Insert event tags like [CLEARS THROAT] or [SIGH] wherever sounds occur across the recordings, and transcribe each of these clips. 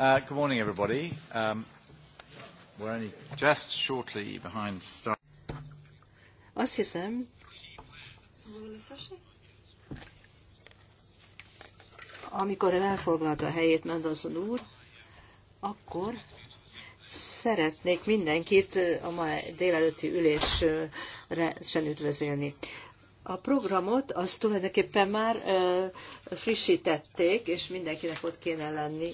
Uh, good morning, everybody. Um, we're only just shortly behind start. Azt hiszem, amikor elfoglalta a helyét Mendelssohn úr, akkor szeretnék mindenkit a ma délelőtti ülésre sen üdvözölni. A programot azt tulajdonképpen már frissítették, és mindenkinek ott kéne lenni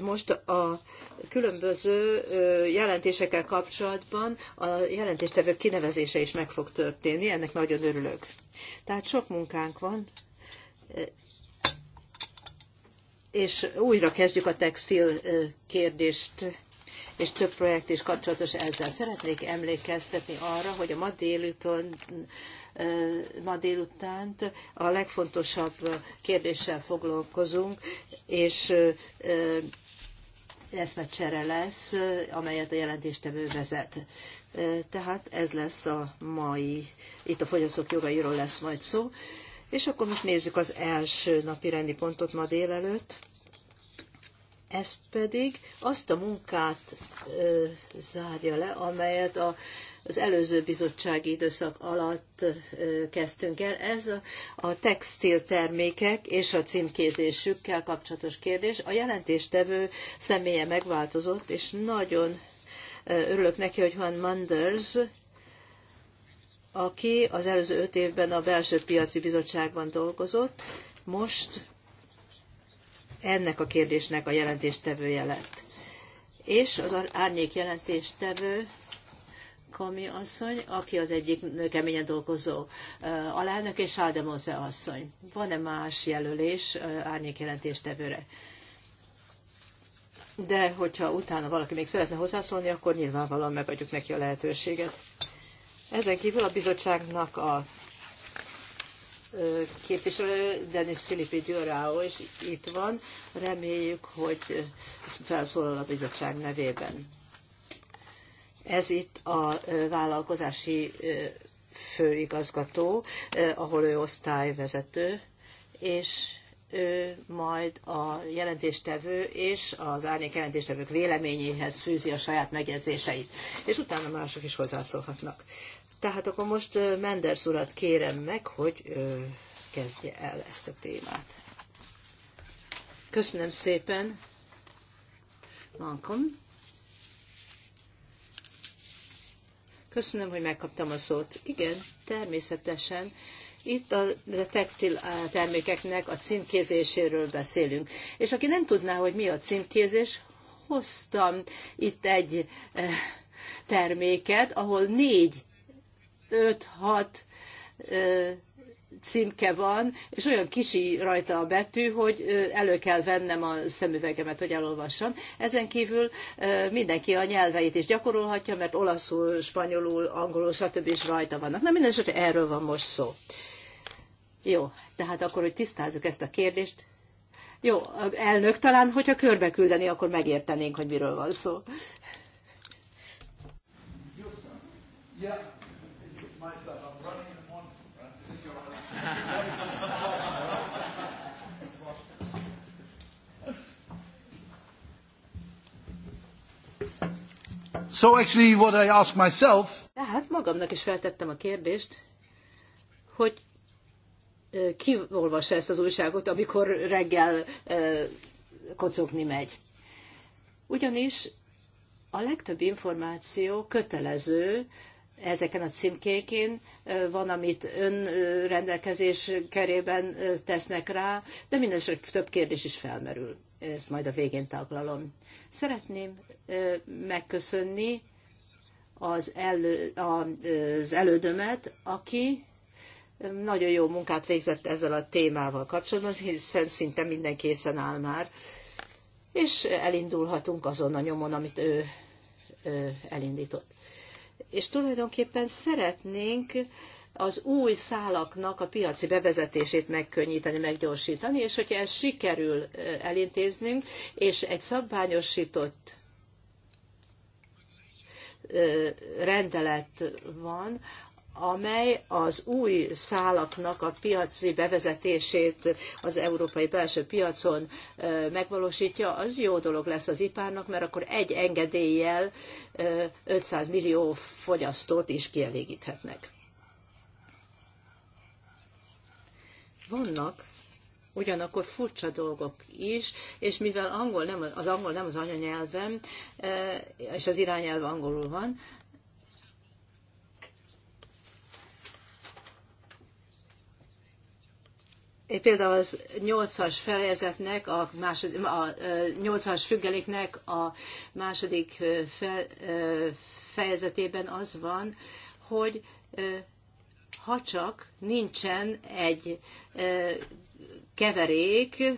most a különböző jelentésekkel kapcsolatban a jelentéstevők kinevezése is meg fog történni, ennek nagyon örülök. Tehát sok munkánk van, és újra kezdjük a textil kérdést és több projekt is kapcsolatos ezzel. Szeretnék emlékeztetni arra, hogy a ma délután, ma délutánt a legfontosabb kérdéssel foglalkozunk, és eszmecsere lesz, amelyet a jelentéstevő vezet. Tehát ez lesz a mai, itt a fogyasztók jogairól lesz majd szó. És akkor most nézzük az első napi rendi pontot ma délelőtt. Ez pedig azt a munkát ö, zárja le, amelyet a az előző bizottsági időszak alatt kezdtünk el. Ez a textiltermékek és a címkézésükkel kapcsolatos kérdés. A jelentéstevő személye megváltozott, és nagyon örülök neki, hogy Juan Manders aki az előző öt évben a belső piaci bizottságban dolgozott, most ennek a kérdésnek a jelentéstevője lett. És az árnyék jelentéstevő Komi asszony, aki az egyik keményen dolgozó eh, alelnök, és Aldemose asszony. Van-e más jelölés eh, árnyékjelentéstevőre? De hogyha utána valaki még szeretne hozzászólni, akkor nyilvánvalóan megadjuk neki a lehetőséget. Ezen kívül a bizottságnak a eh, képviselő, Denis Filippi Gyurao is itt van. Reméljük, hogy felszólal a bizottság nevében. Ez itt a vállalkozási főigazgató, ahol ő osztályvezető, és ő majd a jelentéstevő és az árnyék jelentéstevők véleményéhez fűzi a saját megjegyzéseit, és utána mások is hozzászólhatnak. Tehát akkor most Menders urat kérem meg, hogy kezdje el ezt a témát. Köszönöm szépen, Welcome. Köszönöm, hogy megkaptam a szót. Igen, természetesen. Itt a textil termékeknek a címkézéséről beszélünk. És aki nem tudná, hogy mi a címkézés, hoztam itt egy eh, terméket, ahol négy, öt, hat eh, címke van, és olyan kicsi rajta a betű, hogy elő kell vennem a szemüvegemet, hogy elolvassam. Ezen kívül mindenki a nyelveit is gyakorolhatja, mert olaszul, spanyolul, angolul, stb. is rajta vannak. Na minden esetre erről van most szó. Jó, tehát akkor, hogy tisztázzuk ezt a kérdést. Jó, elnök talán, hogyha körbe küldeni, akkor megértenénk, hogy miről van szó. Yeah. So actually what I ask myself... Tehát magamnak is feltettem a kérdést, hogy ki olvassa ezt az újságot, amikor reggel kocogni megy. Ugyanis a legtöbb információ kötelező, ezeken a címkékén, van, amit ön rendelkezés kerében tesznek rá, de mindenesetre több kérdés is felmerül ezt majd a végén taglalom. Szeretném megköszönni az, elő, az elődömet, aki nagyon jó munkát végzett ezzel a témával kapcsolatban, hiszen szinte minden készen áll már, és elindulhatunk azon a nyomon, amit ő, ő elindított. És tulajdonképpen szeretnénk az új szálaknak a piaci bevezetését megkönnyíteni, meggyorsítani, és hogyha ez sikerül elintéznünk, és egy szabványosított rendelet van, amely az új szálaknak a piaci bevezetését az európai belső piacon megvalósítja, az jó dolog lesz az iparnak, mert akkor egy engedéllyel 500 millió fogyasztót is kielégíthetnek. Vannak ugyanakkor furcsa dolgok is, és mivel angol nem, az angol nem az anyanyelvem, e, és az irányelv angolul van, Én például az 8-as fejezetnek, a, második a 8-as e, függeléknek a második e, fe, fejezetében az van, hogy ha csak nincsen egy keverék,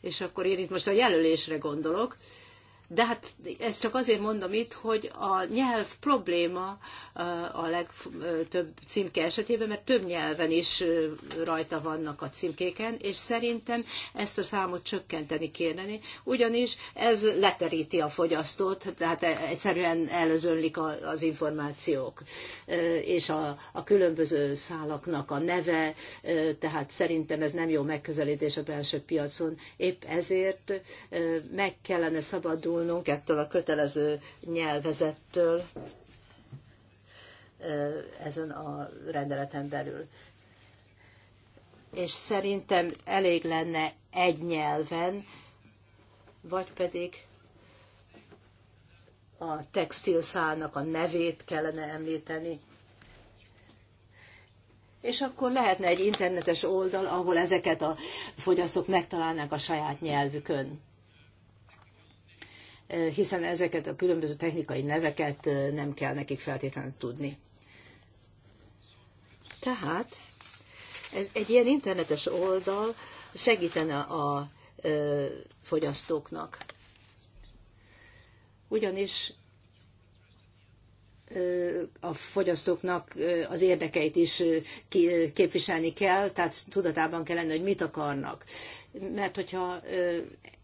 és akkor én itt most a jelölésre gondolok, de hát ezt csak azért mondom itt, hogy a nyelv probléma a legtöbb címke esetében, mert több nyelven is rajta vannak a címkéken, és szerintem ezt a számot csökkenteni kéne, ugyanis ez leteríti a fogyasztót, tehát e, egyszerűen elözönlik az információk, és a, a különböző szálaknak a neve, tehát szerintem ez nem jó megközelítés a belső piacon. Épp ezért meg kellene szabadulni elmozdulnunk ettől a kötelező nyelvezettől ezen a rendeleten belül. És szerintem elég lenne egy nyelven, vagy pedig a textilszálnak a nevét kellene említeni. És akkor lehetne egy internetes oldal, ahol ezeket a fogyasztók megtalálnák a saját nyelvükön hiszen ezeket a különböző technikai neveket nem kell nekik feltétlenül tudni. Tehát ez egy ilyen internetes oldal segítene a fogyasztóknak. Ugyanis a fogyasztóknak az érdekeit is képviselni kell, tehát tudatában kell lenni, hogy mit akarnak. Mert hogyha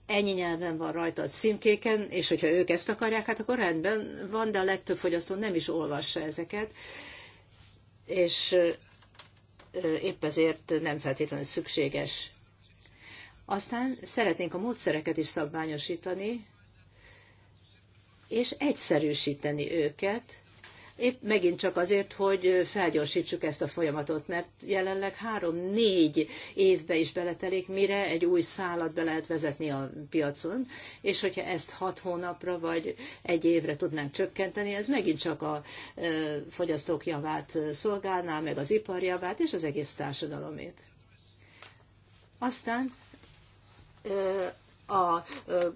ennyi nyelven van rajta a címkéken, és hogyha ők ezt akarják, hát akkor rendben van, de a legtöbb fogyasztó nem is olvassa ezeket, és épp ezért nem feltétlenül szükséges. Aztán szeretnénk a módszereket is szabványosítani, és egyszerűsíteni őket, épp megint csak azért, hogy felgyorsítsuk ezt a folyamatot, mert jelenleg három-négy évbe is beletelik, mire egy új szállat be lehet vezetni a piacon, és hogyha ezt hat hónapra vagy egy évre tudnánk csökkenteni, ez megint csak a fogyasztók javát szolgálná, meg az ipar javát, és az egész társadalomét. Aztán a,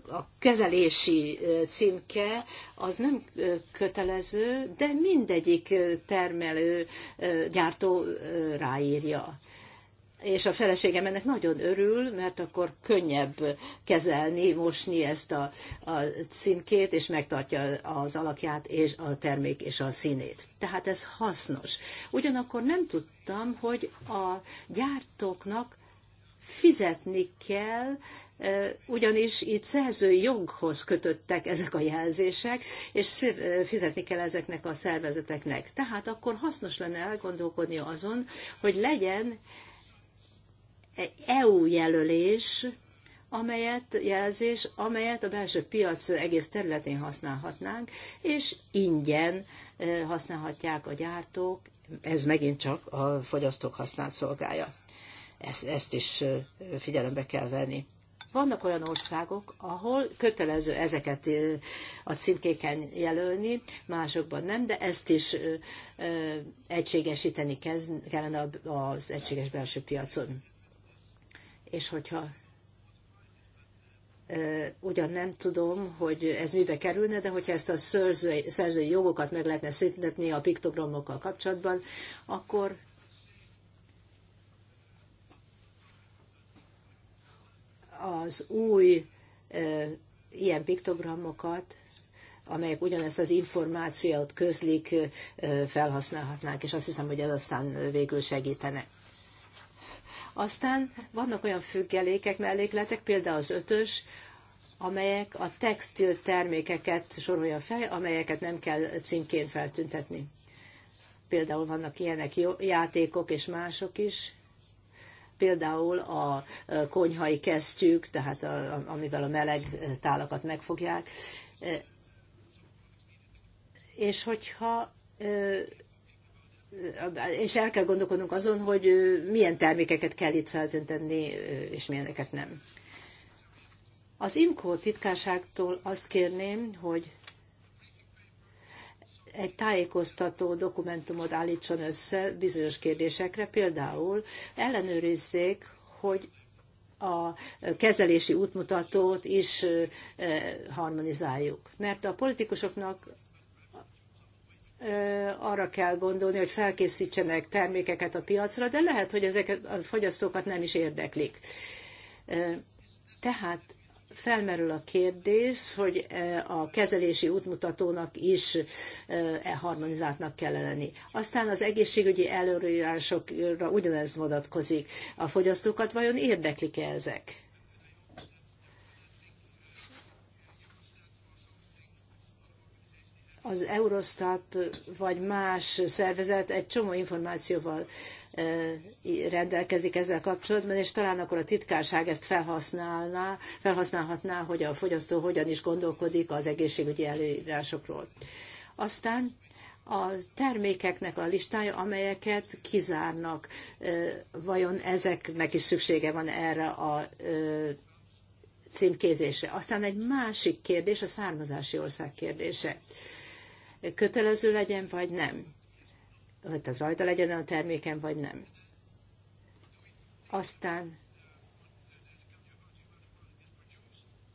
a kezelési címke az nem kötelező, de mindegyik termelő, gyártó ráírja. És a feleségem ennek nagyon örül, mert akkor könnyebb kezelni, mosni ezt a, a címkét, és megtartja az alakját, és a termék és a színét. Tehát ez hasznos. Ugyanakkor nem tudtam, hogy a gyártóknak fizetni kell ugyanis itt szerzői joghoz kötöttek ezek a jelzések, és fizetni kell ezeknek a szervezeteknek. Tehát akkor hasznos lenne elgondolkodni azon, hogy legyen EU e jelölés, amelyet jelzés, amelyet a belső piac egész területén használhatnánk, és ingyen használhatják a gyártók, ez megint csak a fogyasztók használt szolgálja. Ezt, ezt is figyelembe kell venni. Vannak olyan országok, ahol kötelező ezeket a címkéken jelölni, másokban nem, de ezt is egységesíteni kellene az egységes belső piacon. És hogyha ugyan nem tudom, hogy ez mibe kerülne, de hogyha ezt a szerzői, szerzői jogokat meg lehetne szüntetni a piktogramokkal kapcsolatban, akkor az új ilyen piktogramokat, amelyek ugyanezt az információt közlik, felhasználhatnánk, és azt hiszem, hogy ez aztán végül segítene. Aztán vannak olyan függelékek, mellékletek, például az ötös, amelyek a textil termékeket sorolja fel, amelyeket nem kell címként feltüntetni. Például vannak ilyenek játékok és mások is, például a konyhai kesztyűk, tehát a, amivel a meleg tálakat megfogják. E, és hogyha e, e, és el kell gondolkodnunk azon, hogy milyen termékeket kell itt feltüntetni, és milyeneket nem. Az IMCO titkárságtól azt kérném, hogy egy tájékoztató dokumentumot állítson össze bizonyos kérdésekre, például ellenőrizzék, hogy a kezelési útmutatót is harmonizáljuk. Mert a politikusoknak arra kell gondolni, hogy felkészítsenek termékeket a piacra, de lehet, hogy ezeket a fogyasztókat nem is érdeklik. Tehát felmerül a kérdés, hogy e, a kezelési útmutatónak is e, e harmonizáltnak kell lenni. Aztán az egészségügyi előírásokra ugyanez vonatkozik. A fogyasztókat vajon érdeklik-e ezek? az Eurostat vagy más szervezet egy csomó információval rendelkezik ezzel kapcsolatban, és talán akkor a titkárság ezt felhasználná, felhasználhatná, hogy a fogyasztó hogyan is gondolkodik az egészségügyi előírásokról. Aztán a termékeknek a listája, amelyeket kizárnak. Vajon ezeknek is szüksége van erre a címkézésre? Aztán egy másik kérdés, a származási ország kérdése. Kötelező legyen, vagy nem? tehát rajta legyen a terméken, vagy nem. Aztán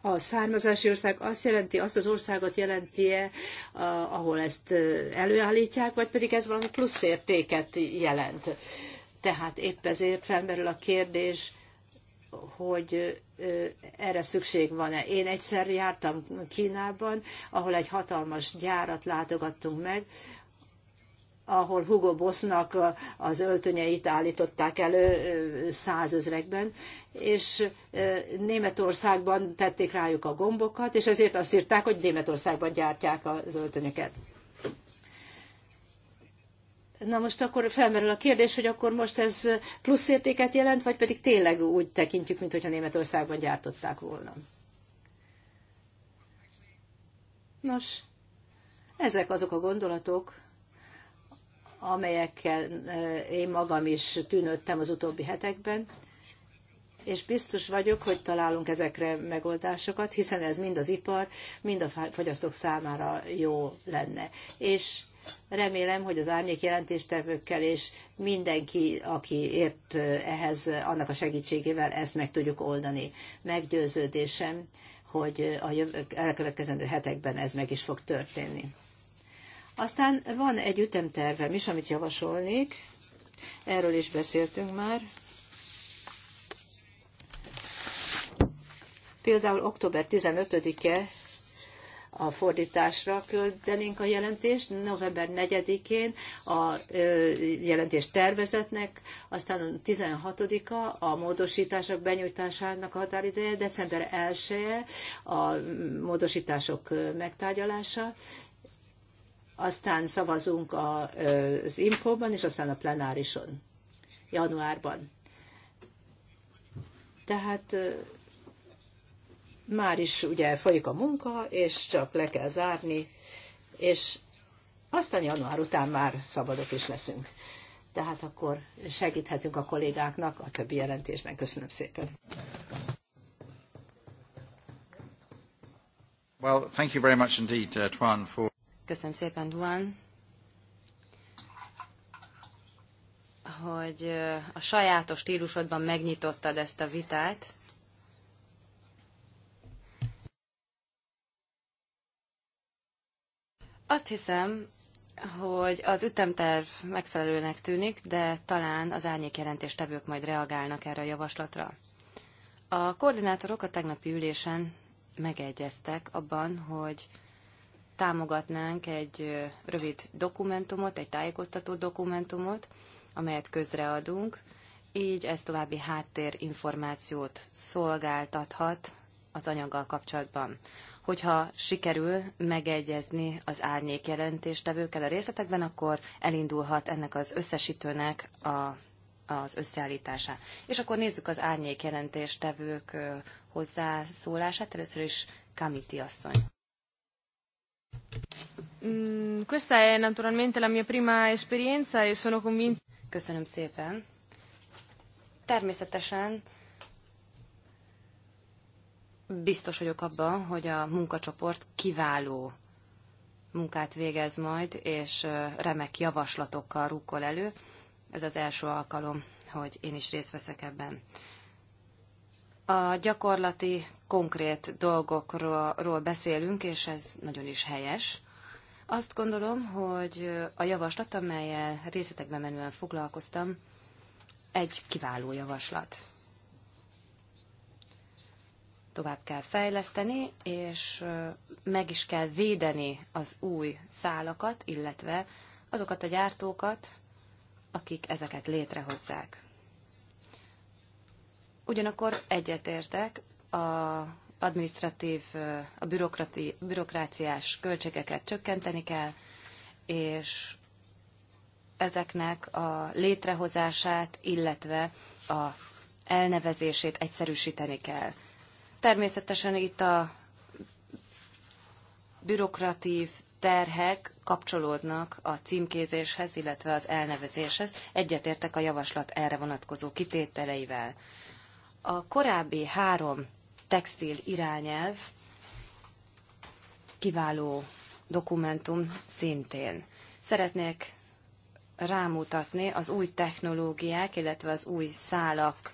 a származási ország azt jelenti, azt az országot jelenti-e, ahol ezt előállítják, vagy pedig ez valami plusz értéket jelent. Tehát épp ezért felmerül a kérdés, hogy erre szükség van-e. Én egyszer jártam Kínában, ahol egy hatalmas gyárat látogattunk meg, ahol Hugo Bossnak az öltönyeit állították elő százezrekben, és Németországban tették rájuk a gombokat, és ezért azt írták, hogy Németországban gyártják az öltönyöket. Na most akkor felmerül a kérdés, hogy akkor most ez plusz értéket jelent, vagy pedig tényleg úgy tekintjük, mintha Németországban gyártották volna. Nos, ezek azok a gondolatok, amelyekkel e, én magam is tűnődtem az utóbbi hetekben, és biztos vagyok, hogy találunk ezekre megoldásokat, hiszen ez mind az ipar, mind a fogyasztók számára jó lenne. És remélem, hogy az árnyék jelentéstevőkkel és mindenki, aki ért e, ehhez, annak a segítségével ezt meg tudjuk oldani. Meggyőződésem, hogy a elkövetkezendő hetekben ez meg is fog történni. Aztán van egy ütemtervem is, amit javasolnék. Erről is beszéltünk már. Például október 15-e a fordításra küldenénk a jelentést, november 4-én a jelentés tervezetnek, aztán 16-a a módosítások benyújtásának a határideje, december 1-e a módosítások megtárgyalása, aztán szavazunk az imco és aztán a plenárison, januárban. Tehát már is ugye folyik a munka, és csak le kell zárni, és aztán január után már szabadok is leszünk. Tehát akkor segíthetünk a kollégáknak a többi jelentésben. Köszönöm szépen. Well, thank you very much indeed, uh, Tuan, for... Köszönöm szépen, Duan, hogy a sajátos stílusodban megnyitottad ezt a vitát. Azt hiszem, hogy az ütemterv megfelelőnek tűnik, de talán az árnyék jelentéstevők majd reagálnak erre a javaslatra. A koordinátorok a tegnapi ülésen megegyeztek abban, hogy támogatnánk egy rövid dokumentumot, egy tájékoztató dokumentumot, amelyet közreadunk, így ez további háttérinformációt szolgáltathat az anyaggal kapcsolatban. Hogyha sikerül megegyezni az árnyék jelentéstevőkkel a részletekben, akkor elindulhat ennek az összesítőnek a, az összeállítása. És akkor nézzük az árnyék jelentéstevők hozzászólását. Először is Kamiti asszony. Mm, questa è naturalmente la mia prima esperienza e sono convinta. Köszönöm szépen. Természetesen biztos vagyok abban, hogy a munkacsoport kiváló munkát végez majd, és remek javaslatokkal rúkol elő. Ez az első alkalom, hogy én is részt veszek ebben. A gyakorlati konkrét dolgokról beszélünk, és ez nagyon is helyes. Azt gondolom, hogy a javaslat, amelyel részletekben menően foglalkoztam, egy kiváló javaslat. Tovább kell fejleszteni, és meg is kell védeni az új szálakat, illetve azokat a gyártókat, akik ezeket létrehozzák. Ugyanakkor egyetértek a administratív, a bürokrati, bürokráciás költségeket csökkenteni kell, és ezeknek a létrehozását, illetve a elnevezését egyszerűsíteni kell. Természetesen itt a bürokratív terhek kapcsolódnak a címkézéshez, illetve az elnevezéshez. Egyetértek a javaslat erre vonatkozó kitételeivel. A korábbi három textil irányelv, kiváló dokumentum szintén. Szeretnék rámutatni az új technológiák, illetve az új szálak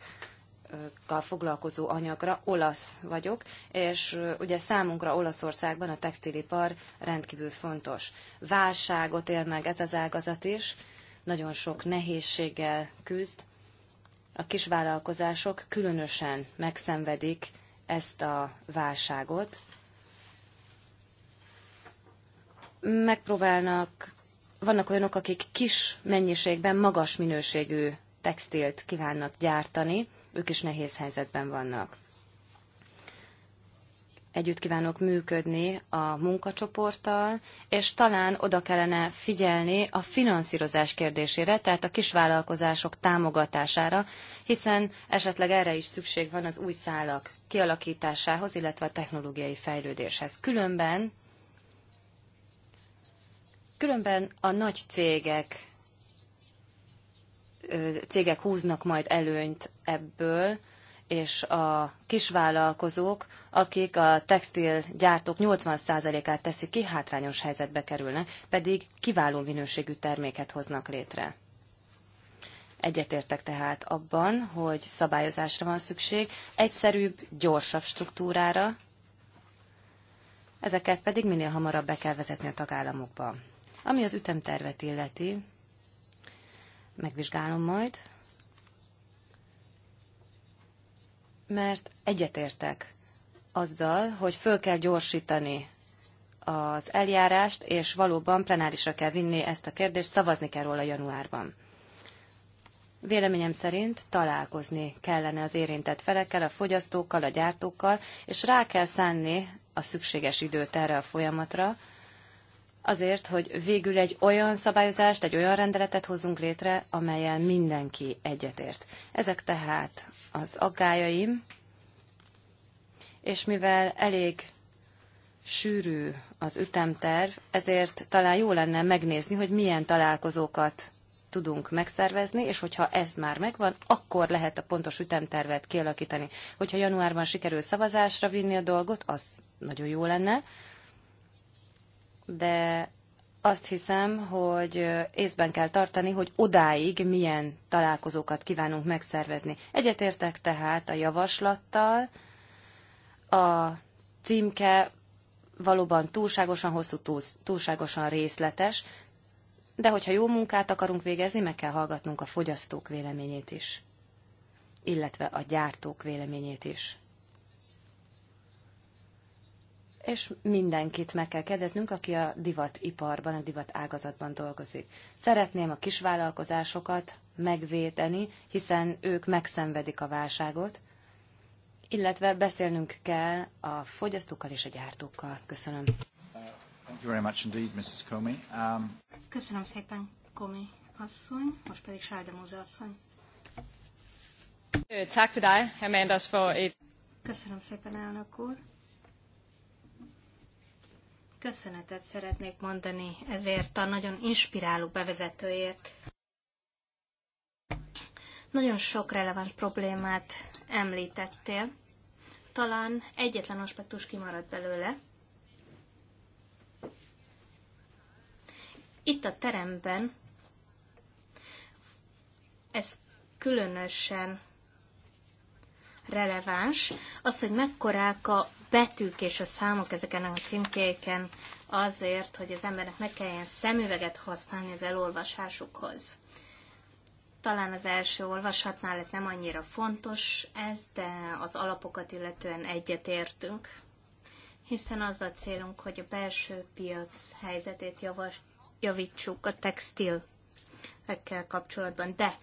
foglalkozó anyagra. Olasz vagyok, és ugye számunkra Olaszországban a textilipar rendkívül fontos. Válságot él meg ez az ágazat is, nagyon sok nehézséggel küzd. A kisvállalkozások különösen megszenvedik ezt a válságot. Megpróbálnak, vannak olyanok, akik kis mennyiségben magas minőségű textilt kívánnak gyártani, ők is nehéz helyzetben vannak együtt kívánok működni a munkacsoporttal, és talán oda kellene figyelni a finanszírozás kérdésére, tehát a kisvállalkozások támogatására, hiszen esetleg erre is szükség van az új szálak kialakításához, illetve a technológiai fejlődéshez. Különben, különben a nagy cégek cégek húznak majd előnyt ebből, és a kisvállalkozók, akik a textilgyártók 80%-át teszik ki, hátrányos helyzetbe kerülnek, pedig kiváló minőségű terméket hoznak létre. Egyetértek tehát abban, hogy szabályozásra van szükség, egyszerűbb, gyorsabb struktúrára, ezeket pedig minél hamarabb be kell vezetni a tagállamokba. Ami az ütemtervet illeti, megvizsgálom majd, mert egyetértek azzal, hogy föl kell gyorsítani az eljárást, és valóban plenárisra kell vinni ezt a kérdést, szavazni kell róla januárban. Véleményem szerint találkozni kellene az érintett felekkel, a fogyasztókkal, a gyártókkal, és rá kell szánni a szükséges időt erre a folyamatra, azért, hogy végül egy olyan szabályozást, egy olyan rendeletet hozzunk létre, amelyel mindenki egyetért. Ezek tehát az aggájaim, és mivel elég sűrű az ütemterv, ezért talán jó lenne megnézni, hogy milyen találkozókat tudunk megszervezni, és hogyha ez már megvan, akkor lehet a pontos ütemtervet kialakítani. Hogyha januárban sikerül szavazásra vinni a dolgot, az nagyon jó lenne, de azt hiszem, hogy észben kell tartani, hogy odáig milyen találkozókat kívánunk megszervezni. Egyetértek tehát a javaslattal, a címke valóban túlságosan hosszú, túlságosan részletes, de hogyha jó munkát akarunk végezni, meg kell hallgatnunk a fogyasztók véleményét is, illetve a gyártók véleményét is és mindenkit meg kell kérdeznünk, aki a divatiparban, a divat ágazatban dolgozik. Szeretném a kisvállalkozásokat megvédeni, hiszen ők megszenvedik a válságot, illetve beszélnünk kell a fogyasztókkal és a gyártókkal. Köszönöm. Um, Köszönöm szépen, Komi asszony, most pedig Sáldemóze asszony. Tak til dig, Herr Manders, for et... Köszönöm szépen, elnök úr. Köszönetet szeretnék mondani ezért a nagyon inspiráló bevezetőért. Nagyon sok releváns problémát említettél. Talán egyetlen aspektus kimaradt belőle. Itt a teremben ez különösen releváns, az, hogy mekkorák a betűk és a számok ezeken a címkéken azért, hogy az embernek ne kelljen szemüveget használni az elolvasásukhoz. Talán az első olvasatnál ez nem annyira fontos ez, de az alapokat illetően egyetértünk, hiszen az a célunk, hogy a belső piac helyzetét javas, javítsuk a textilekkel kapcsolatban. De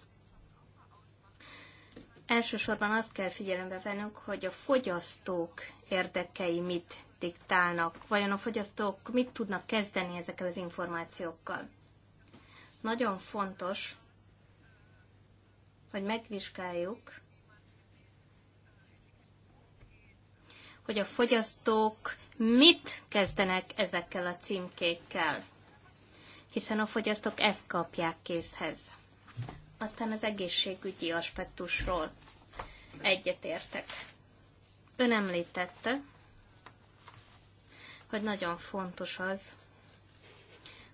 elsősorban azt kell figyelembe vennünk, hogy a fogyasztók érdekei mit diktálnak? Vajon a fogyasztók mit tudnak kezdeni ezekkel az információkkal? Nagyon fontos, hogy megvizsgáljuk, hogy a fogyasztók mit kezdenek ezekkel a címkékkel, hiszen a fogyasztók ezt kapják készhez. Aztán az egészségügyi aspektusról egyetértek Ön említette, hogy nagyon fontos az,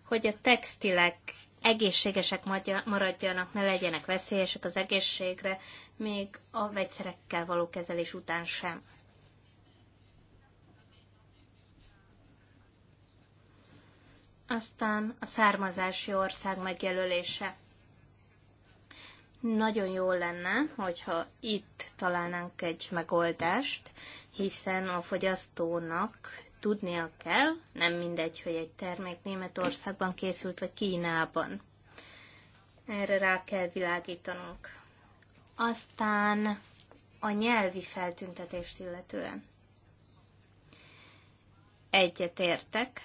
hogy a textilek egészségesek maradjanak, ne legyenek veszélyesek az egészségre, még a vegyszerekkel való kezelés után sem. Aztán a származási ország megjelölése. Nagyon jó lenne, hogyha itt találnánk egy megoldást, hiszen a fogyasztónak tudnia kell, nem mindegy, hogy egy termék Németországban készült, vagy Kínában. Erre rá kell világítanunk. Aztán a nyelvi feltüntetést illetően. Egyet értek,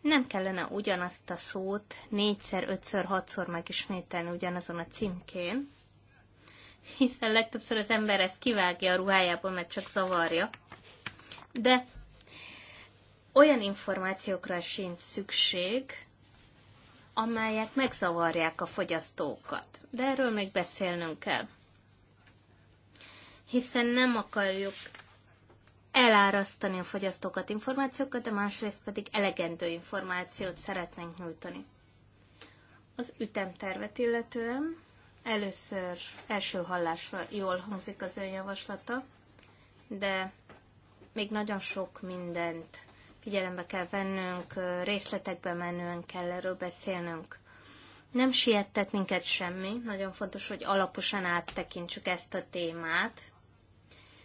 nem kellene ugyanazt a szót négyszer, ötször, hatszor megismételni ugyanazon a címkén, hiszen legtöbbször az ember ezt kivágja a ruhájából, mert csak zavarja. De olyan információkra sincs szükség, amelyek megzavarják a fogyasztókat. De erről még beszélnünk kell. Hiszen nem akarjuk elárasztani a fogyasztókat információkat, de másrészt pedig elegendő információt szeretnénk nyújtani. Az ütemtervet illetően először első hallásra jól hangzik az önjavaslata, de még nagyon sok mindent figyelembe kell vennünk, részletekbe menően kell erről beszélnünk. Nem siettet minket semmi, nagyon fontos, hogy alaposan áttekintsük ezt a témát,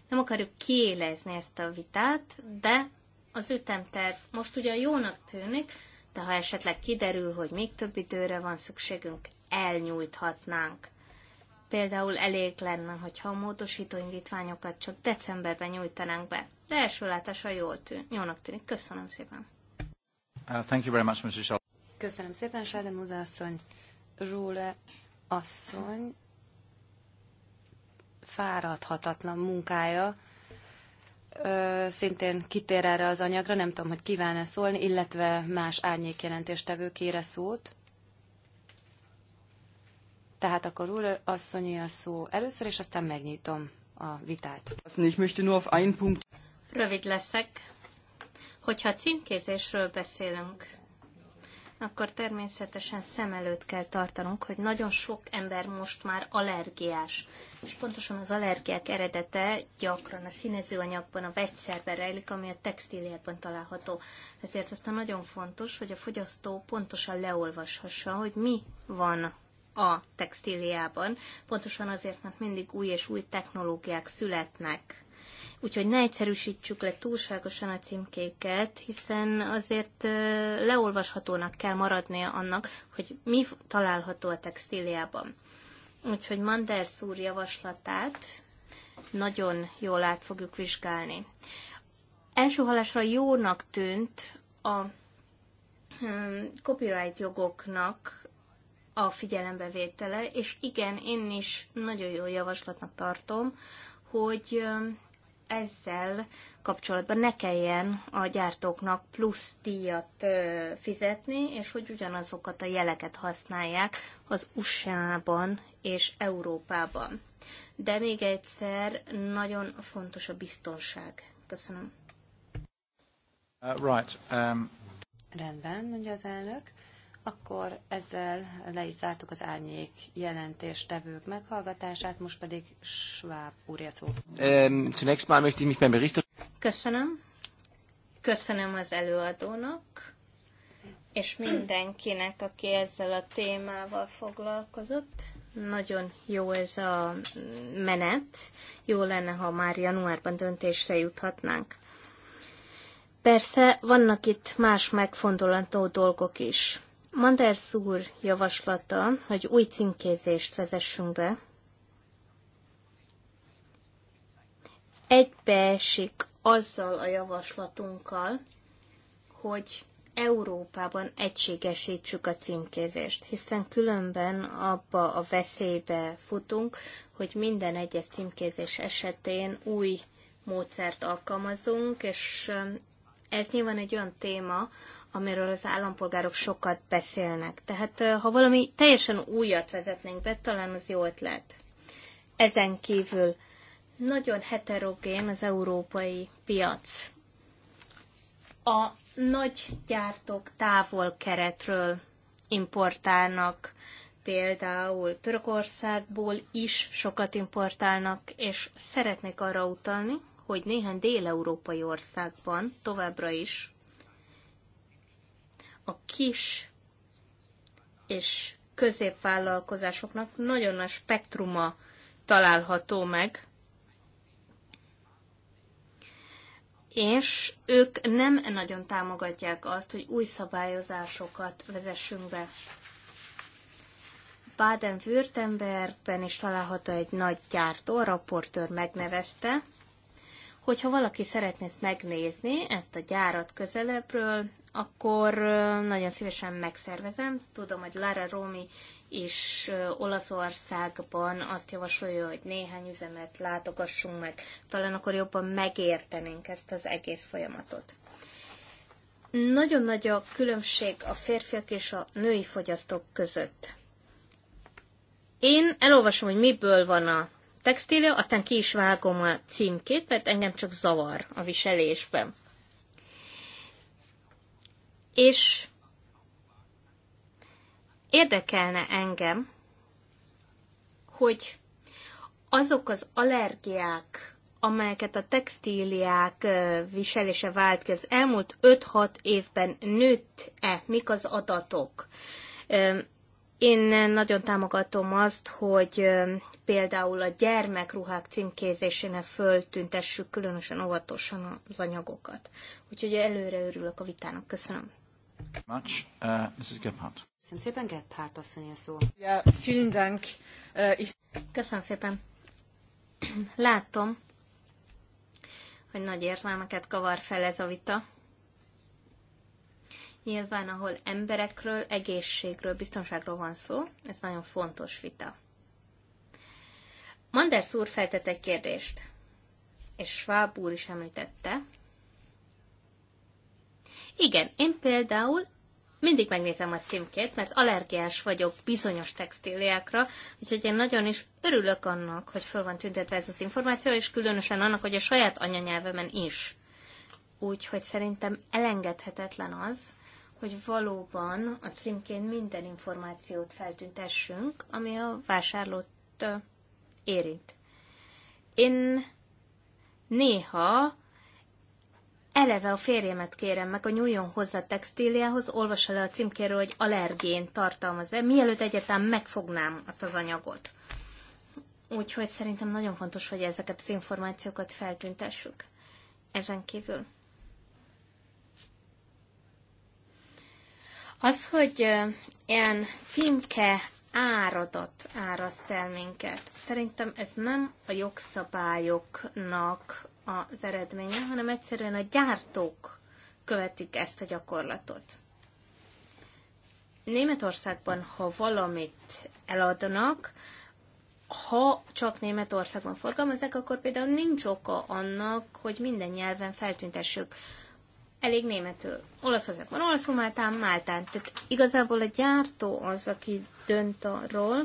nem akarjuk kiélezni ezt a vitát, de az ütemterv most ugyan jónak tűnik, de ha esetleg kiderül, hogy még több időre van szükségünk, elnyújthatnánk. Például elég lenne, hogyha a módosító indítványokat csak decemberben nyújtanánk be, de első látása jól tűn, jónak tűnik. Köszönöm szépen. Uh, thank you very much, Mrs. Köszönöm szépen, Sáldem asszony. Rúle asszony fáradhatatlan munkája ö, szintén kitér erre az anyagra, nem tudom, hogy kíván-e szólni, illetve más árnyékjelentéstevő kére szót. Tehát akkor úr asszonyi a szó először, és aztán megnyitom a vitát. Rövid leszek. Hogyha címkézésről beszélünk, akkor természetesen szem előtt kell tartanunk, hogy nagyon sok ember most már allergiás. És pontosan az allergiák eredete gyakran a színezőanyagban, a vegyszerben rejlik, ami a textíliákban található. Ezért aztán nagyon fontos, hogy a fogyasztó pontosan leolvashassa, hogy mi van a textíliában. Pontosan azért, mert mindig új és új technológiák születnek Úgyhogy ne egyszerűsítsük le túlságosan a címkéket, hiszen azért leolvashatónak kell maradnia annak, hogy mi található a textíliában. Úgyhogy Manders úr javaslatát nagyon jól át fogjuk vizsgálni. Első halásra jónak tűnt a copyright jogoknak a figyelembevétele, és igen, én is nagyon jó javaslatnak tartom, hogy ezzel kapcsolatban ne kelljen a gyártóknak plusz díjat fizetni, és hogy ugyanazokat a jeleket használják az USA-ban és Európában. De még egyszer, nagyon fontos a biztonság. Köszönöm. Uh, right, um... Rendben, mondja az elnök. Akkor ezzel le is zártuk az árnyék jelentéstevők meghallgatását, most pedig Schwab úrja szó. Zunächst mal möchte ich mich beim Berichter... Köszönöm. Köszönöm az előadónak, és mindenkinek, aki ezzel a témával foglalkozott. Nagyon jó ez a menet. Jó lenne, ha már januárban döntésre juthatnánk. Persze vannak itt más megfontolandó dolgok is. Manders úr javaslata, hogy új címkézést vezessünk be, egybeesik azzal a javaslatunkkal, hogy Európában egységesítsük a címkézést, hiszen különben abba a veszélybe futunk, hogy minden egyes címkézés esetén új módszert alkalmazunk, és ez nyilván egy olyan téma, amiről az állampolgárok sokat beszélnek. Tehát ha valami teljesen újat vezetnénk be, talán az jó ötlet. Ezen kívül nagyon heterogén az európai piac. A nagy gyártók távol keretről importálnak, például Törökországból is sokat importálnak, és szeretnék arra utalni, hogy néhány déleurópai országban továbbra is a kis és középvállalkozásoknak nagyon nagy spektruma található meg, és ők nem nagyon támogatják azt, hogy új szabályozásokat vezessünk be. Baden-Württembergben is található egy nagy gyártó, a raportőr megnevezte, Hogyha valaki szeretné ezt megnézni, ezt a gyárat közelebbről, akkor nagyon szívesen megszervezem. Tudom, hogy Lara Romi is Olaszországban azt javasolja, hogy néhány üzemet látogassunk meg. Talán akkor jobban megértenénk ezt az egész folyamatot. Nagyon nagy a különbség a férfiak és a női fogyasztók között. Én elolvasom, hogy miből van a textília, aztán ki is vágom a címkét, mert engem csak zavar a viselésben. És érdekelne engem, hogy azok az allergiák, amelyeket a textíliák viselése vált ki, az elmúlt 5-6 évben nőtt-e, mik az adatok? Én nagyon támogatom azt, hogy például a gyermekruhák címkézésénél föltüntessük különösen óvatosan az anyagokat. Úgyhogy előre örülök a vitának. Köszönöm. Much, uh, Mrs. Gebhardt. Köszönöm szépen, Gebhardt asszony a szó. Ja, äh, Köszönöm szépen. Látom, hogy nagy érzelmeket kavar fel ez a vita. Nyilván, ahol emberekről, egészségről, biztonságról van szó, ez nagyon fontos vita. Manders úr feltett egy kérdést, és Schwab úr is említette. Igen, én például mindig megnézem a címkét, mert allergiás vagyok bizonyos textíliákra, úgyhogy én nagyon is örülök annak, hogy föl van tüntetve ez az információ, és különösen annak, hogy a saját anyanyelvemen is. Úgyhogy szerintem elengedhetetlen az, hogy valóban a címkén minden információt feltüntessünk, ami a vásárlott érint. Én néha eleve a férjemet kérem meg, hogy nyúljon hozzá a textíliához, olvassa le a címkéről, hogy allergén tartalmaz-e, mielőtt egyáltalán megfognám azt az anyagot. Úgyhogy szerintem nagyon fontos, hogy ezeket az információkat feltüntessük. Ezen kívül. Az, hogy eh, ilyen címke áradat áraszt el minket. Szerintem ez nem a jogszabályoknak az eredménye, hanem egyszerűen a gyártók követik ezt a gyakorlatot. Németországban, ha valamit eladnak, ha csak Németországban forgalmazzák, akkor például nincs oka annak, hogy minden nyelven feltüntessük elég németül. Olaszországban olaszul, Máltán, Máltán. Tehát igazából a gyártó az, aki dönt arról,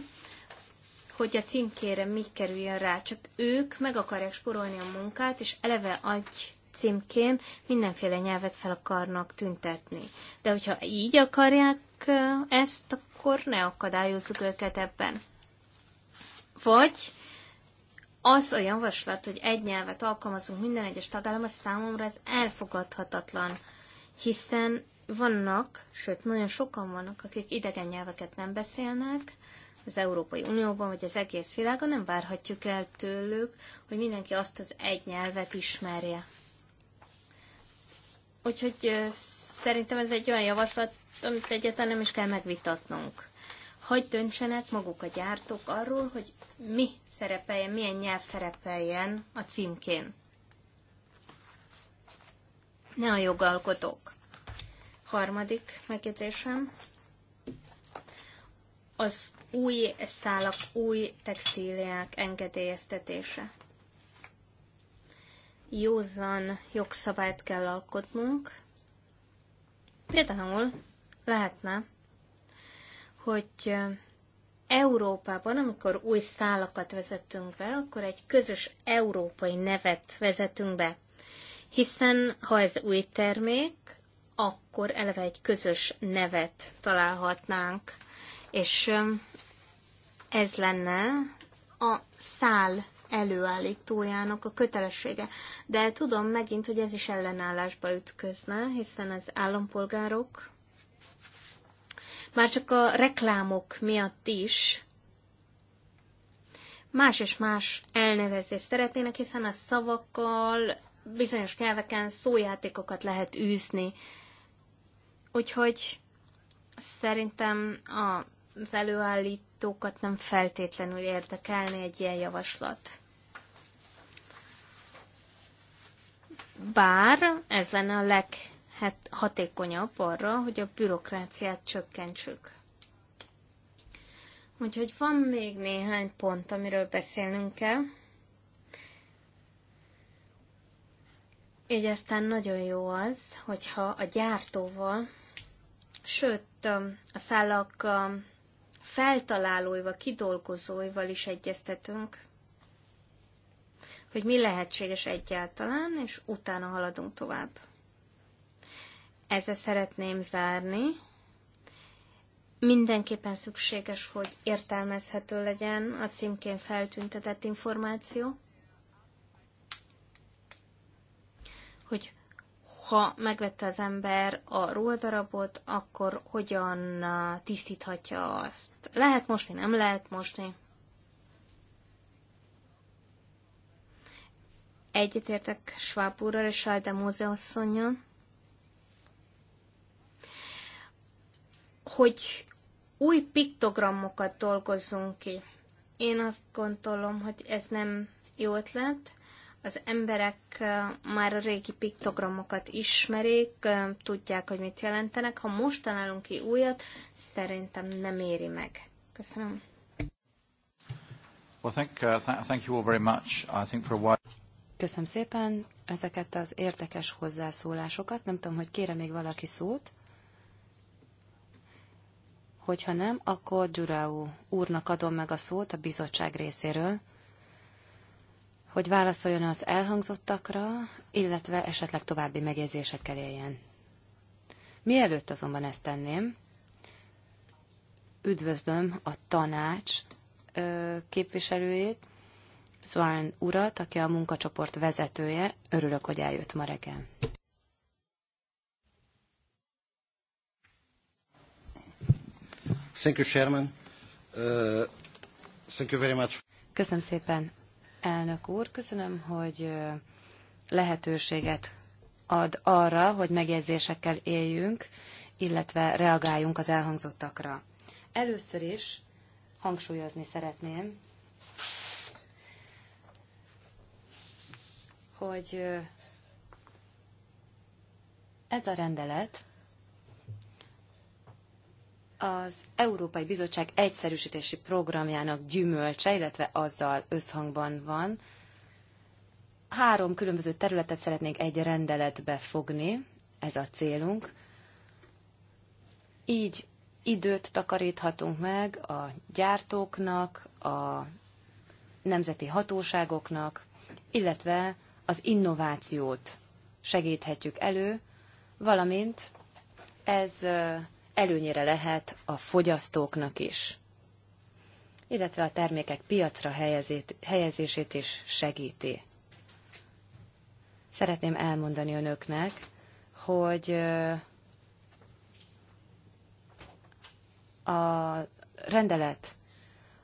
hogy a címkére mi kerüljön rá, csak ők meg akarják sporolni a munkát, és eleve agy címkén mindenféle nyelvet fel akarnak tüntetni. De hogyha így akarják eh, ezt, akkor ne akadályozzuk őket ebben. Vagy az a javaslat, hogy egy nyelvet alkalmazunk minden egyes tagállam, az számomra ez elfogadhatatlan, hiszen vannak, sőt nagyon sokan vannak, akik idegen nyelveket nem beszélnek, az Európai Unióban, vagy az egész világon nem várhatjuk el tőlük, hogy mindenki azt az egy nyelvet ismerje. Úgyhogy szerintem ez egy olyan javaslat, amit egyáltalán nem is kell megvitatnunk hogy döntsenek maguk a gyártók arról, hogy mi szerepeljen, milyen nyelv szerepeljen a címkén. Ne a jogalkotók. Harmadik megjegyzésem. Az új szálak, új textíliák engedélyeztetése. Józan jogszabályt kell alkotnunk. Például lehetne hogy Európában, amikor új szálakat vezetünk be, akkor egy közös európai nevet vezetünk be. Hiszen ha ez új termék, akkor eleve egy közös nevet találhatnánk. És ez lenne a szál előállítójának a kötelessége. De tudom megint, hogy ez is ellenállásba ütközne, hiszen az állampolgárok már csak a reklámok miatt is más és más elnevezést szeretnének, hiszen a szavakkal, bizonyos nyelveken szójátékokat lehet űzni. Úgyhogy szerintem az előállítókat nem feltétlenül érdekelni egy ilyen javaslat. Bár ez lenne a leg hát hatékonyabb arra, hogy a bürokráciát csökkentsük. Úgyhogy van még néhány pont, amiről beszélnünk kell. Így aztán nagyon jó az, hogyha a gyártóval, sőt a szállak feltalálóival, kidolgozóival is egyeztetünk, hogy mi lehetséges egyáltalán, és utána haladunk tovább. Ezzel szeretném zárni. Mindenképpen szükséges, hogy értelmezhető legyen a címkén feltüntetett információ, hogy ha megvette az ember a ruhadarabot, akkor hogyan uh, tisztíthatja azt. Lehet mosni, nem lehet mosni. Egyetértek Schwab úrral és Alde Móze hogy új piktogramokat dolgozzunk ki. Én azt gondolom, hogy ez nem jó ötlet. Az emberek már a régi piktogramokat ismerik, tudják, hogy mit jelentenek. Ha most találunk ki újat, szerintem nem éri meg. Köszönöm. Well, thank, uh, th- thank you all very much. I think for a while... Köszönöm szépen ezeket az érdekes hozzászólásokat. Nem tudom, hogy kére még valaki szót. Hogyha nem, akkor Gyurau úrnak adom meg a szót a bizottság részéről, hogy válaszoljon az elhangzottakra, illetve esetleg további megjegyzésekkel éljen. Mielőtt azonban ezt tenném, üdvözlöm a tanács képviselőjét, Swan urat, aki a munkacsoport vezetője. Örülök, hogy eljött ma reggel. Thank you, Chairman. Uh, thank you very much. Köszönöm szépen, elnök úr. Köszönöm, hogy lehetőséget ad arra, hogy megjegyzésekkel éljünk, illetve reagáljunk az elhangzottakra. Először is hangsúlyozni szeretném, hogy ez a rendelet az Európai Bizottság egyszerűsítési programjának gyümölcse, illetve azzal összhangban van. Három különböző területet szeretnénk egy rendeletbe fogni, ez a célunk. Így időt takaríthatunk meg a gyártóknak, a nemzeti hatóságoknak, illetve az innovációt segíthetjük elő, valamint ez előnyére lehet a fogyasztóknak is, illetve a termékek piacra helyezét, helyezését is segíti. Szeretném elmondani önöknek, hogy a rendelet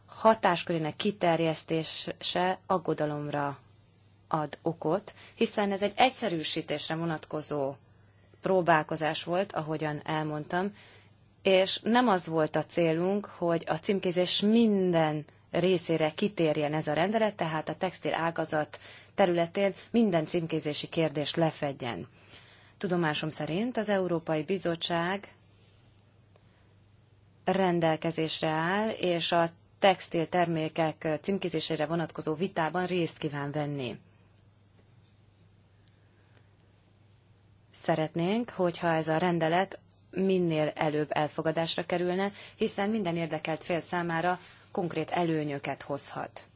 hatáskörének kiterjesztése aggodalomra ad okot, hiszen ez egy egyszerűsítésre vonatkozó próbálkozás volt, ahogyan elmondtam, és nem az volt a célunk, hogy a címkézés minden részére kitérjen ez a rendelet, tehát a textil ágazat területén minden címkézési kérdés lefedjen. Tudomásom szerint az Európai Bizottság rendelkezésre áll, és a textil termékek címkézésére vonatkozó vitában részt kíván venni. Szeretnénk, hogyha ez a rendelet minél előbb elfogadásra kerülne, hiszen minden érdekelt fél számára konkrét előnyöket hozhat.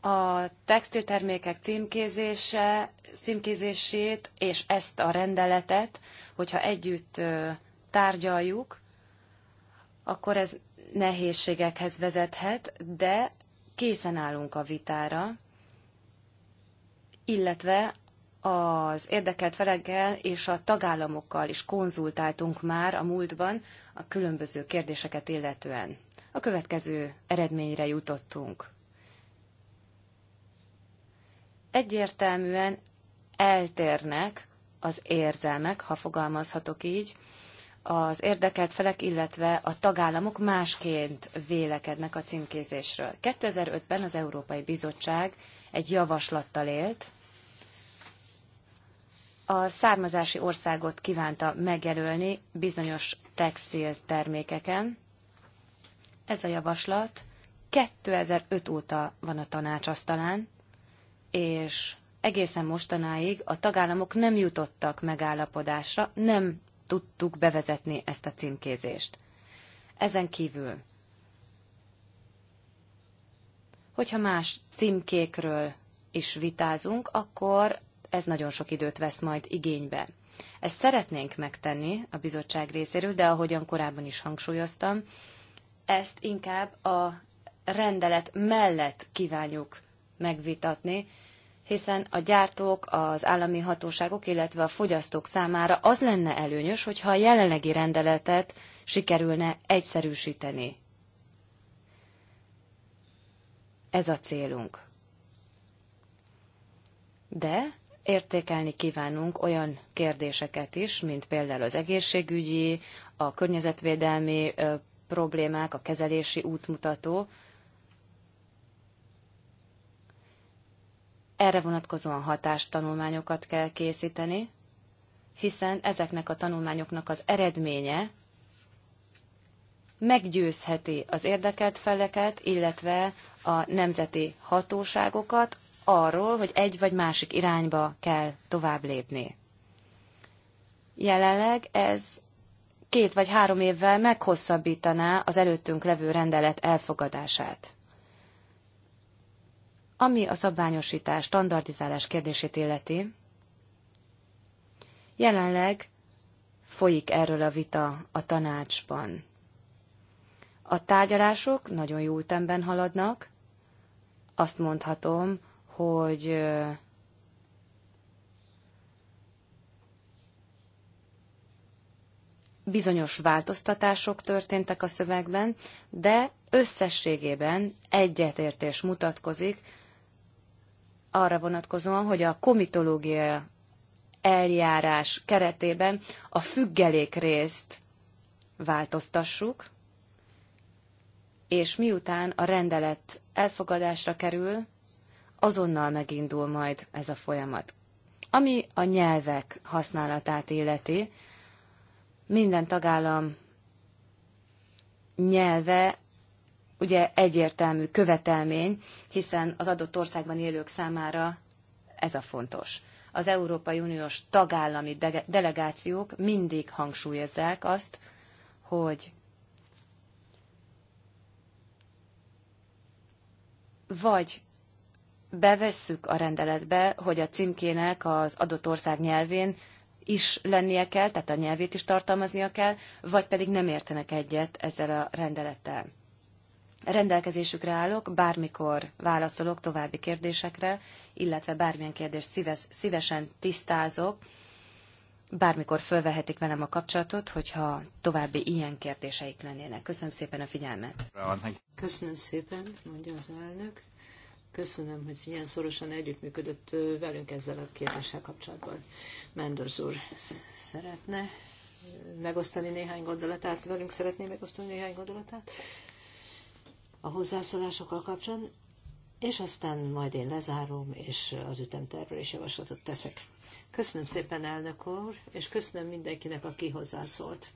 a textiltermékek címkézése, címkézését és ezt a rendeletet, hogyha együtt tárgyaljuk, akkor ez nehézségekhez vezethet, de készen állunk a vitára, illetve az érdekelt felekkel és a tagállamokkal is konzultáltunk már a múltban a különböző kérdéseket illetően. A következő eredményre jutottunk. Egyértelműen eltérnek az érzelmek, ha fogalmazhatok így, az érdekelt felek, illetve a tagállamok másként vélekednek a címkézésről. 2005-ben az Európai Bizottság egy javaslattal élt, a származási országot kívánta megjelölni bizonyos textiltermékeken. Ez a javaslat 2005 óta van a tanács asztalán, és egészen mostanáig a tagállamok nem jutottak megállapodásra, nem tudtuk bevezetni ezt a címkézést. Ezen kívül, hogyha más címkékről is vitázunk, akkor ez nagyon sok időt vesz majd igénybe. Ezt szeretnénk megtenni a bizottság részéről, de ahogyan korábban is hangsúlyoztam, ezt inkább a rendelet mellett kívánjuk megvitatni, hiszen a gyártók, az állami hatóságok, illetve a fogyasztók számára az lenne előnyös, hogyha a jelenlegi rendeletet sikerülne egyszerűsíteni. Ez a célunk. De értékelni kívánunk olyan kérdéseket is, mint például az egészségügyi, a környezetvédelmi problémák, a kezelési útmutató. Erre vonatkozóan hatástanulmányokat kell készíteni, hiszen ezeknek a tanulmányoknak az eredménye meggyőzheti az érdekelt feleket, illetve a nemzeti hatóságokat arról, hogy egy vagy másik irányba kell tovább lépni. Jelenleg ez két vagy három évvel meghosszabbítaná az előttünk levő rendelet elfogadását. Ami a szabványosítás, standardizálás kérdését illeti, jelenleg folyik erről a vita a tanácsban. A tárgyalások nagyon jó ütemben haladnak. Azt mondhatom, hogy bizonyos változtatások történtek a szövegben, de összességében egyetértés mutatkozik arra vonatkozóan, hogy a komitológia eljárás keretében a függelék részt változtassuk, és miután a rendelet elfogadásra kerül, azonnal megindul majd ez a folyamat. Ami a nyelvek használatát illeti, minden tagállam nyelve ugye egyértelmű követelmény, hiszen az adott országban élők számára ez a fontos. Az Európai Uniós tagállami delegációk mindig hangsúlyozzák azt, hogy vagy bevesszük a rendeletbe, hogy a címkének az adott ország nyelvén is lennie kell, tehát a nyelvét is tartalmaznia kell, vagy pedig nem értenek egyet ezzel a rendelettel. Rendelkezésükre állok, bármikor válaszolok további kérdésekre, illetve bármilyen kérdést szíves, szívesen tisztázok, bármikor fölvehetik velem a kapcsolatot, hogyha további ilyen kérdéseik lennének. Köszönöm szépen a figyelmet. Köszönöm szépen, mondja az elnök. Köszönöm, hogy ilyen szorosan együttműködött velünk ezzel a kérdéssel kapcsolatban. Mendorz úr szeretne megosztani néhány gondolatát, velünk szeretné megosztani néhány gondolatát a hozzászólásokkal kapcsolatban, és aztán majd én lezárom, és az ütemtervről is javaslatot teszek. Köszönöm szépen, elnök úr, és köszönöm mindenkinek, aki hozzászólt.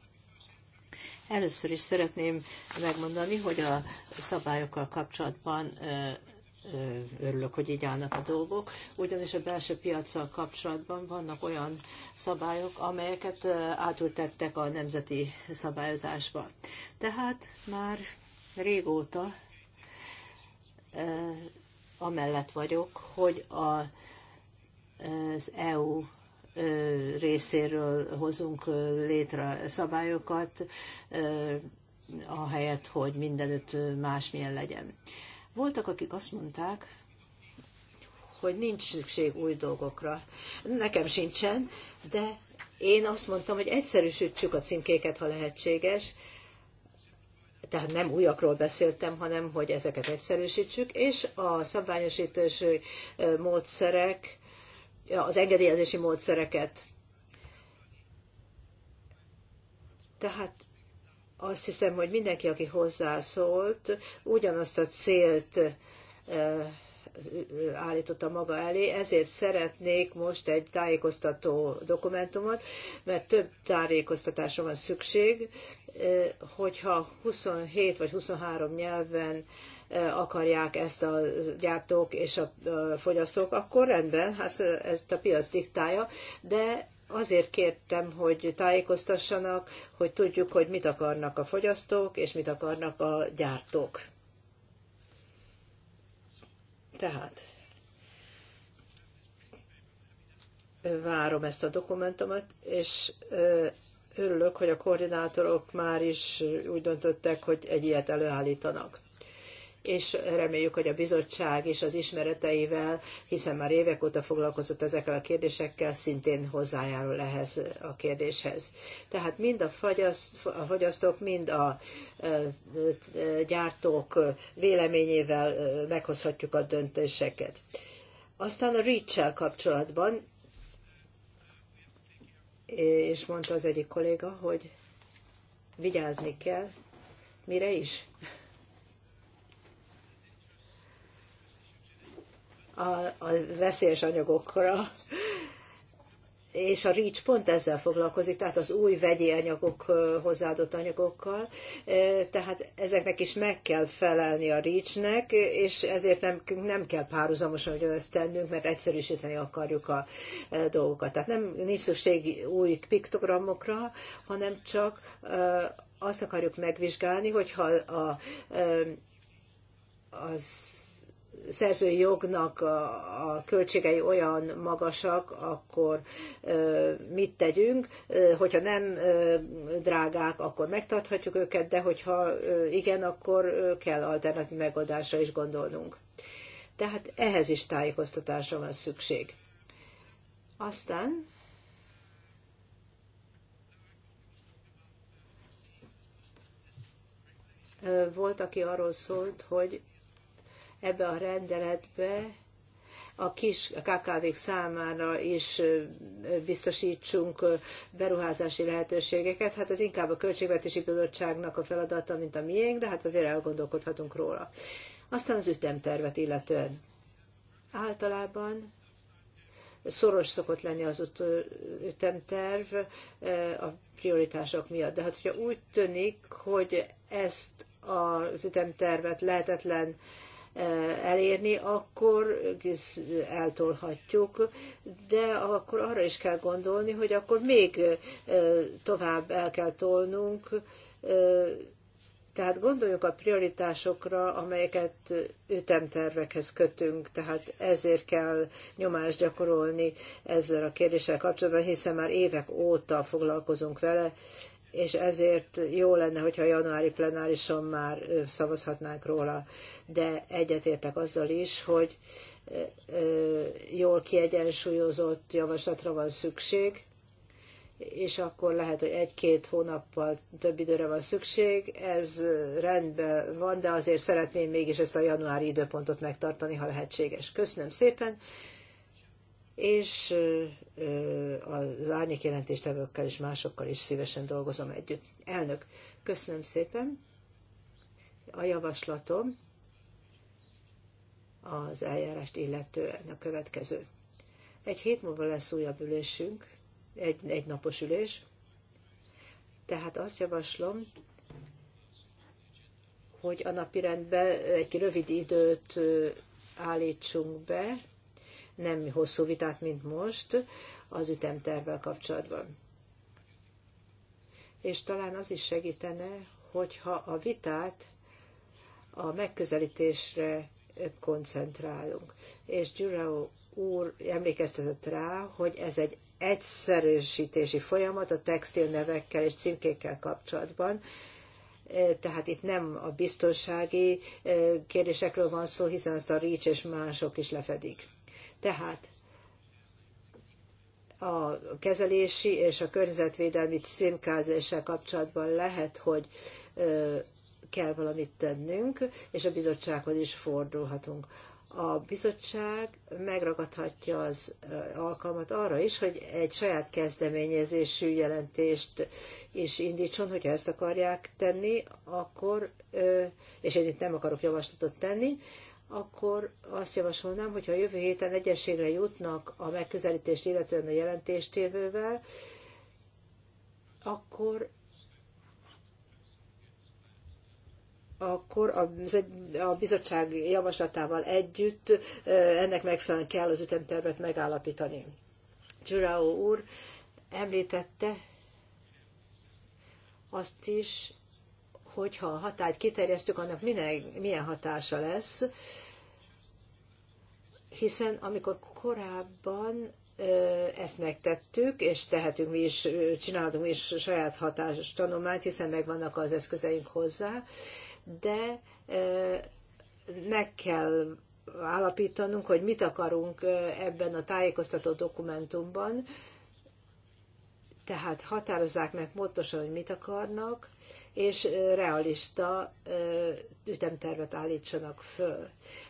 Először is szeretném megmondani, hogy a szabályokkal kapcsolatban örülök, hogy így állnak a dolgok, ugyanis a belső piacsal kapcsolatban vannak olyan szabályok, amelyeket átültettek a nemzeti szabályozásba. Tehát már régóta amellett vagyok, hogy a, az EU részéről hozunk létre szabályokat, ahelyett, hogy mindenütt másmilyen legyen. Voltak, akik azt mondták, hogy nincs szükség új dolgokra. Nekem sincsen, de én azt mondtam, hogy egyszerűsítsük a címkéket, ha lehetséges. Tehát nem újakról beszéltem, hanem hogy ezeket egyszerűsítsük, és a szabványosítási módszerek, az engedélyezési módszereket. Tehát azt hiszem, hogy mindenki, aki hozzászólt, ugyanazt a célt állította maga elé, ezért szeretnék most egy tájékoztató dokumentumot, mert több tájékoztatásra van szükség, hogyha 27 vagy 23 nyelven akarják ezt a gyártók és a fogyasztók, akkor rendben, hát ezt a piac diktálja, de azért kértem, hogy tájékoztassanak, hogy tudjuk, hogy mit akarnak a fogyasztók, és mit akarnak a gyártók. Tehát várom ezt a dokumentumot, és örülök, hogy a koordinátorok már is úgy döntöttek, hogy egy ilyet előállítanak és reméljük, hogy a bizottság is az ismereteivel, hiszen már évek óta foglalkozott ezekkel a kérdésekkel, szintén hozzájárul ehhez a kérdéshez. Tehát mind a fogyasztók, mind a gyártók véleményével meghozhatjuk a döntéseket. Aztán a reach kapcsolatban, és mondta az egyik kolléga, hogy vigyázni kell, mire is? a, a veszélyes anyagokra, és a REACH pont ezzel foglalkozik, tehát az új vegyi anyagok, hozzáadott anyagokkal, tehát ezeknek is meg kell felelni a REACH-nek, és ezért nem, nem kell párhuzamosan ezt tennünk, mert egyszerűsíteni akarjuk a dolgokat. Tehát nem, nincs szükség új piktogramokra, hanem csak azt akarjuk megvizsgálni, hogyha a, az szerzői jognak a költségei olyan magasak, akkor mit tegyünk, hogyha nem drágák, akkor megtarthatjuk őket, de hogyha igen, akkor kell alternatív megoldásra is gondolnunk. Tehát ehhez is tájékoztatásra van szükség. Aztán volt, aki arról szólt, hogy ebbe a rendeletbe a kis KKV-k számára is biztosítsunk beruházási lehetőségeket. Hát ez inkább a Költségvetési Bizottságnak a feladata, mint a miénk, de hát azért elgondolkodhatunk róla. Aztán az ütemtervet illetően. Általában szoros szokott lenni az ütemterv a prioritások miatt. De hát, hogyha úgy tűnik, hogy ezt az ütemtervet lehetetlen elérni, akkor eltolhatjuk, de akkor arra is kell gondolni, hogy akkor még tovább el kell tolnunk, tehát gondoljuk a prioritásokra, amelyeket ütemtervekhez kötünk, tehát ezért kell nyomást gyakorolni ezzel a kérdéssel kapcsolatban, hiszen már évek óta foglalkozunk vele, és ezért jó lenne, hogyha januári plenárison már szavazhatnánk róla, de egyetértek azzal is, hogy jól kiegyensúlyozott javaslatra van szükség, és akkor lehet, hogy egy-két hónappal több időre van szükség, ez rendben van, de azért szeretném mégis ezt a januári időpontot megtartani, ha lehetséges. Köszönöm szépen, és az árnyék jelentéstevőkkel és másokkal is szívesen dolgozom együtt. Elnök, köszönöm szépen a javaslatom az eljárást illetően a következő. Egy hét múlva lesz újabb ülésünk, egy, egy napos ülés, tehát azt javaslom, hogy a napirendbe egy rövid időt állítsunk be, nem hosszú vitát, mint most, az ütemtervvel kapcsolatban. És talán az is segítene, hogyha a vitát a megközelítésre koncentrálunk. És Gyurau úr emlékeztetett rá, hogy ez egy egyszerűsítési folyamat a textil nevekkel és címkékkel kapcsolatban. E, tehát itt nem a biztonsági e, kérdésekről van szó, hiszen azt a REACH és mások is lefedik. Tehát a kezelési és a környezetvédelmi címkázéssel kapcsolatban lehet, hogy kell valamit tennünk, és a bizottsághoz is fordulhatunk. A bizottság megragadhatja az alkalmat arra is, hogy egy saját kezdeményezésű jelentést is indítson, hogyha ezt akarják tenni, akkor, és én itt nem akarok javaslatot tenni, akkor azt javasolnám, hogyha jövő héten egyességre jutnak a megközelítést illetően a jelentéstévővel, akkor akkor a bizottság javaslatával együtt ennek megfelelően kell az ütemtervet megállapítani. Gyurao úr említette azt is, hogyha a hatályt kiterjesztjük, annak minden, milyen hatása lesz, hiszen amikor korábban ezt megtettük, és tehetünk mi is, csinálunk mi is saját hatás tanulmányt, hiszen megvannak az eszközeink hozzá, de meg kell állapítanunk, hogy mit akarunk ebben a tájékoztató dokumentumban, tehát határozzák meg pontosan, hogy mit akarnak, és realista ütemtervet állítsanak föl.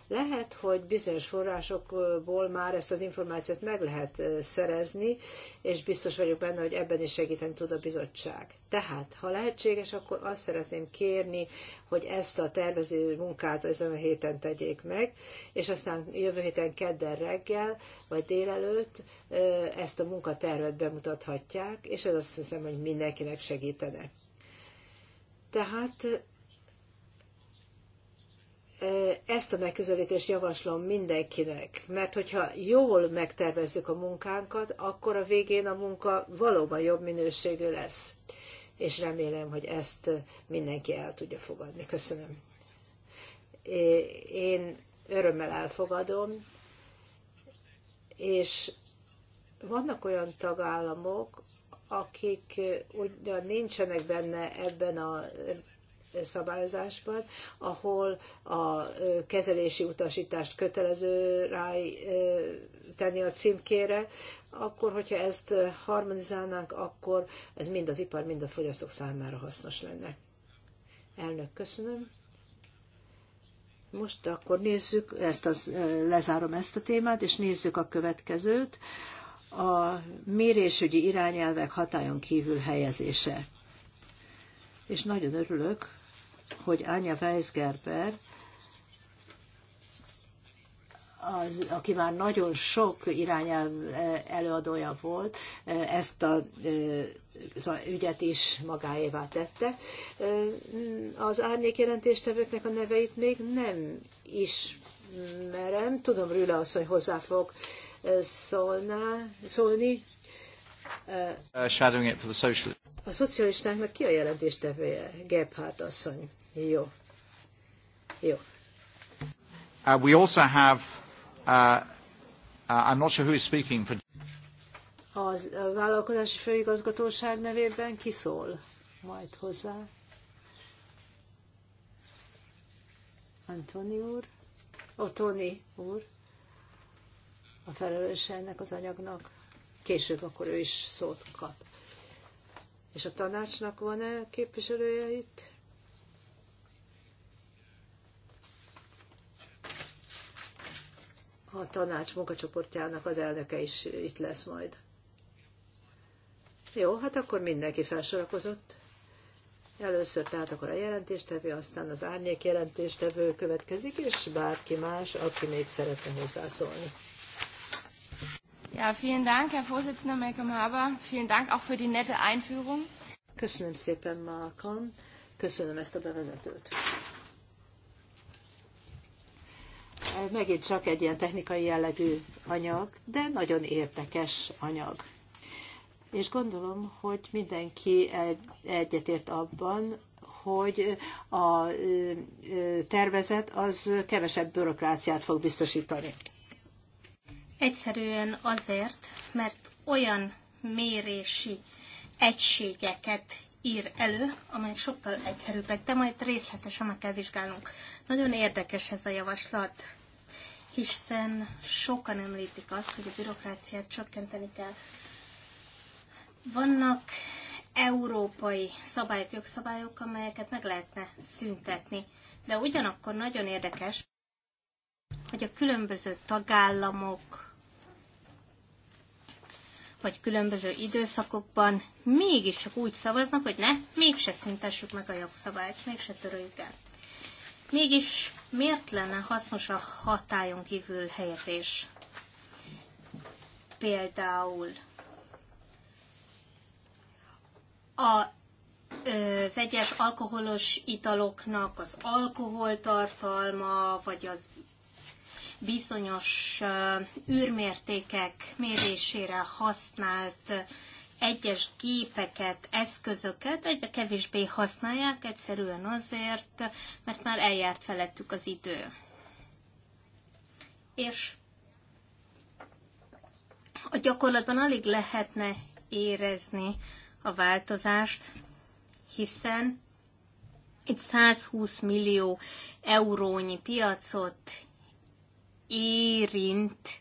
Lehet, hogy bizonyos forrásokból már ezt az információt meg lehet szerezni, és biztos vagyok benne, hogy ebben is segíteni tud a bizottság. Tehát, ha lehetséges, akkor azt szeretném kérni, hogy ezt a tervező munkát ezen a héten tegyék meg, és aztán jövő héten kedden reggel vagy délelőtt ezt a munkatervet bemutathatják, és ez azt hiszem, hogy mindenkinek segítene. Tehát ezt a megközelítést javaslom mindenkinek, mert hogyha jól megtervezzük a munkánkat, akkor a végén a munka valóban jobb minőségű lesz. És remélem, hogy ezt mindenki el tudja fogadni. Köszönöm. Én örömmel elfogadom és vannak olyan tagállamok, akik ugyan nincsenek benne ebben a szabályozásban, ahol a kezelési utasítást kötelező rá tenni a címkére, akkor, hogyha ezt harmonizálnánk, akkor ez mind az ipar, mind a fogyasztók számára hasznos lenne. Elnök, köszönöm. Most akkor nézzük, ezt az, lezárom ezt a témát, és nézzük a következőt. A mérésügyi irányelvek hatályon kívül helyezése. És nagyon örülök, hogy Anya Weisgerber az, aki már nagyon sok irányelv e, előadója volt, e, ezt a e, az ügyet is magáévá tette. Az árnyék jelentéstevőknek a neveit még nem ismerem. Tudom, Rüle hogy hozzá fog szólná, szólni. Uh, a szocialistáknak ki a jelentéstevője? Gebhardt asszony. Jó. Jó. Uh, we also have Uh, uh, I'm not sure who is speaking for... Az uh, vállalkozási főigazgatóság nevében kiszól majd hozzá. Antoni úr, Otoni úr, a felelőse ennek az anyagnak. Később akkor ő is szót kap. És a tanácsnak van-e képviselője itt? a tanács munkacsoportjának az elnöke is itt lesz majd. Jó, hát akkor mindenki felsorakozott. Először tehát akkor a jelentéstevő, aztán az árnyék jelentéstevő következik, és bárki más, aki még szeretne hozzászólni. Ja, vielen Dank, Herr Vorsitzender Malcolm Haber. Vielen Dank auch für die nette Einführung. Köszönöm szépen, Malcolm. Köszönöm ezt a bevezetőt. megint csak egy ilyen technikai jellegű anyag, de nagyon érdekes anyag. És gondolom, hogy mindenki egyetért abban, hogy a tervezet az kevesebb bürokráciát fog biztosítani. Egyszerűen azért, mert olyan mérési egységeket ír elő, amelyek sokkal egyszerűbbek, de majd részletesen meg kell vizsgálnunk. Nagyon érdekes ez a javaslat hiszen sokan említik azt, hogy a bürokráciát csökkenteni kell. Vannak európai szabályok, jogszabályok, amelyeket meg lehetne szüntetni. De ugyanakkor nagyon érdekes, hogy a különböző tagállamok vagy különböző időszakokban mégiscsak úgy szavaznak, hogy ne, mégse szüntessük meg a jogszabályt, mégse töröljük el. Mégis miért lenne hasznos a hatályon kívül helyezés? Például a, az egyes alkoholos italoknak az alkoholtartalma, vagy az bizonyos űrmértékek mérésére használt egyes gépeket, eszközöket egyre kevésbé használják, egyszerűen azért, mert már eljárt felettük az idő. És a gyakorlatban alig lehetne érezni a változást, hiszen itt 120 millió eurónyi piacot érint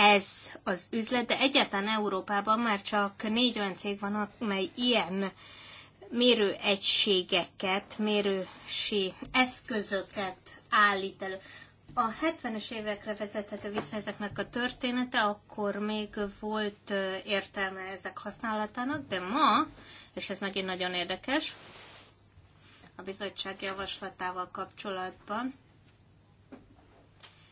ez az üzlet, de egyáltalán Európában már csak négy olyan cég van, amely ilyen mérőegységeket, mérősi eszközöket állít elő. A 70-es évekre vezethető vissza ezeknek a története, akkor még volt értelme ezek használatának, de ma, és ez megint nagyon érdekes, a bizottság javaslatával kapcsolatban,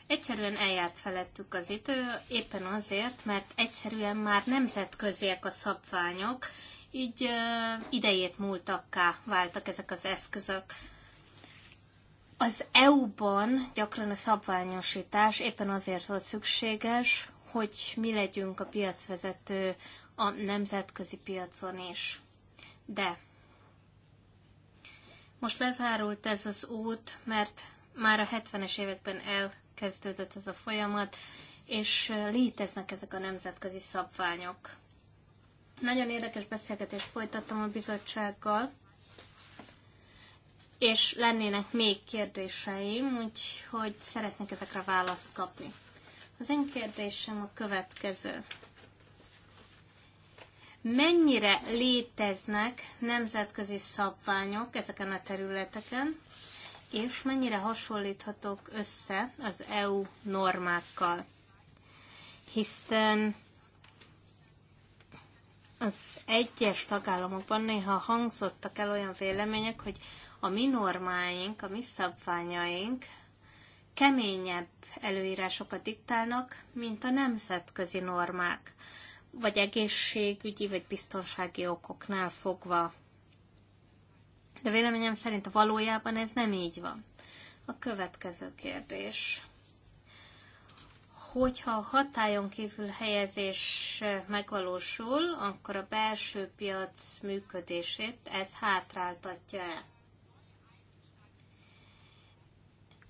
Egyszerűen eljárt felettük az idő, éppen azért, mert egyszerűen már nemzetköziek a szabványok, így idejét múltakká váltak ezek az eszközök. Az EU-ban gyakran a szabványosítás éppen azért volt szükséges, hogy mi legyünk a piacvezető a nemzetközi piacon is. De most lezárult ez az út, mert már a 70-es években el kezdődött ez a folyamat, és léteznek ezek a nemzetközi szabványok. Nagyon érdekes beszélgetést folytattam a bizottsággal, és lennének még kérdéseim, úgyhogy szeretnék ezekre választ kapni. Az én kérdésem a következő. Mennyire léteznek nemzetközi szabványok ezeken a területeken, és mennyire hasonlíthatok össze az EU normákkal. Hiszen az egyes tagállamokban néha hangzottak el olyan vélemények, hogy a mi normáink, a mi szabványaink keményebb előírásokat diktálnak, mint a nemzetközi normák, vagy egészségügyi, vagy biztonsági okoknál fogva de véleményem szerint valójában ez nem így van. A következő kérdés. Hogyha a hatályon kívül helyezés megvalósul, akkor a belső piac működését ez hátráltatja el.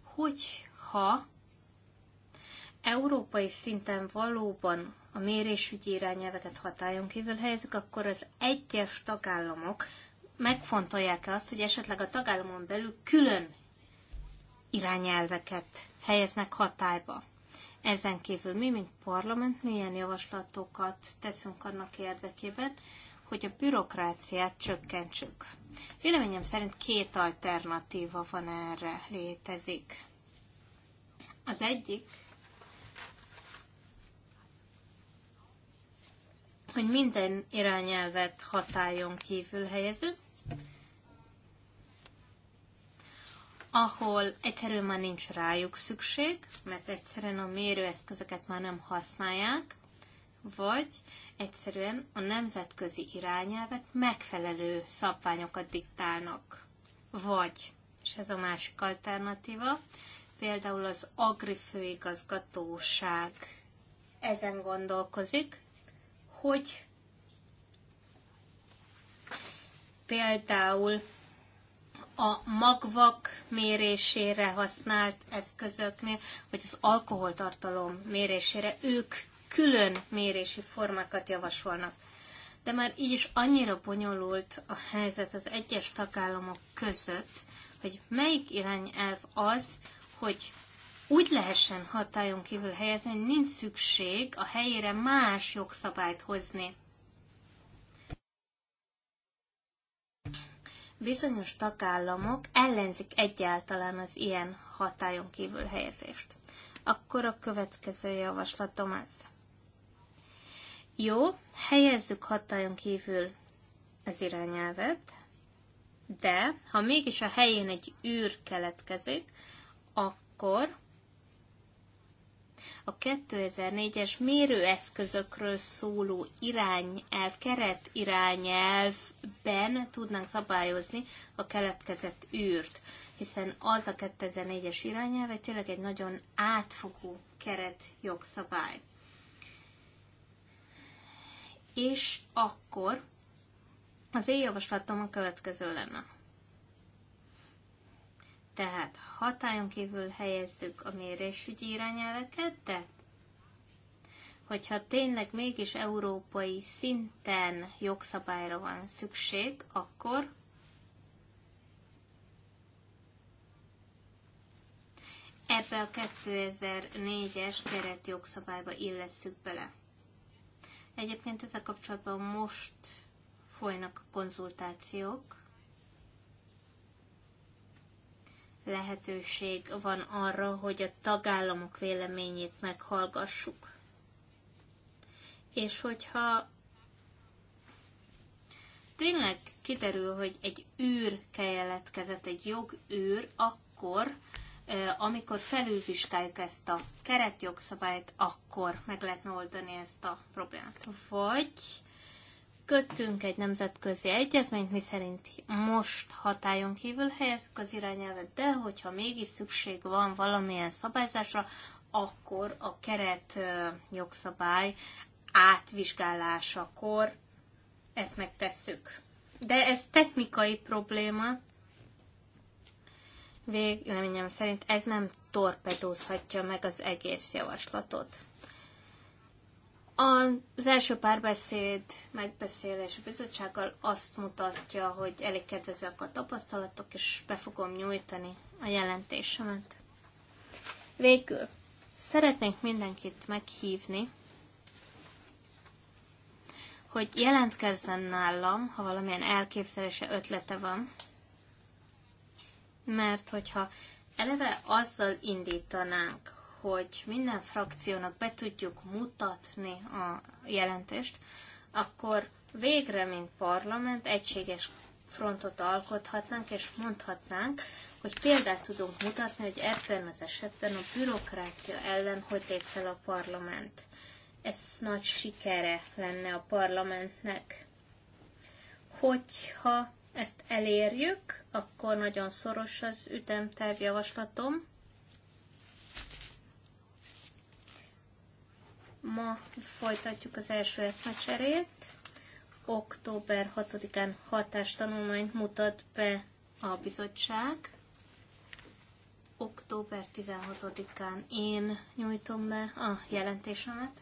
Hogyha európai szinten valóban a mérésügyi irányelveket hatályon kívül helyezik, akkor az egyes tagállamok megfontolják-e azt, hogy esetleg a tagállamon belül külön irányelveket helyeznek hatályba. Ezen kívül mi, mint parlament, milyen javaslatokat teszünk annak érdekében, hogy a bürokráciát csökkentsük. Véleményem szerint két alternatíva van erre, létezik. Az egyik, hogy minden irányelvet hatályon kívül helyezünk, ahol egyszerűen már nincs rájuk szükség, mert egyszerűen a mérőeszközöket már nem használják, vagy egyszerűen a nemzetközi irányelvek megfelelő szabványokat diktálnak. Vagy, és ez a másik alternatíva, például az Agri főigazgatóság ezen gondolkozik, hogy például a magvak mérésére használt eszközöknél, vagy az alkoholtartalom mérésére, ők külön mérési formákat javasolnak. De már így is annyira bonyolult a helyzet az egyes tagállamok között, hogy melyik irányelv az, hogy úgy lehessen hatályon kívül helyezni, hogy nincs szükség a helyére más jogszabályt hozni. bizonyos tagállamok ellenzik egyáltalán az ilyen hatályon kívül helyezést. Akkor a következő javaslatom az. Jó, helyezzük hatályon kívül az irányelvet, de ha mégis a helyén egy űr keletkezik, akkor a 2004-es mérőeszközökről szóló irányelv, keret irányelvben tudnánk szabályozni a keletkezett űrt, hiszen az a 2004-es irányelv egy tényleg egy nagyon átfogó keret jogszabály. És akkor az én javaslatom a következő lenne tehát hatályon kívül helyezzük a mérésügyi irányelveket, de hogyha tényleg mégis európai szinten jogszabályra van szükség, akkor ebbe a 2004-es keretjogszabályba illesszük bele. Egyébként ezzel kapcsolatban most folynak a konzultációk, lehetőség van arra, hogy a tagállamok véleményét meghallgassuk. És hogyha tényleg kiderül, hogy egy űr keletkezett, egy jogűr, akkor, amikor felülvizsgáljuk ezt a keretjogszabályt, akkor meg lehetne oldani ezt a problémát. Vagy köttünk egy nemzetközi egyezményt, mi szerint most hatályon kívül helyezzük az irányelvet, de hogyha mégis szükség van valamilyen szabályzásra, akkor a keret jogszabály átvizsgálásakor ezt megtesszük. De ez technikai probléma. Véleményem szerint ez nem torpedózhatja meg az egész javaslatot. Az első párbeszéd, megbeszélés a bizottsággal azt mutatja, hogy elég kedvezőek a tapasztalatok, és be fogom nyújtani a jelentésemet. Végül szeretnénk mindenkit meghívni, hogy jelentkezzen nálam, ha valamilyen elképzelése, ötlete van. Mert hogyha eleve azzal indítanánk, hogy minden frakciónak be tudjuk mutatni a jelentést, akkor végre, mint parlament, egységes frontot alkothatnánk, és mondhatnánk, hogy példát tudunk mutatni, hogy ebben az esetben a bürokrácia ellen hogy lép fel a parlament. Ez nagy sikere lenne a parlamentnek. Hogyha ezt elérjük, akkor nagyon szoros az ütemterv javaslatom, Ma folytatjuk az első eszmecserét. Október 6-án hatástanulmányt mutat be a bizottság. Október 16-án én nyújtom be a jelentésemet.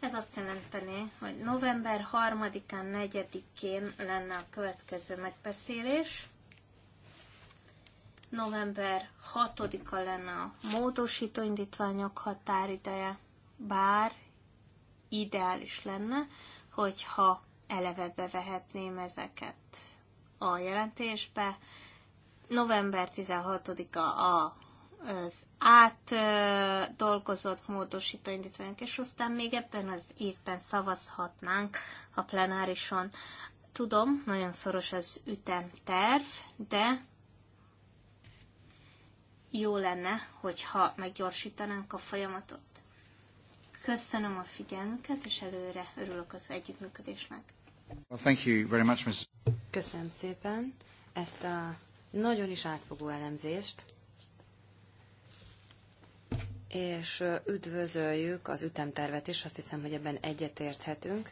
Ez azt jelenteni, hogy november 3-án, 4-én lenne a következő megbeszélés november 6-a lenne a módosító indítványok határideje, bár ideális lenne, hogyha eleve bevehetném ezeket a jelentésbe. November 16-a az átdolgozott módosító indítványok, és aztán még ebben az évben szavazhatnánk a plenárison. Tudom, nagyon szoros az ütemterv, de jó lenne, hogyha meggyorsítanánk a folyamatot. Köszönöm a figyelmüket, és előre örülök az együttműködésnek. Well, thank you very much, Ms. Köszönöm szépen ezt a nagyon is átfogó elemzést, és üdvözöljük az ütemtervet is, azt hiszem, hogy ebben egyetérthetünk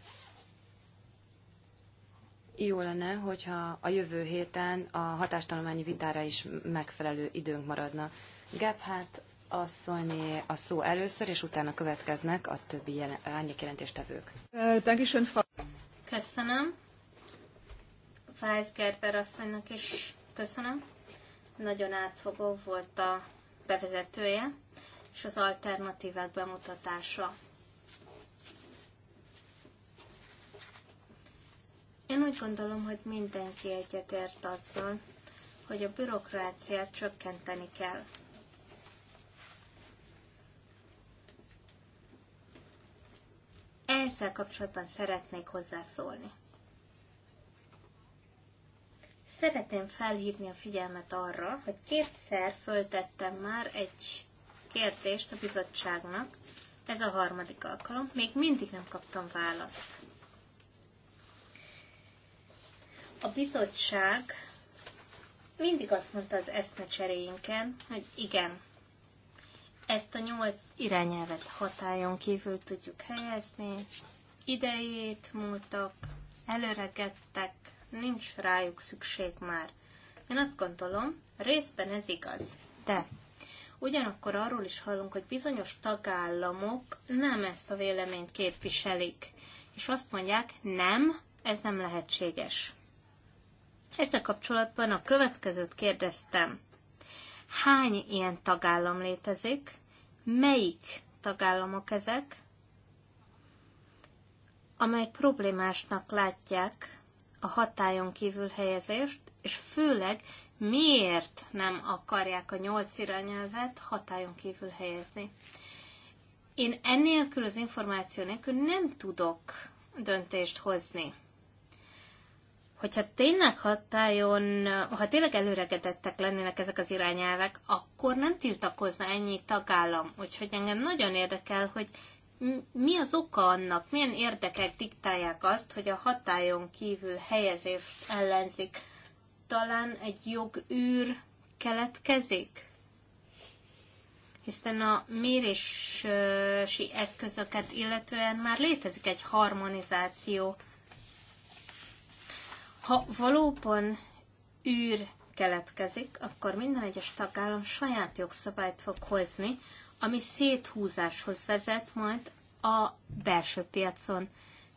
jó lenne, hogyha a jövő héten a hatástanulmányi vitára is megfelelő időnk maradna. Gebhardt asszonyé a szó először, és utána következnek a többi árnyékjelentéstevők. Köszönöm. Fájsz Gerber asszonynak is köszönöm. Nagyon átfogó volt a bevezetője, és az alternatívák bemutatása. Én úgy gondolom, hogy mindenki egyetért azzal, hogy a bürokráciát csökkenteni kell. Ezzel kapcsolatban szeretnék hozzászólni. Szeretném felhívni a figyelmet arra, hogy kétszer föltettem már egy kérdést a bizottságnak, ez a harmadik alkalom, még mindig nem kaptam választ. A bizottság mindig azt mondta az eszmecseréinken, hogy igen, ezt a nyolc irányelvet hatályon kívül tudjuk helyezni, idejét múltak, előregettek, nincs rájuk szükség már. Én azt gondolom, részben ez igaz, de ugyanakkor arról is hallunk, hogy bizonyos tagállamok nem ezt a véleményt képviselik, és azt mondják, nem, ez nem lehetséges. Ezzel kapcsolatban a következőt kérdeztem. Hány ilyen tagállam létezik? Melyik tagállamok ezek, amely problémásnak látják a hatályon kívül helyezést, és főleg miért nem akarják a nyolc irányelvet hatályon kívül helyezni. Én ennélkül az információ nélkül nem tudok döntést hozni hogyha tényleg hatályon, ha tényleg előregedettek lennének ezek az irányelvek, akkor nem tiltakozna ennyi tagállam. Úgyhogy engem nagyon érdekel, hogy mi az oka annak, milyen érdekek diktálják azt, hogy a hatályon kívül helyezést ellenzik. Talán egy jogűr keletkezik? hiszen a mérési eszközöket illetően már létezik egy harmonizáció ha valóban űr keletkezik, akkor minden egyes tagállam saját jogszabályt fog hozni, ami széthúzáshoz vezet majd a belső piacon.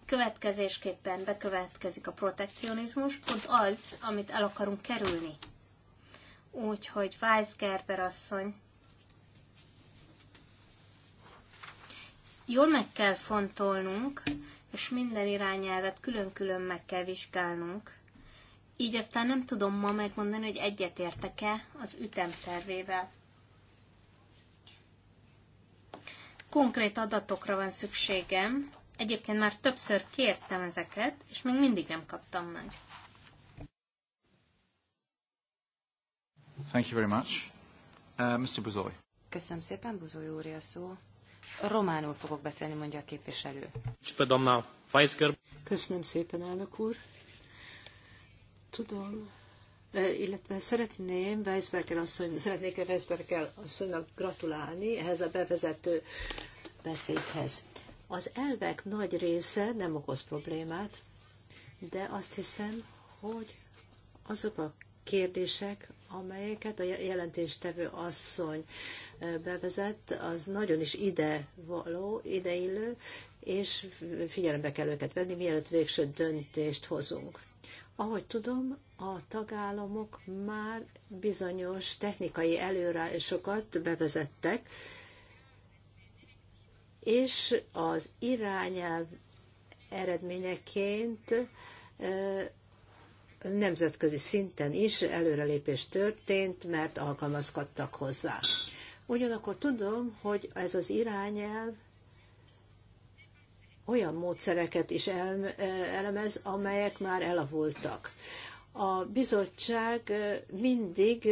Következésképpen bekövetkezik a protekcionizmus, pont az, amit el akarunk kerülni. Úgyhogy Gerber asszony, jól meg kell fontolnunk, és minden irányelvet külön-külön meg kell vizsgálnunk, így aztán nem tudom ma megmondani, hogy egyetértek-e az ütemtervével. Konkrét adatokra van szükségem. Egyébként már többször kértem ezeket, és még mindig nem kaptam meg. Thank you very much. Uh, Mr. Buzoy. Köszönöm szépen, Buzoy úr, a szó. Románul fogok beszélni, mondja a képviselő. Köszönöm szépen, elnök úr. Tudom, illetve szeretném Weisberger asszony, szeretnék -e Weisberger asszonynak gratulálni ehhez a bevezető beszédhez. Az elvek nagy része nem okoz problémát, de azt hiszem, hogy azok a kérdések, amelyeket a jelentéstevő asszony bevezet, az nagyon is ide való, ideillő, és figyelembe kell őket venni, mielőtt végső döntést hozunk. Ahogy tudom, a tagállamok már bizonyos technikai előrásokat bevezettek, és az irányelv eredményeként nemzetközi szinten is előrelépés történt, mert alkalmazkodtak hozzá. Ugyanakkor tudom, hogy ez az irányelv olyan módszereket is elemez, amelyek már elavultak. A bizottság mindig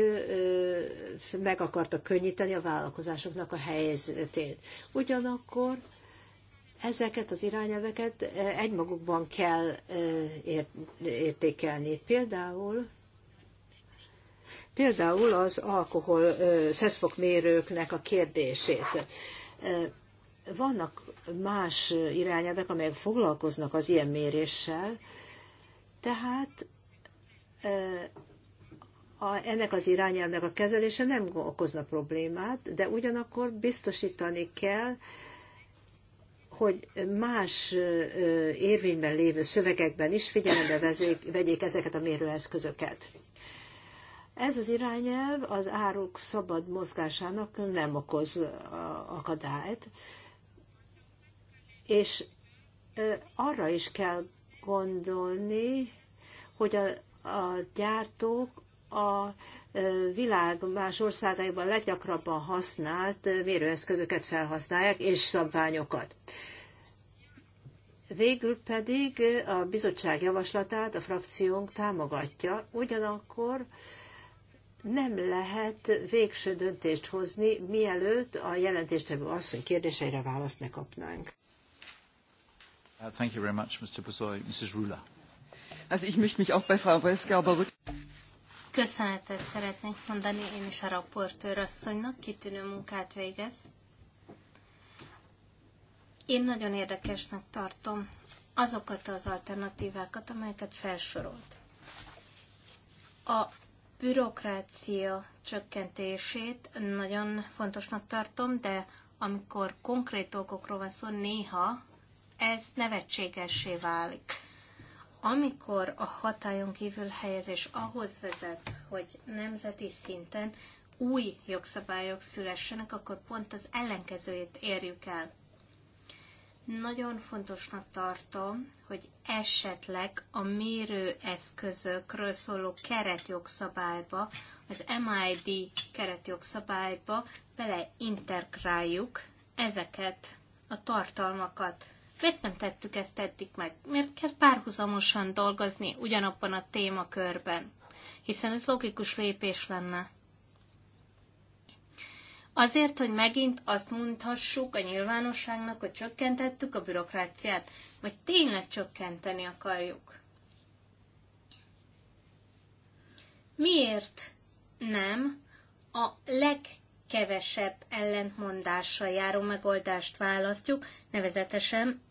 meg akarta könnyíteni a vállalkozásoknak a helyzetét. Ugyanakkor ezeket az irányelveket egymagukban kell értékelni. Például Például az alkohol szeszfokmérőknek a kérdését. Vannak más irányelvek, amelyek foglalkoznak az ilyen méréssel. Tehát a, ennek az irányelvnek a kezelése nem okozna problémát, de ugyanakkor biztosítani kell, hogy más érvényben lévő szövegekben is figyelembe vezék, vegyék ezeket a mérőeszközöket. Ez az irányelv az áruk szabad mozgásának nem okoz akadályt, és arra is kell gondolni, hogy a, a gyártók a világ más országaiban leggyakrabban használt mérőeszközöket felhasználják, és szabványokat. Végül pedig a bizottság javaslatát a frakciónk támogatja, ugyanakkor nem lehet végső döntést hozni, mielőtt a jelentéstevő asszony kérdéseire választ ne kapnánk. Uh, thank you very much, Mr. Busoy. Mrs. Rula. Also ich möchte mich auch bei Frau Weisgerber Köszönetet szeretnék mondani én is a raportőr asszonynak, kitűnő munkát végez. Én nagyon érdekesnek tartom azokat az alternatívákat, amelyeket felsorolt. A bürokrácia csökkentését nagyon fontosnak tartom, de amikor konkrét dolgokról van szó, néha ez nevetségessé válik. Amikor a hatályon kívül helyezés ahhoz vezet, hogy nemzeti szinten új jogszabályok szülessenek, akkor pont az ellenkezőjét érjük el. Nagyon fontosnak tartom, hogy esetleg a mérőeszközökről szóló keretjogszabályba, az MID keretjogszabályba beleintegráljuk ezeket a tartalmakat. Miért nem tettük ezt eddig meg? Miért kell párhuzamosan dolgozni ugyanabban a témakörben? Hiszen ez logikus lépés lenne. Azért, hogy megint azt mondhassuk a nyilvánosságnak, hogy csökkentettük a bürokráciát, vagy tényleg csökkenteni akarjuk. Miért nem a legkevesebb ellentmondással járó megoldást választjuk, nevezetesen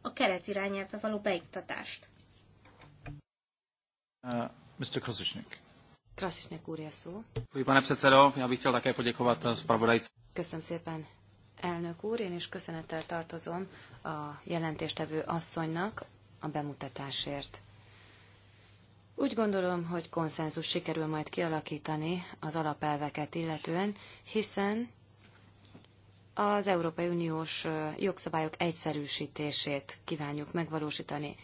a keret irányelve való beiktatást. Uh, Mr. Kozisnik. Krasisnek úr szó. Pane předsedo, já bych chtěl také poděkovat zpravodajci. Köszönöm szépen, elnök úr. Én is köszönettel tartozom a jelentéstevő asszonynak a bemutatásért. Úgy gondolom, hogy konszenzus sikerül majd kialakítani az alapelveket illetően, hiszen az Európai Uniós jogszabályok egyszerűsítését kívánjuk megvalósítani.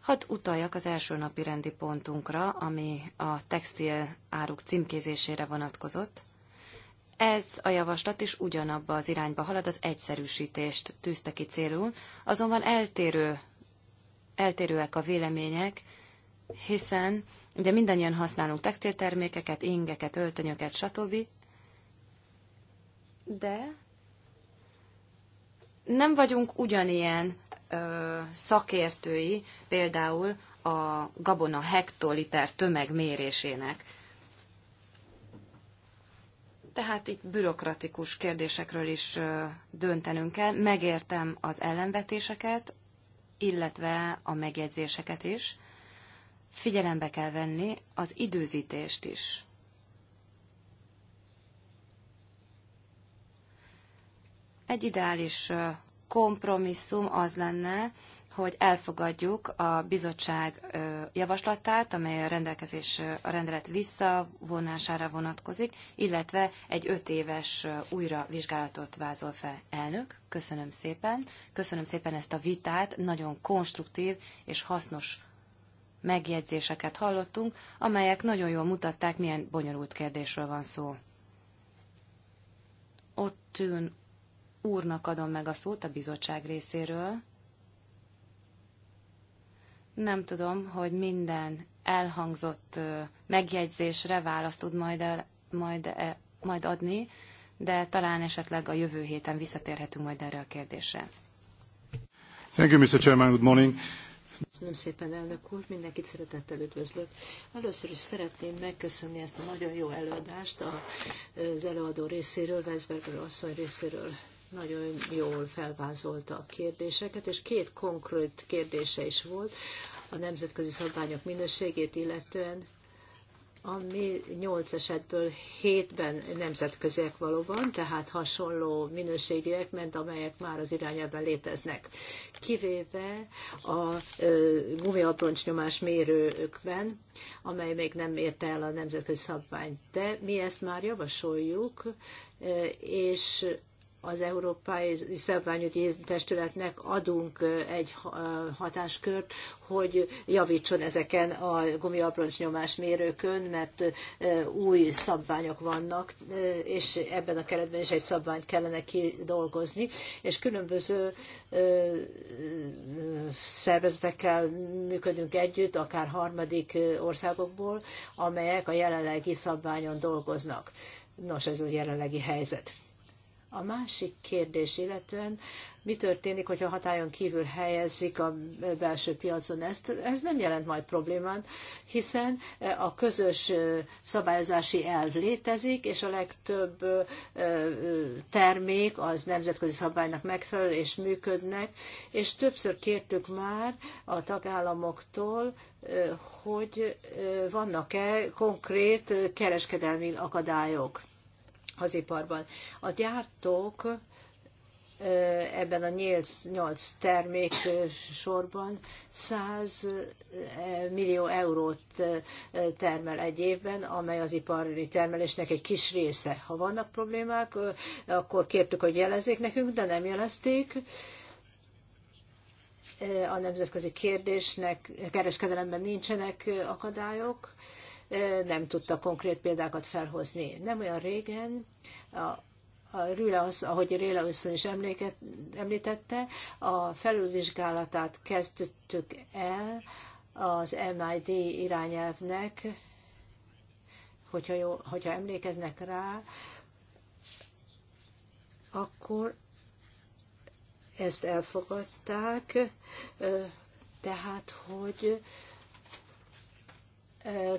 Hadd utaljak az első napi rendi pontunkra, ami a textil áruk címkézésére vonatkozott. Ez a javaslat is ugyanabba az irányba halad, az egyszerűsítést tűzte ki célul, azonban eltérő, eltérőek a vélemények, hiszen ugye mindannyian használunk textiltermékeket, ingeket, öltönyöket, stb. De nem vagyunk ugyanilyen ö, szakértői például a gabona hektoliter tömegmérésének. Tehát itt bürokratikus kérdésekről is ö, döntenünk kell. Megértem az ellenvetéseket, illetve a megjegyzéseket is. Figyelembe kell venni az időzítést is. Egy ideális kompromisszum az lenne, hogy elfogadjuk a bizottság javaslatát, amely a rendelkezés a rendelet visszavonására vonatkozik, illetve egy öt éves újravizsgálatot vázol fel elnök. Köszönöm szépen. Köszönöm szépen ezt a vitát, nagyon konstruktív és hasznos megjegyzéseket hallottunk, amelyek nagyon jól mutatták, milyen bonyolult kérdésről van szó. Ott tűn úrnak adom meg a szót a bizottság részéről. Nem tudom, hogy minden elhangzott megjegyzésre választ tud majd, el, majd, e, majd adni, de talán esetleg a jövő héten visszatérhetünk majd erre a kérdésre. Thank you, Mr. Chairman. Good morning. Köszönöm szépen, elnök úr, mindenkit szeretettel üdvözlök. Először is szeretném megköszönni ezt a nagyon jó előadást az előadó részéről, Weisberger asszony részéről nagyon jól felvázolta a kérdéseket, és két konkrét kérdése is volt a nemzetközi szabványok minőségét illetően, ami nyolc esetből hétben nemzetköziek valóban, tehát hasonló minőségűek, mint amelyek már az irányában léteznek. Kivéve a gumiabroncsnyomás mérőkben, amely még nem érte el a nemzetközi szabványt. De mi ezt már javasoljuk, és az Európai Szabványügyi Testületnek adunk egy hatáskört, hogy javítson ezeken a gumiabroncsnyomás mérőkön, mert új szabványok vannak, és ebben a keretben is egy szabványt kellene kidolgozni, és különböző szervezetekkel működünk együtt, akár harmadik országokból, amelyek a jelenlegi szabványon dolgoznak. Nos, ez a jelenlegi helyzet. A másik kérdés illetően, mi történik, hogyha hatályon kívül helyezik a belső piacon ezt? Ez nem jelent majd problémát, hiszen a közös szabályozási elv létezik, és a legtöbb termék az nemzetközi szabálynak megfelel és működnek, és többször kértük már a tagállamoktól, hogy vannak-e konkrét kereskedelmi akadályok az iparban. A gyártók ebben a 8 termék sorban 100 millió eurót termel egy évben, amely az ipari termelésnek egy kis része. Ha vannak problémák, akkor kértük, hogy jelezzék nekünk, de nem jelezték. A nemzetközi kérdésnek, kereskedelemben nincsenek akadályok nem tudta konkrét példákat felhozni. Nem olyan régen a a Rüle, ahogy Réla Összön is emléket, említette, a felülvizsgálatát kezdtük el az MID irányelvnek, hogyha, jó, hogyha emlékeznek rá, akkor ezt elfogadták, tehát, hogy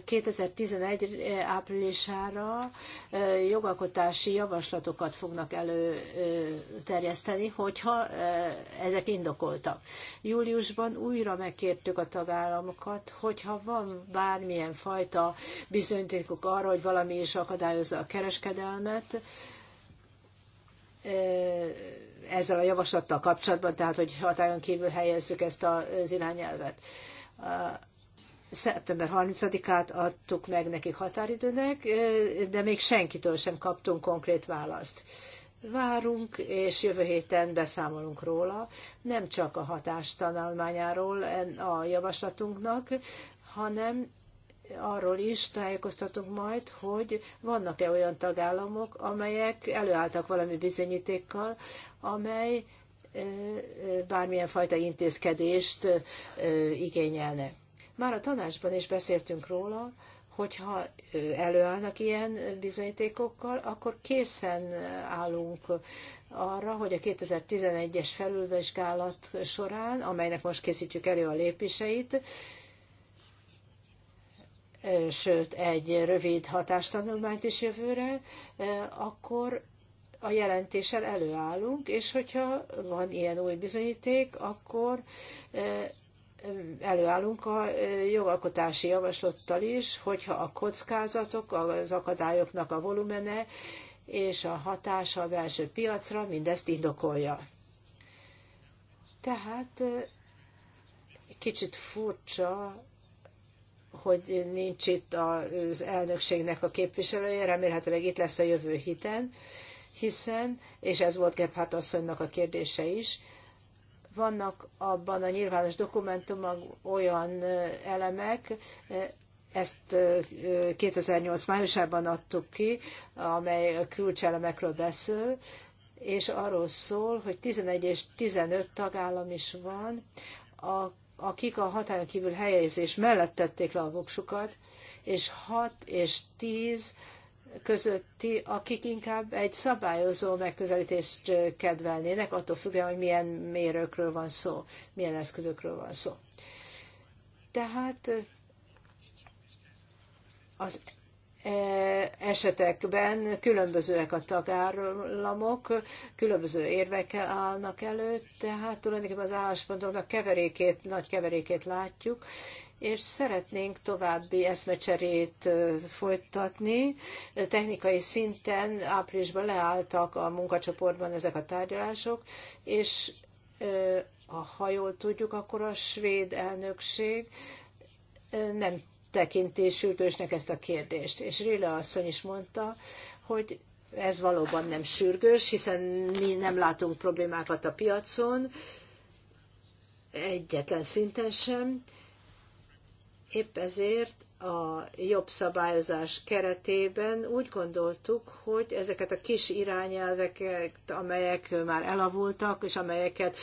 2011 áprilisára jogalkotási javaslatokat fognak előterjeszteni, hogyha ezek indokoltak. Júliusban újra megkértük a tagállamokat, hogyha van bármilyen fajta bizonyítékuk arra, hogy valami is akadályozza a kereskedelmet, ezzel a javaslattal kapcsolatban, tehát hogy hatályon kívül helyezzük ezt az irányelvet szeptember 30-át adtuk meg nekik határidőnek, de még senkitől sem kaptunk konkrét választ. Várunk, és jövő héten beszámolunk róla, nem csak a hatástanulmányáról a javaslatunknak, hanem arról is tájékoztatunk majd, hogy vannak-e olyan tagállamok, amelyek előálltak valami bizonyítékkal, amely bármilyen fajta intézkedést igényelne. Már a tanácsban is beszéltünk róla, hogyha előállnak ilyen bizonyítékokkal, akkor készen állunk arra, hogy a 2011-es felülvizsgálat során, amelynek most készítjük elő a lépéseit, sőt egy rövid hatástanulmányt is jövőre, akkor a jelentéssel előállunk, és hogyha van ilyen új bizonyíték, akkor előállunk a jogalkotási javaslattal is, hogyha a kockázatok, az akadályoknak a volumene és a hatása a belső piacra mindezt indokolja. Tehát kicsit furcsa, hogy nincs itt az elnökségnek a képviselője, remélhetőleg itt lesz a jövő hiten, hiszen, és ez volt Gebhardt asszonynak a kérdése is, vannak abban a nyilvános dokumentumban olyan elemek, ezt 2008 májusában adtuk ki, amely a kulcselemekről beszél, és arról szól, hogy 11 és 15 tagállam is van, akik a határon kívül helyezés mellett tették le a voksukat, és 6 és 10 közötti, akik inkább egy szabályozó megközelítést kedvelnének, attól függően, hogy milyen mérőkről van szó, milyen eszközökről van szó. Tehát az e, esetekben különbözőek a tagállamok, különböző érvekkel állnak elő, tehát tulajdonképpen az álláspontoknak keverékét, nagy keverékét látjuk, és szeretnénk további eszmecserét folytatni. Technikai szinten áprilisban leálltak a munkacsoportban ezek a tárgyalások, és ha jól tudjuk, akkor a svéd elnökség nem tekinti sürgősnek ezt a kérdést. És Rila asszony is mondta, hogy ez valóban nem sürgős, hiszen mi nem látunk problémákat a piacon, egyetlen szinten sem, Épp ezért a jobb szabályozás keretében úgy gondoltuk, hogy ezeket a kis irányelveket, amelyek már elavultak, és amelyeket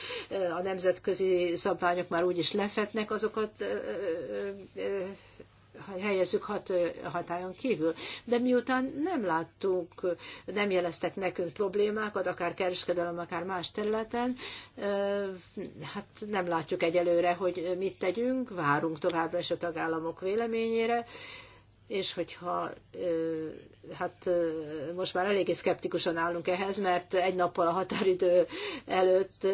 a nemzetközi szabványok már úgyis lefetnek, azokat helyezzük hat, hatályon kívül. De miután nem láttuk, nem jeleztek nekünk problémákat, akár kereskedelem, akár más területen, hát nem látjuk egyelőre, hogy mit tegyünk, várunk továbbra is a tagállamok véleményére, és hogyha hát most már eléggé szkeptikusan állunk ehhez, mert egy nappal a határidő előtt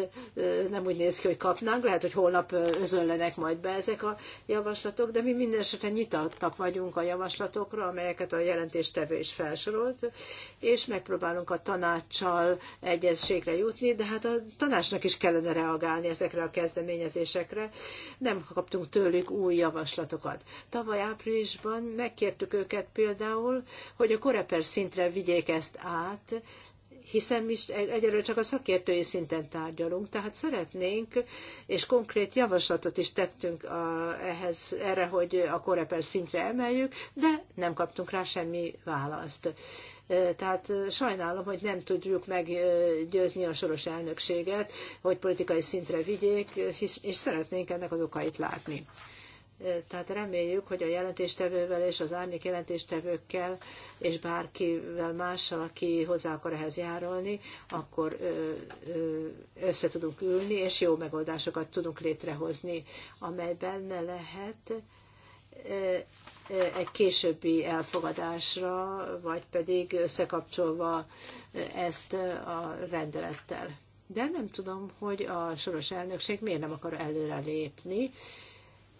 nem úgy néz ki, hogy kapnánk. Lehet, hogy holnap özönlenek majd be ezek a javaslatok, de mi minden esetre nyitottak vagyunk a javaslatokra, amelyeket a jelentéstevő is felsorolt, és megpróbálunk a tanácssal egyezségre jutni, de hát a tanácsnak is kellene reagálni ezekre a kezdeményezésekre. Nem kaptunk tőlük új javaslatokat. Tavaly áprilisban megkértük őket például, hogy a koreper szintre vigyék ezt át, hiszen mi egyelőre csak a szakértői szinten tárgyalunk, tehát szeretnénk, és konkrét javaslatot is tettünk a, ehhez, erre, hogy a koreper szintre emeljük, de nem kaptunk rá semmi választ. Tehát sajnálom, hogy nem tudjuk meggyőzni a soros elnökséget, hogy politikai szintre vigyék, és szeretnénk ennek az okait látni. Tehát reméljük, hogy a jelentéstevővel és az árnyék jelentéstevőkkel és bárkivel mással, aki hozzá akar ehhez járulni, akkor össze tudunk ülni, és jó megoldásokat tudunk létrehozni, amelyben benne lehet egy későbbi elfogadásra, vagy pedig összekapcsolva ezt a rendelettel. De nem tudom, hogy a soros elnökség miért nem akar előrelépni, lépni,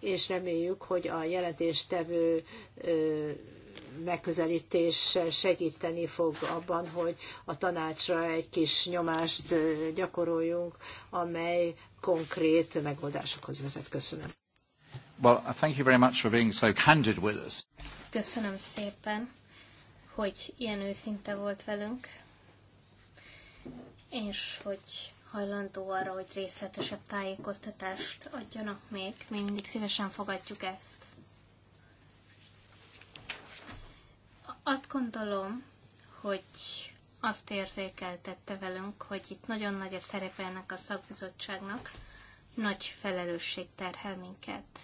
és reméljük, hogy a jelentéstevő megközelítés segíteni fog abban, hogy a tanácsra egy kis nyomást gyakoroljunk, amely konkrét megoldásokhoz vezet. Köszönöm. Well, thank you very much for being so candid with us. Köszönöm szépen, hogy ilyen őszinte volt velünk, és hogy hajlandó arra, hogy részletesebb tájékoztatást adjanak még. Mindig szívesen fogadjuk ezt. Azt gondolom, hogy azt érzékeltette velünk, hogy itt nagyon nagy a szerepe ennek a szakbizottságnak, nagy felelősség terhel minket.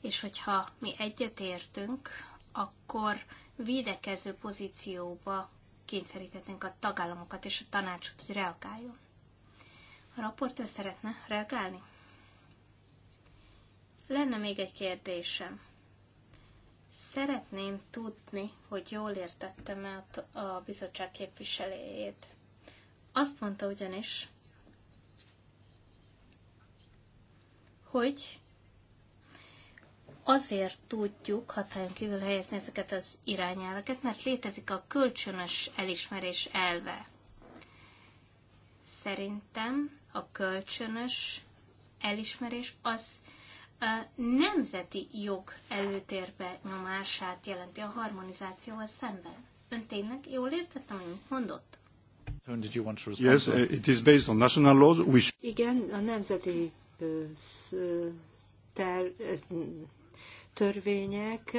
És hogyha mi egyetértünk, akkor védekező pozícióba kényszerítetnénk a tagállamokat és a tanácsot, hogy reagáljon. A raportőr szeretne reagálni? Lenne még egy kérdésem. Szeretném tudni, hogy jól értettem-e a bizottság képviselőjét. Azt mondta ugyanis, hogy azért tudjuk hatályon kívül helyezni ezeket az irányelveket, mert létezik a kölcsönös elismerés elve. Szerintem a kölcsönös elismerés az a nemzeti jog előtérbe nyomását jelenti a harmonizációval szemben. Ön tényleg jól értettem, amit mondott? Yes, uh, it is based on national laws. We Igen, a nemzeti ter, törvények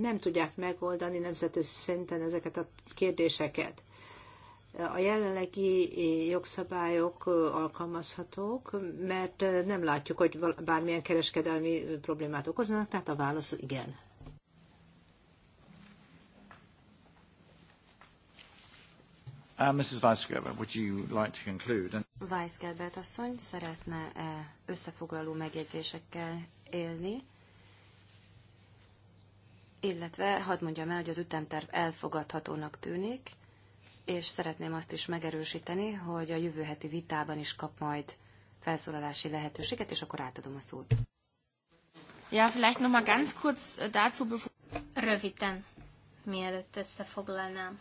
nem tudják megoldani nemzeti szinten ezeket a kérdéseket a jelenlegi jogszabályok alkalmazhatók, mert nem látjuk, hogy bármilyen kereskedelmi problémát okoznak, tehát a válasz igen. Uh, Mrs. Weisgerber, would you like to conclude? Weisgerber asszony szeretne -e összefoglaló megjegyzésekkel élni, illetve hadd mondjam el, hogy az ütemterv elfogadhatónak tűnik, és szeretném azt is megerősíteni, hogy a jövő heti vitában is kap majd felszólalási lehetőséget, és akkor átadom a szót. Ja, vielleicht noch mal ganz kurz äh, dazu, bevor... Röviden, mielőtt összefoglalnám.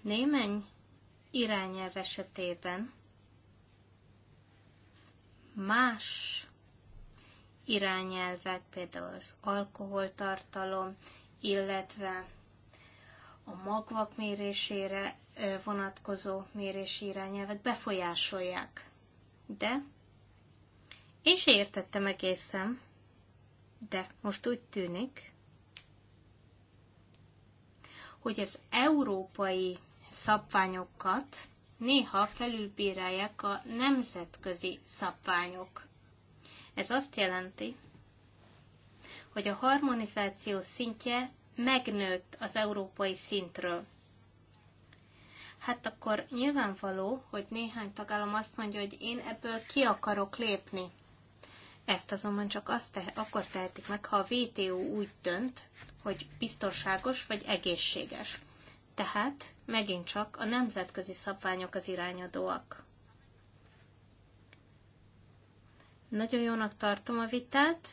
Némeny irányelv esetében más irányelvek, például az alkoholtartalom, illetve a magvak mérésére vonatkozó mérési irányelvet befolyásolják. De én se értettem egészen, de most úgy tűnik, hogy az európai szabványokat néha felülbírálják a nemzetközi szabványok. Ez azt jelenti, hogy a harmonizáció szintje megnőtt az európai szintről. Hát akkor nyilvánvaló, hogy néhány tagállam azt mondja, hogy én ebből ki akarok lépni. Ezt azonban csak azt te, akkor tehetik meg, ha a WTO úgy dönt, hogy biztonságos vagy egészséges. Tehát megint csak a nemzetközi szabványok az irányadóak. Nagyon jónak tartom a vitát,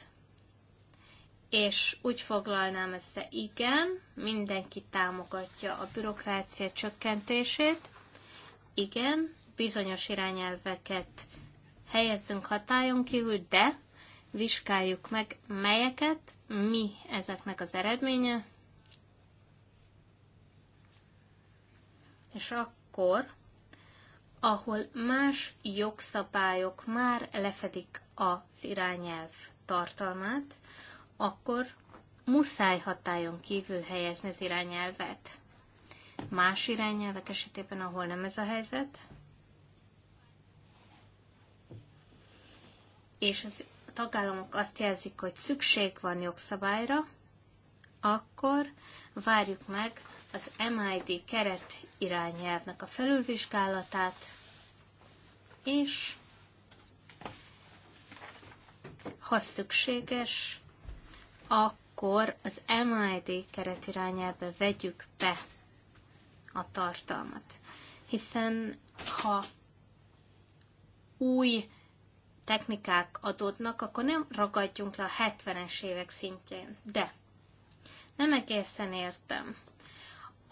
és úgy foglalnám össze, igen, mindenki támogatja a bürokrácia csökkentését, igen, bizonyos irányelveket helyezzünk hatályon kívül, de vizsgáljuk meg, melyeket, mi ezeknek az eredménye, és akkor, ahol más jogszabályok már lefedik az irányelv tartalmát, akkor muszáj hatályon kívül helyezni az irányelvet. Más irányelvek esetében, ahol nem ez a helyzet, és az tagállamok azt jelzik, hogy szükség van jogszabályra, akkor várjuk meg az MID keret irányelvnek a felülvizsgálatát, és ha szükséges, akkor az MID keretirányába vegyük be a tartalmat. Hiszen ha új technikák adódnak, akkor nem ragadjunk le a 70-es évek szintjén. De nem egészen értem,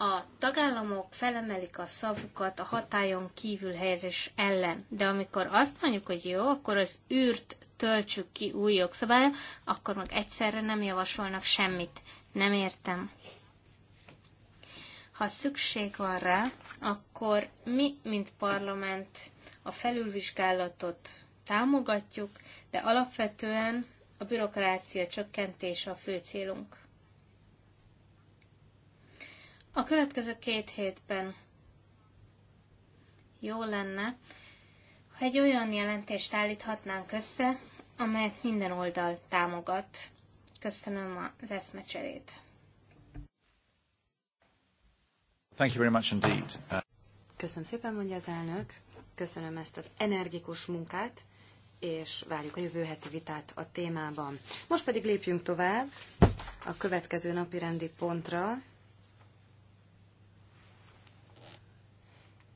a tagállamok felemelik a szavukat a hatályon kívül helyezés ellen. De amikor azt mondjuk, hogy jó, akkor az űrt töltsük ki új jogszabály, akkor meg egyszerre nem javasolnak semmit. Nem értem. Ha szükség van rá, akkor mi, mint parlament, a felülvizsgálatot támogatjuk, de alapvetően a bürokrácia csökkentése a fő célunk. A következő két hétben jó lenne, ha egy olyan jelentést állíthatnánk össze, amelyet minden oldal támogat. Köszönöm az eszmecserét. Thank you very much indeed. Köszönöm szépen, mondja az elnök. Köszönöm ezt az energikus munkát, és várjuk a jövő heti vitát a témában. Most pedig lépjünk tovább a következő napi rendi pontra,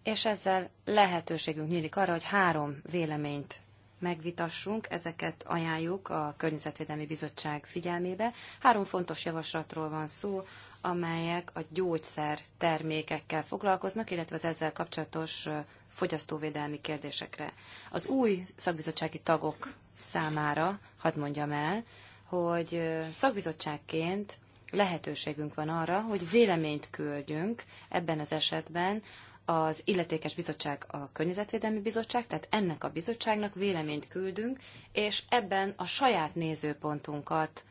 és ezzel lehetőségünk nyílik arra, hogy három véleményt megvitassunk, ezeket ajánljuk a Környezetvédelmi Bizottság figyelmébe. Három fontos javaslatról van szó, amelyek a gyógyszer termékekkel foglalkoznak, illetve az ezzel kapcsolatos fogyasztóvédelmi kérdésekre. Az új szakbizottsági tagok számára, hadd mondjam el, hogy szakbizottságként lehetőségünk van arra, hogy véleményt küldjünk ebben az esetben az illetékes bizottság a Környezetvédelmi Bizottság, tehát ennek a bizottságnak véleményt küldünk, és ebben a saját nézőpontunkat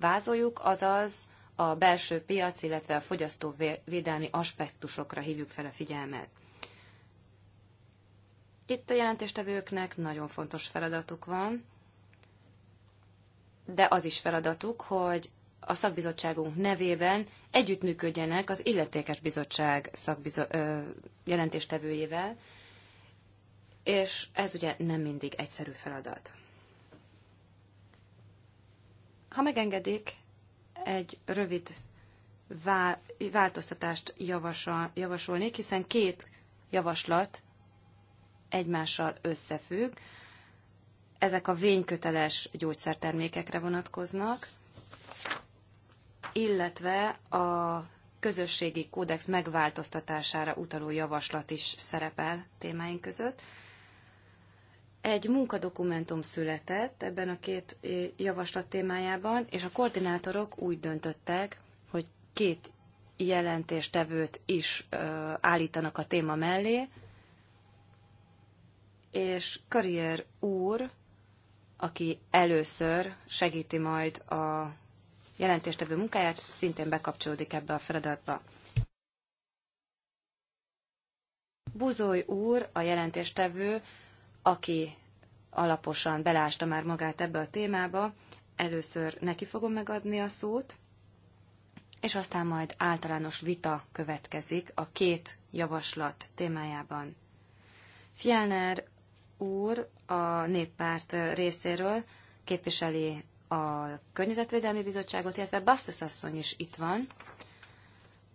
vázoljuk, azaz a belső piac, illetve a fogyasztóvédelmi aspektusokra hívjuk fel a figyelmet. Itt a jelentéstevőknek nagyon fontos feladatuk van, de az is feladatuk, hogy a szakbizottságunk nevében együttműködjenek az illetékes bizottság szakbizo- ö, jelentéstevőjével, és ez ugye nem mindig egyszerű feladat. Ha megengedik, egy rövid változtatást javasol, javasolnék, hiszen két javaslat egymással összefügg. Ezek a vényköteles gyógyszertermékekre vonatkoznak illetve a közösségi kódex megváltoztatására utaló javaslat is szerepel témáink között. Egy munkadokumentum született ebben a két javaslat témájában, és a koordinátorok úgy döntöttek, hogy két jelentéstevőt is ö, állítanak a téma mellé, és Karrier úr, aki először segíti majd a jelentéstevő munkáját, szintén bekapcsolódik ebbe a feladatba. Buzói úr, a jelentéstevő, aki alaposan belásta már magát ebbe a témába, először neki fogom megadni a szót, és aztán majd általános vita következik a két javaslat témájában. Fjellner úr a néppárt részéről képviseli a Környezetvédelmi Bizottságot, illetve Basztus asszony is itt van,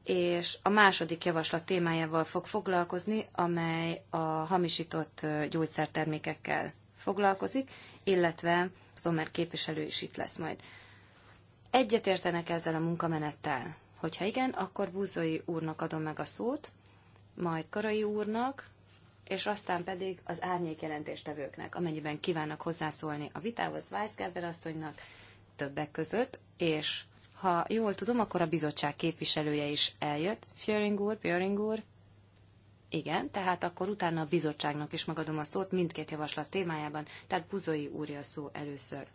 és a második javaslat témájával fog foglalkozni, amely a hamisított gyógyszertermékekkel foglalkozik, illetve Zomer képviselő is itt lesz majd. Egyetértenek ezzel a munkamenettel? Hogyha igen, akkor Búzói úrnak adom meg a szót, majd Karai úrnak, és aztán pedig az árnyék jelentéstevőknek, amennyiben kívánnak hozzászólni a vitához Gerber asszonynak többek között, és ha jól tudom, akkor a bizottság képviselője is eljött. Fjöring úr, Björing úr. Igen, tehát akkor utána a bizottságnak is megadom a szót mindkét javaslat témájában, tehát Buzoi úrja szó először.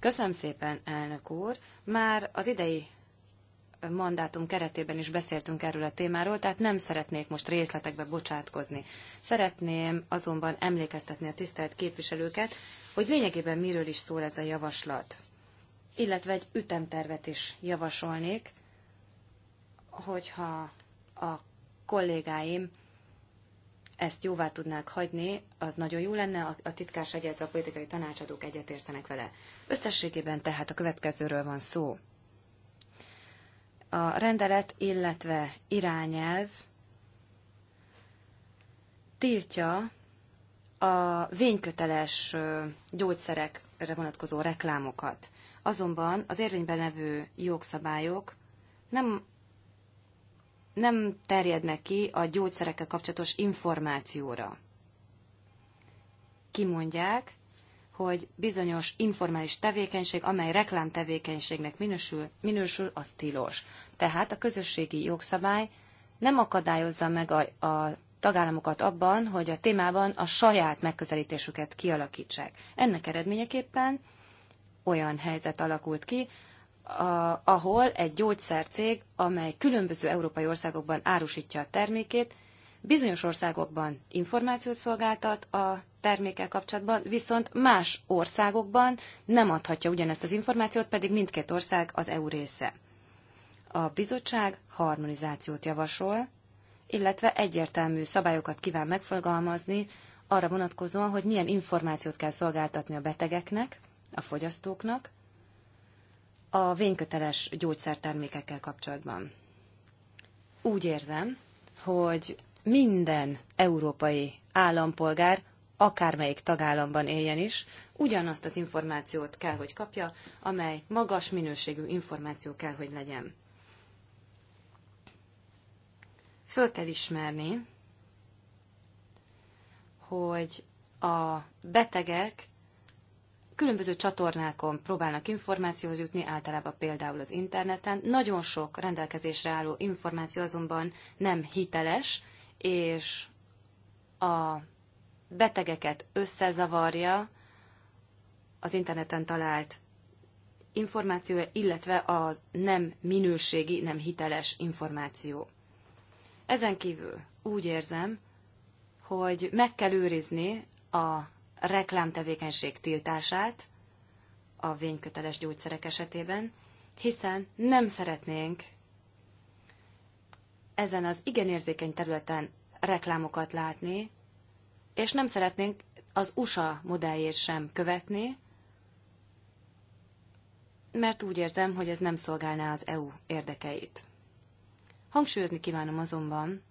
Köszönöm szépen, elnök úr. Már az idei mandátum keretében is beszéltünk erről a témáról, tehát nem szeretnék most részletekbe bocsátkozni. Szeretném azonban emlékeztetni a tisztelt képviselőket, hogy lényegében miről is szól ez a javaslat. Illetve egy ütemtervet is javasolnék, hogyha a kollégáim ezt jóvá tudnák hagyni, az nagyon jó lenne, a titkárság, illetve a politikai tanácsadók egyetértenek vele. Összességében tehát a következőről van szó a rendelet, illetve irányelv tiltja a vényköteles gyógyszerekre vonatkozó reklámokat. Azonban az érvényben levő jogszabályok nem, nem terjednek ki a gyógyszerekkel kapcsolatos információra. Kimondják, hogy bizonyos informális tevékenység, amely reklámtevékenységnek minősül, minősül, az tilos. Tehát a közösségi jogszabály nem akadályozza meg a, a tagállamokat abban, hogy a témában a saját megközelítésüket kialakítsák. Ennek eredményeképpen olyan helyzet alakult ki, a, ahol egy gyógyszercég, amely különböző európai országokban árusítja a termékét, bizonyos országokban információt szolgáltat a termékkel kapcsolatban, viszont más országokban nem adhatja ugyanezt az információt, pedig mindkét ország az EU része. A bizottság harmonizációt javasol, illetve egyértelmű szabályokat kíván megfogalmazni arra vonatkozóan, hogy milyen információt kell szolgáltatni a betegeknek, a fogyasztóknak, a vényköteles gyógyszertermékekkel kapcsolatban. Úgy érzem, hogy minden európai állampolgár akármelyik tagállamban éljen is, ugyanazt az információt kell, hogy kapja, amely magas minőségű információ kell, hogy legyen. Föl kell ismerni, hogy a betegek különböző csatornákon próbálnak információhoz jutni, általában például az interneten. Nagyon sok rendelkezésre álló információ azonban nem hiteles, és a betegeket összezavarja az interneten talált információja, illetve a nem minőségi, nem hiteles információ. Ezen kívül úgy érzem, hogy meg kell őrizni a reklámtevékenység tiltását a vényköteles gyógyszerek esetében, hiszen nem szeretnénk ezen az igen érzékeny területen reklámokat látni, és nem szeretnénk az USA modelljét sem követni, mert úgy érzem, hogy ez nem szolgálná az EU érdekeit. Hangsúlyozni kívánom azonban,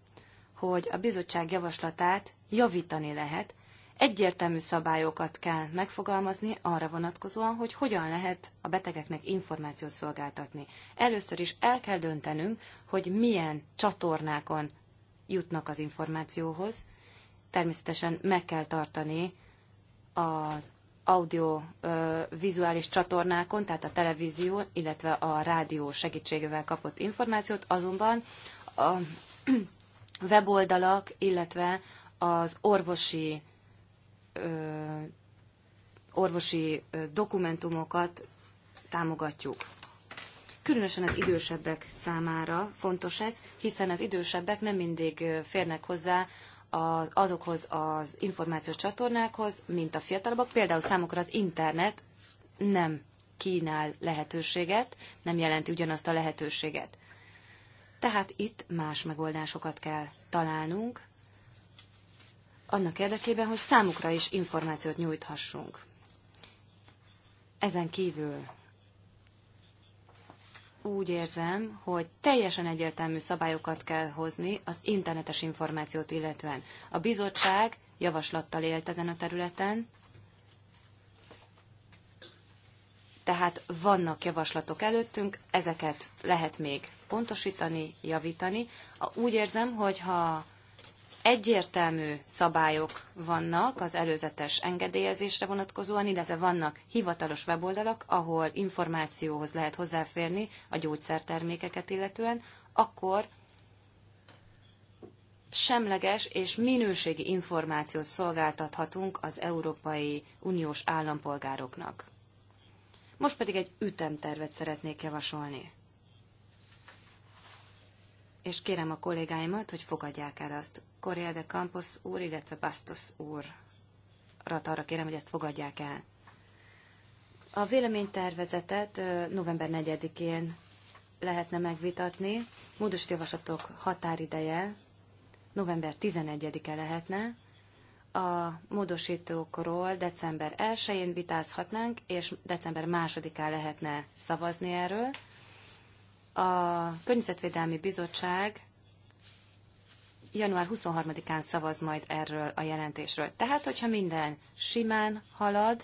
hogy a bizottság javaslatát javítani lehet, egyértelmű szabályokat kell megfogalmazni arra vonatkozóan, hogy hogyan lehet a betegeknek információt szolgáltatni. Először is el kell döntenünk, hogy milyen csatornákon jutnak az információhoz, természetesen meg kell tartani az audio-vizuális csatornákon, tehát a televízió, illetve a rádió segítségével kapott információt, azonban a [CLEARS THROAT] weboldalak, illetve az orvosi orvosi dokumentumokat támogatjuk. Különösen az idősebbek számára fontos ez, hiszen az idősebbek nem mindig férnek hozzá a, azokhoz az információs csatornákhoz, mint a fiatalabbak. Például számukra az internet nem kínál lehetőséget, nem jelenti ugyanazt a lehetőséget. Tehát itt más megoldásokat kell találnunk, annak érdekében, hogy számukra is információt nyújthassunk. Ezen kívül úgy érzem, hogy teljesen egyértelmű szabályokat kell hozni az internetes információt illetően. A bizottság javaslattal élt ezen a területen, tehát vannak javaslatok előttünk, ezeket lehet még pontosítani, javítani. Úgy érzem, hogy ha egyértelmű szabályok vannak az előzetes engedélyezésre vonatkozóan, illetve vannak hivatalos weboldalak, ahol információhoz lehet hozzáférni a gyógyszertermékeket illetően, akkor semleges és minőségi információt szolgáltathatunk az Európai Uniós állampolgároknak. Most pedig egy ütemtervet szeretnék javasolni és kérem a kollégáimat, hogy fogadják el azt. Correa de Campos úr, illetve Bastos úr arra kérem, hogy ezt fogadják el. A véleménytervezetet november 4-én lehetne megvitatni. Módosít javaslatok határideje november 11-e lehetne. A módosítókról december 1-én vitázhatnánk, és december 2-án lehetne szavazni erről. A Környezetvédelmi Bizottság január 23-án szavaz majd erről a jelentésről. Tehát, hogyha minden simán halad,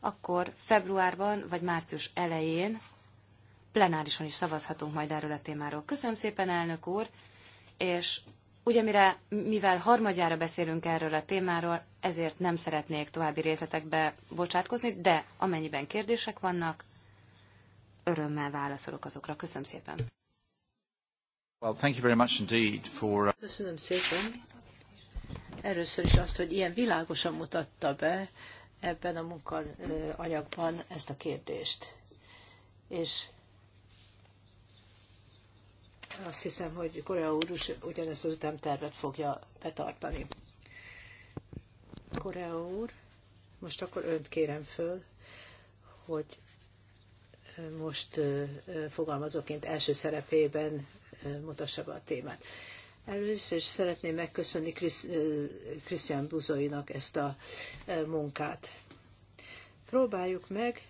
akkor februárban vagy március elején plenárison is szavazhatunk majd erről a témáról. Köszönöm szépen, elnök úr, és ugye mire, mivel harmadjára beszélünk erről a témáról, ezért nem szeretnék további részletekbe bocsátkozni, de amennyiben kérdések vannak, örömmel válaszolok azokra. Köszönöm szépen. Well, thank you very much indeed for... Uh, Köszönöm szépen. Először is azt, hogy ilyen világosan mutatta be ebben a munkaanyagban ezt a kérdést. És azt hiszem, hogy Korea úr is ugyanezt az ütemtervet fogja betartani. Korea úr, most akkor önt kérem föl, hogy most fogalmazóként első szerepében mutassa be a témát. Először is szeretném megköszönni Krisztián Buzoinak ezt a munkát. Próbáljuk meg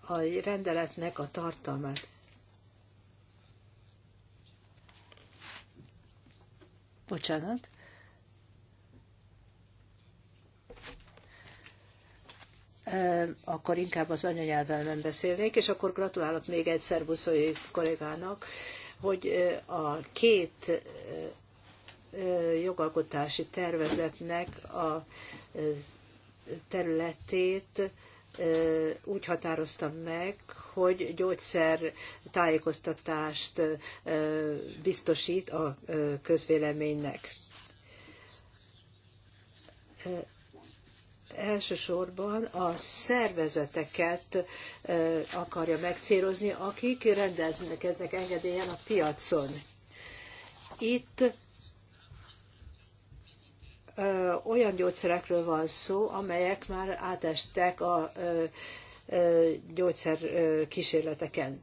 a rendeletnek a tartalmát. Bocsánat. akkor inkább az anyanyelvemen beszélnék, és akkor gratulálok még egyszer Buszói kollégának, hogy a két jogalkotási tervezetnek a területét úgy határoztam meg, hogy gyógyszer tájékoztatást biztosít a közvéleménynek elsősorban a szervezeteket akarja megcélozni, akik rendelkeznek engedélyen a piacon. Itt olyan gyógyszerekről van szó, amelyek már átestek a gyógyszerkísérleteken.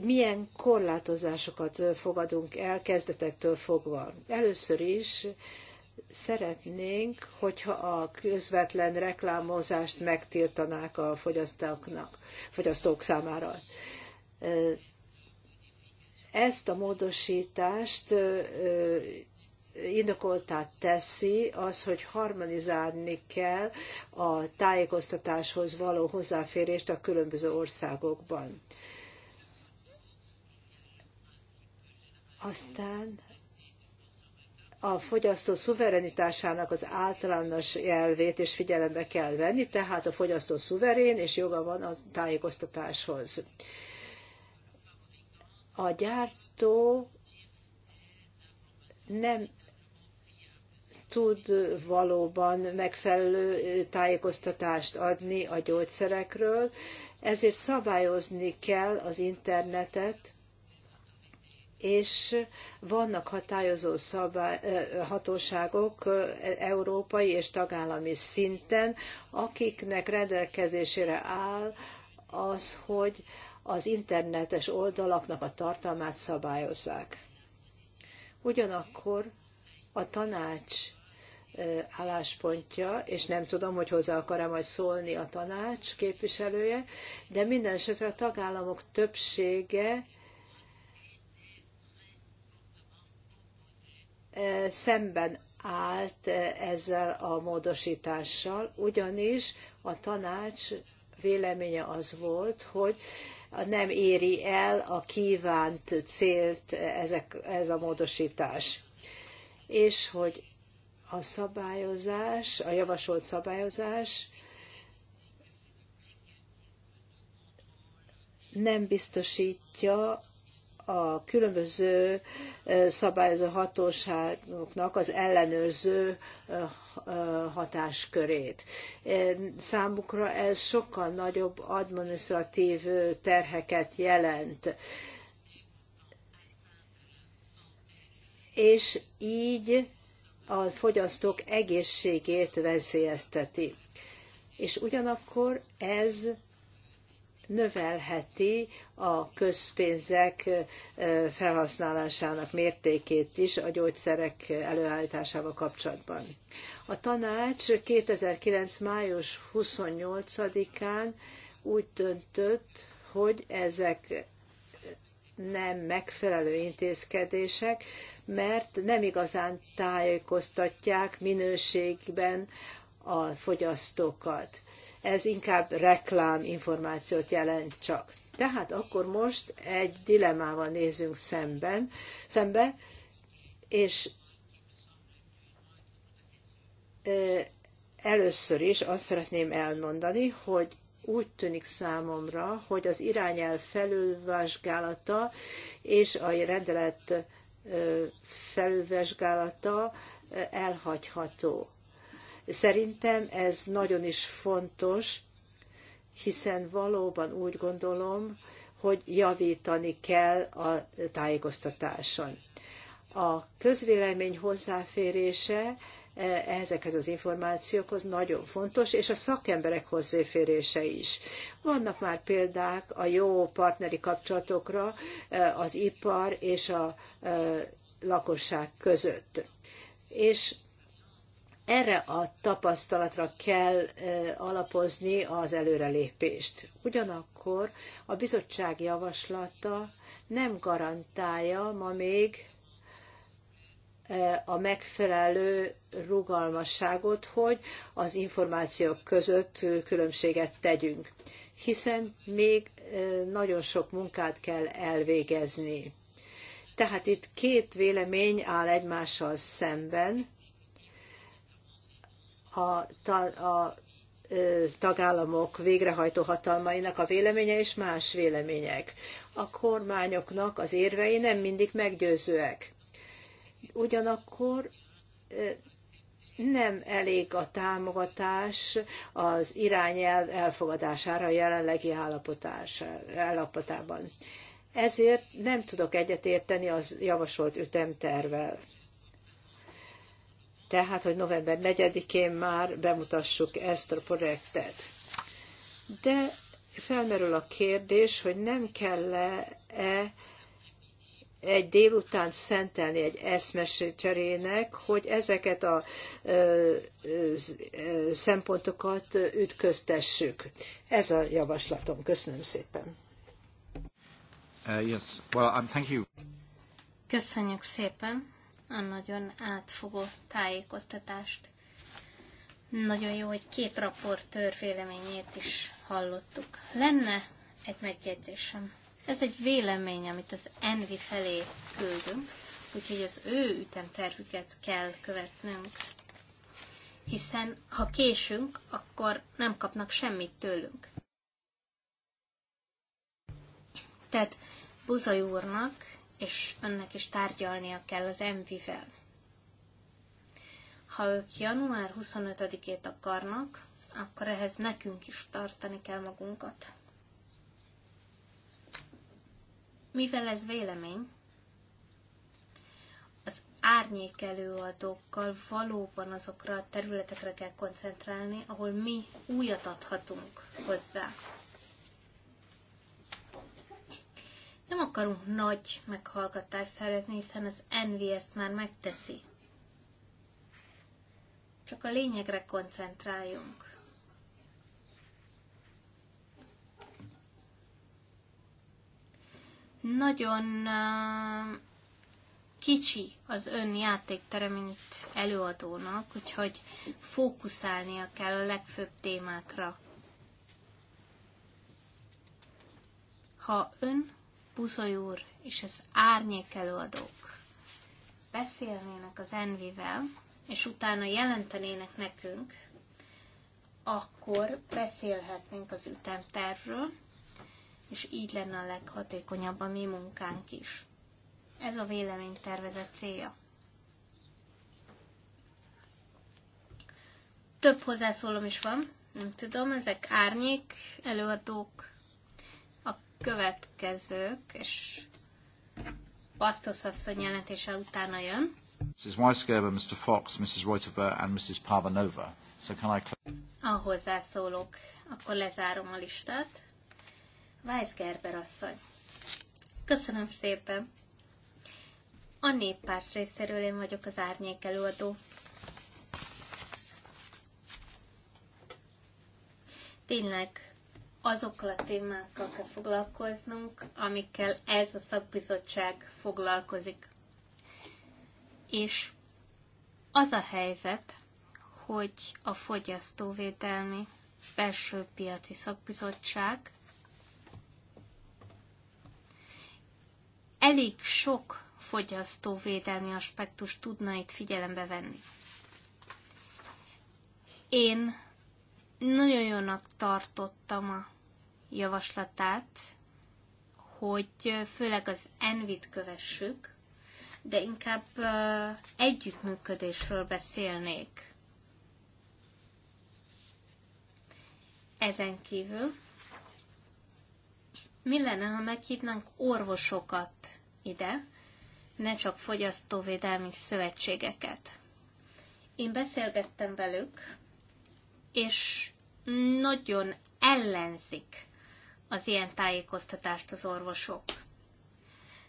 Milyen korlátozásokat fogadunk el kezdetektől fogva? Először is szeretnénk, hogyha a közvetlen reklámozást megtiltanák a fogyasztóknak, fogyasztók számára. Ezt a módosítást indokoltá teszi az, hogy harmonizálni kell a tájékoztatáshoz való hozzáférést a különböző országokban. Aztán a fogyasztó szuverenitásának az általános elvét is figyelembe kell venni, tehát a fogyasztó szuverén és joga van a tájékoztatáshoz. A gyártó nem tud valóban megfelelő tájékoztatást adni a gyógyszerekről, ezért szabályozni kell az internetet, és vannak hatályozó szabály, hatóságok európai és tagállami szinten, akiknek rendelkezésére áll az, hogy az internetes oldalaknak a tartalmát szabályozzák. Ugyanakkor a tanács álláspontja, és nem tudom, hogy hozzá akar-e majd szólni a tanács képviselője, de minden esetre a tagállamok többsége szemben állt ezzel a módosítással, ugyanis a tanács véleménye az volt, hogy nem éri el a kívánt célt ezek, ez a módosítás. És hogy a szabályozás, a javasolt szabályozás nem biztosítja a különböző e, szabályozó hatóságoknak az ellenőrző e, e, hatáskörét. Számukra ez sokkal nagyobb administratív terheket jelent. És így a fogyasztók egészségét veszélyezteti. És ugyanakkor ez növelheti a közpénzek felhasználásának mértékét is a gyógyszerek előállításával kapcsolatban. A tanács 2009. május 28-án úgy döntött, hogy ezek nem megfelelő intézkedések, mert nem igazán tájékoztatják minőségben a fogyasztókat ez inkább reklám információt jelent csak. Tehát akkor most egy dilemával nézünk szemben, szembe, és először is azt szeretném elmondani, hogy úgy tűnik számomra, hogy az irányel felülvizsgálata és a rendelet felülvizsgálata elhagyható. Szerintem ez nagyon is fontos, hiszen valóban úgy gondolom, hogy javítani kell a tájékoztatáson. A közvélemény hozzáférése e, ezekhez az információkhoz nagyon fontos, és a szakemberek hozzáférése is. Vannak már példák a jó partneri kapcsolatokra e, az ipar és a e, lakosság között. És erre a tapasztalatra kell alapozni az előrelépést. Ugyanakkor a bizottság javaslata nem garantálja ma még a megfelelő rugalmasságot, hogy az információk között különbséget tegyünk, hiszen még nagyon sok munkát kell elvégezni. Tehát itt két vélemény áll egymással szemben, a, a tagállamok végrehajtó hatalmainak a véleménye és más vélemények. A kormányoknak az érvei nem mindig meggyőzőek. Ugyanakkor nem elég a támogatás az irányelv elfogadására a jelenlegi állapotában. Ezért nem tudok egyetérteni az javasolt ütemtervel tehát, hogy november 4-én már bemutassuk ezt a projektet. De felmerül a kérdés, hogy nem kell-e egy délután szentelni egy eszmecserének, hogy ezeket a ö, ö, szempontokat ütköztessük. Ez a javaslatom. Köszönöm szépen. Uh, yes. well, um, thank you. Köszönjük szépen a nagyon átfogó tájékoztatást. Nagyon jó, hogy két raportőr véleményét is hallottuk. Lenne egy megjegyzésem. Ez egy vélemény, amit az Envi felé küldünk, úgyhogy az ő ütemtervüket kell követnünk. Hiszen ha késünk, akkor nem kapnak semmit tőlünk. Tehát buzai úrnak és önnek is tárgyalnia kell az MV-vel. Ha ők január 25-ét akarnak, akkor ehhez nekünk is tartani kell magunkat. Mivel ez vélemény, az árnyék előadókkal valóban azokra a területekre kell koncentrálni, ahol mi újat adhatunk hozzá. Nem akarunk nagy meghallgatást szerezni, hiszen az NV ezt már megteszi. Csak a lényegre koncentráljunk. Nagyon uh, kicsi az ön játéktere, mint előadónak, úgyhogy fókuszálnia kell a legfőbb témákra. Ha ön Puzoly úr és az árnyék előadók beszélnének az Envivel, és utána jelentenének nekünk, akkor beszélhetnénk az ütemtervről, és így lenne a leghatékonyabb a mi munkánk is. Ez a véleménytervezet célja. Több hozzászólom is van, nem tudom, ezek árnyék előadók, következők, és Bartosz asszony jelentése utána jön. Mrs. Weisgerber, Mr. Fox, Mrs. Reuterber and Mrs. Parvanova. So can I... A hozzászólók. Akkor lezárom a listát. Weisgerber asszony. Köszönöm szépen. A néppárt részéről én vagyok az árnyék előadó. Tényleg azokkal a témákkal kell foglalkoznunk, amikkel ez a szakbizottság foglalkozik. És az a helyzet, hogy a Fogyasztóvédelmi Belső Piaci Szakbizottság elég sok fogyasztóvédelmi aspektust tudna itt figyelembe venni. Én nagyon jónak tartottam a javaslatát, hogy főleg az envit kövessük, de inkább együttműködésről beszélnék. Ezen kívül mi lenne, ha meghívnánk orvosokat ide, ne csak fogyasztóvédelmi szövetségeket? Én beszélgettem velük, és nagyon ellenzik az ilyen tájékoztatást az orvosok.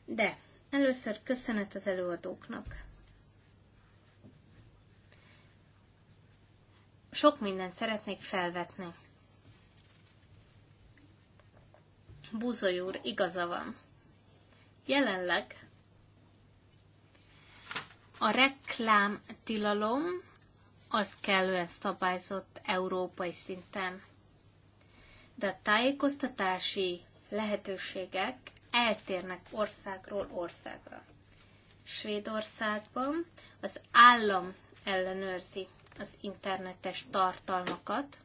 De először köszönet az előadóknak. Sok mindent szeretnék felvetni. Búzoly úr, igaza van. Jelenleg a reklámtilalom az kellően szabályzott európai szinten de a tájékoztatási lehetőségek eltérnek országról országra. Svédországban az állam ellenőrzi az internetes tartalmakat,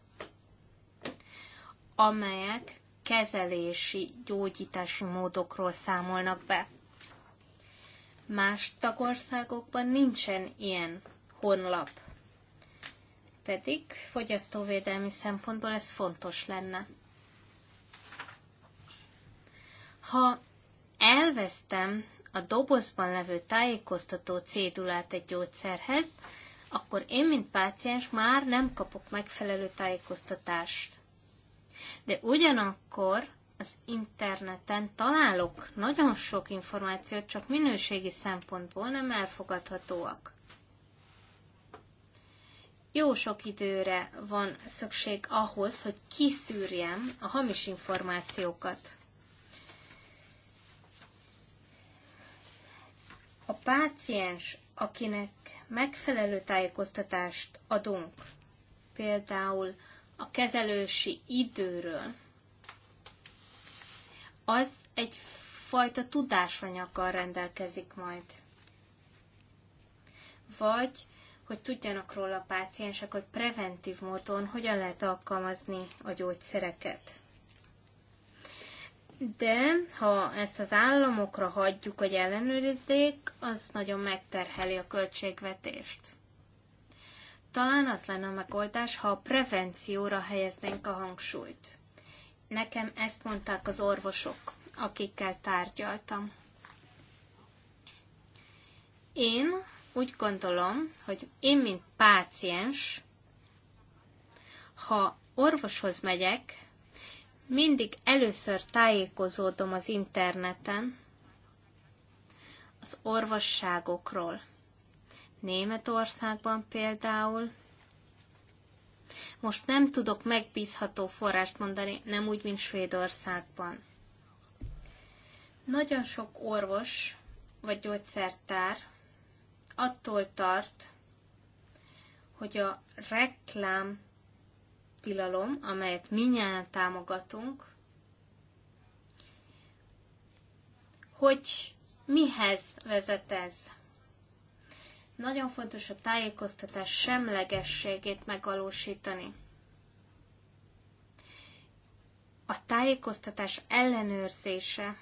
amelyek kezelési, gyógyítási módokról számolnak be. Más tagországokban nincsen ilyen honlap, pedig fogyasztóvédelmi szempontból ez fontos lenne. Ha elvesztem a dobozban levő tájékoztató cédulát egy gyógyszerhez, akkor én, mint páciens már nem kapok megfelelő tájékoztatást. De ugyanakkor az interneten találok nagyon sok információt, csak minőségi szempontból nem elfogadhatóak. Jó sok időre van szükség ahhoz, hogy kiszűrjem a hamis információkat. A páciens, akinek megfelelő tájékoztatást adunk, például a kezelősi időről, az egyfajta tudásanyaggal rendelkezik majd. Vagy, hogy tudjanak róla a páciensek, hogy preventív módon hogyan lehet alkalmazni a gyógyszereket de ha ezt az államokra hagyjuk, hogy ellenőrizzék, az nagyon megterheli a költségvetést. Talán az lenne a megoldás, ha a prevencióra helyeznénk a hangsúlyt. Nekem ezt mondták az orvosok, akikkel tárgyaltam. Én úgy gondolom, hogy én, mint páciens, ha orvoshoz megyek, mindig először tájékozódom az interneten az orvosságokról. Németországban például. Most nem tudok megbízható forrást mondani, nem úgy, mint Svédországban. Nagyon sok orvos vagy gyógyszertár attól tart, hogy a reklám tilalom, amelyet minnyáján támogatunk, hogy mihez vezet ez. Nagyon fontos a tájékoztatás semlegességét megvalósítani. A tájékoztatás ellenőrzése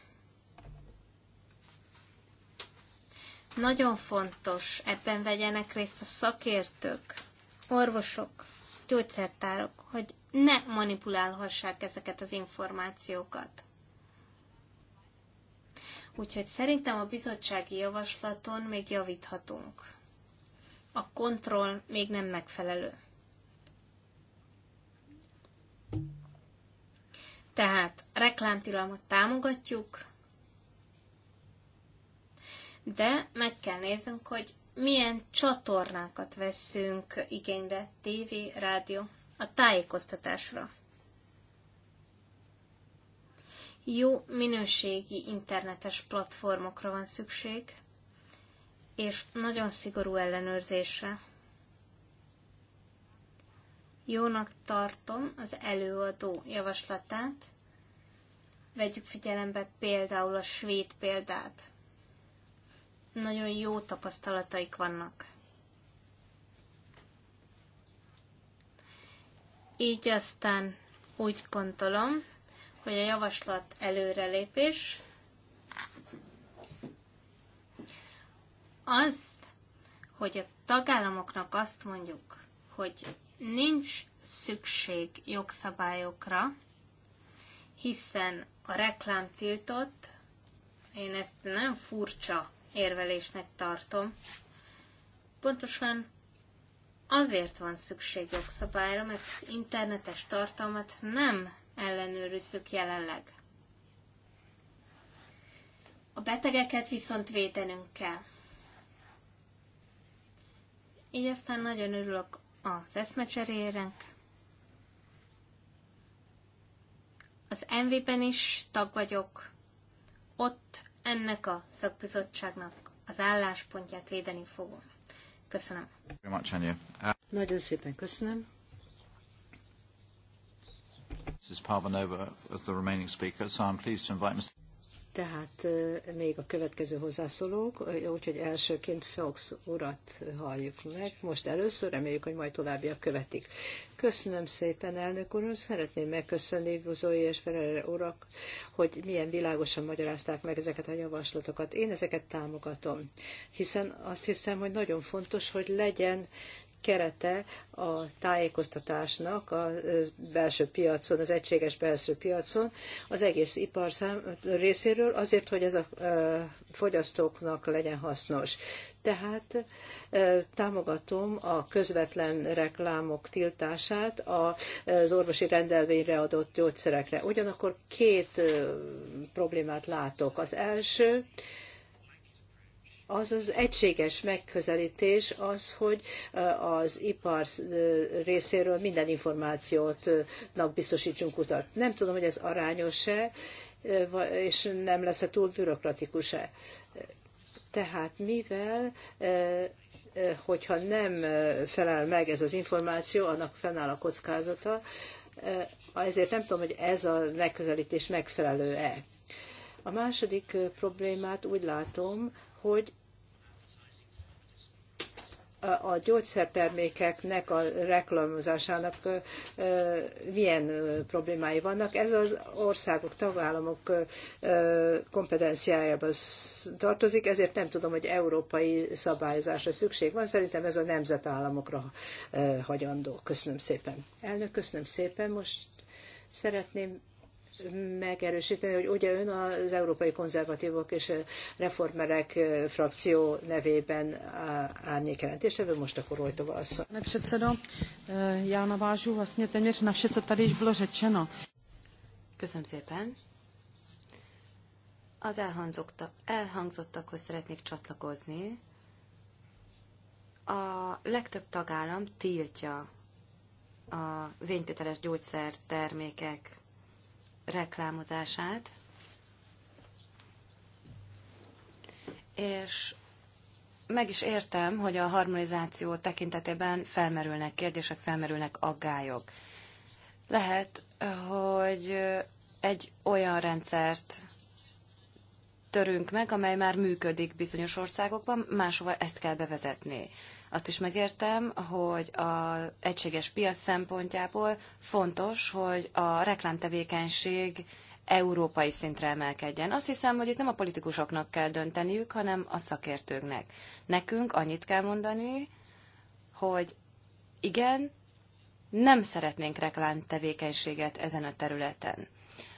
nagyon fontos, ebben vegyenek részt a szakértők, orvosok, gyógyszertárok, hogy ne manipulálhassák ezeket az információkat. Úgyhogy szerintem a bizottsági javaslaton még javíthatunk. A kontroll még nem megfelelő. Tehát a reklámtilalmat támogatjuk, de meg kell néznünk, hogy milyen csatornákat veszünk igénybe, (TV, rádió, a tájékoztatásra. Jó minőségi internetes platformokra van szükség, és nagyon szigorú ellenőrzésre. Jónak tartom az előadó javaslatát, vegyük figyelembe például a svéd példát nagyon jó tapasztalataik vannak. Így aztán úgy gondolom, hogy a javaslat előrelépés az, hogy a tagállamoknak azt mondjuk, hogy nincs szükség jogszabályokra, hiszen a reklám tiltott, én ezt nem furcsa érvelésnek tartom. Pontosan azért van szükség jogszabályra, mert az internetes tartalmat nem ellenőrizzük jelenleg. A betegeket viszont védenünk kell. Így aztán nagyon örülök az eszmecserérenk. Az MV-ben is tag vagyok. Ott ennek a szakbizottságnak az álláspontját védeni fogom. Köszönöm. Uh, Nagyon szépen köszönöm. Mrs. Parvanova as the remaining speaker, so I'm pleased to invite Mr. Tehát még a következő hozzászólók, úgyhogy elsőként Fox urat halljuk meg. Most először reméljük, hogy majd továbbiak követik. Köszönöm szépen, elnök úr, szeretném megköszönni Buzói és Ferere urak, hogy milyen világosan magyarázták meg ezeket a javaslatokat. Én ezeket támogatom, hiszen azt hiszem, hogy nagyon fontos, hogy legyen kerete a tájékoztatásnak a belső piacon, az egységes belső piacon az egész ipar szám részéről, azért, hogy ez a fogyasztóknak legyen hasznos. Tehát támogatom a közvetlen reklámok tiltását az orvosi rendelvényre adott gyógyszerekre. Ugyanakkor két problémát látok. Az első, az az egységes megközelítés az, hogy az ipar részéről minden információt biztosítsunk utat. Nem tudom, hogy ez arányos-e, és nem lesz-e túl bürokratikus-e. Tehát mivel hogyha nem felel meg ez az információ, annak fennáll a kockázata, ezért nem tudom, hogy ez a megközelítés megfelelő-e. A második problémát úgy látom, hogy a gyógyszertermékeknek a reklámozásának milyen problémái vannak. Ez az országok, tagállamok kompetenciájába tartozik, ezért nem tudom, hogy európai szabályozásra szükség van. Szerintem ez a nemzetállamokra hagyandó. Köszönöm szépen. Elnök, köszönöm szépen. Most szeretném megerősíteni, hogy ugye ön az Európai Konzervatívok és Reformerek frakció nevében árnyék jelentéstevő, most akkor Rojtova asszony. Pane předsedo, e, já navážu vlastně téměř na vše, co tady již bylo řečeno. Köszönöm szépen. Az elhangzottak, elhangzottakhoz szeretnék csatlakozni. A legtöbb tagállam tiltja a vényköteles gyógyszertermékek reklámozását, és meg is értem, hogy a harmonizáció tekintetében felmerülnek kérdések, felmerülnek aggályok. Lehet, hogy egy olyan rendszert törünk meg, amely már működik bizonyos országokban, máshova ezt kell bevezetni. Azt is megértem, hogy az egységes piac szempontjából fontos, hogy a reklámtevékenység európai szintre emelkedjen. Azt hiszem, hogy itt nem a politikusoknak kell dönteniük, hanem a szakértőknek. Nekünk annyit kell mondani, hogy igen, nem szeretnénk reklámtevékenységet ezen a területen.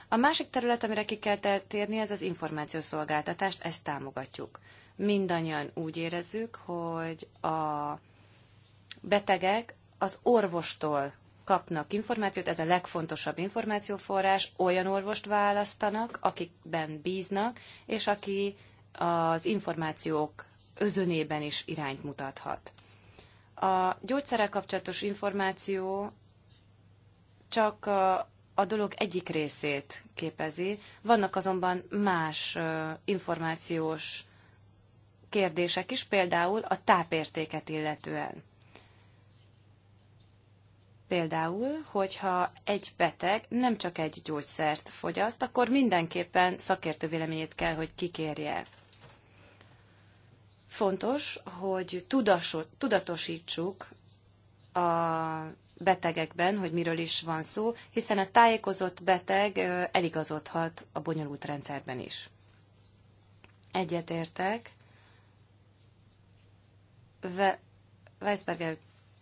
A másik terület, amire ki kell térni, ez az információszolgáltatást, ezt támogatjuk mindannyian úgy érezzük, hogy a betegek az orvostól kapnak információt, ez a legfontosabb információforrás, olyan orvost választanak, akikben bíznak, és aki az információk özönében is irányt mutathat. A gyógyszerek kapcsolatos információ csak a dolog egyik részét képezi, vannak azonban más információs kérdések is, például a tápértéket illetően. Például, hogyha egy beteg nem csak egy gyógyszert fogyaszt, akkor mindenképpen szakértő véleményét kell, hogy kikérje. Fontos, hogy tudatosítsuk a betegekben, hogy miről is van szó, hiszen a tájékozott beteg eligazodhat a bonyolult rendszerben is. Egyetértek Weisberger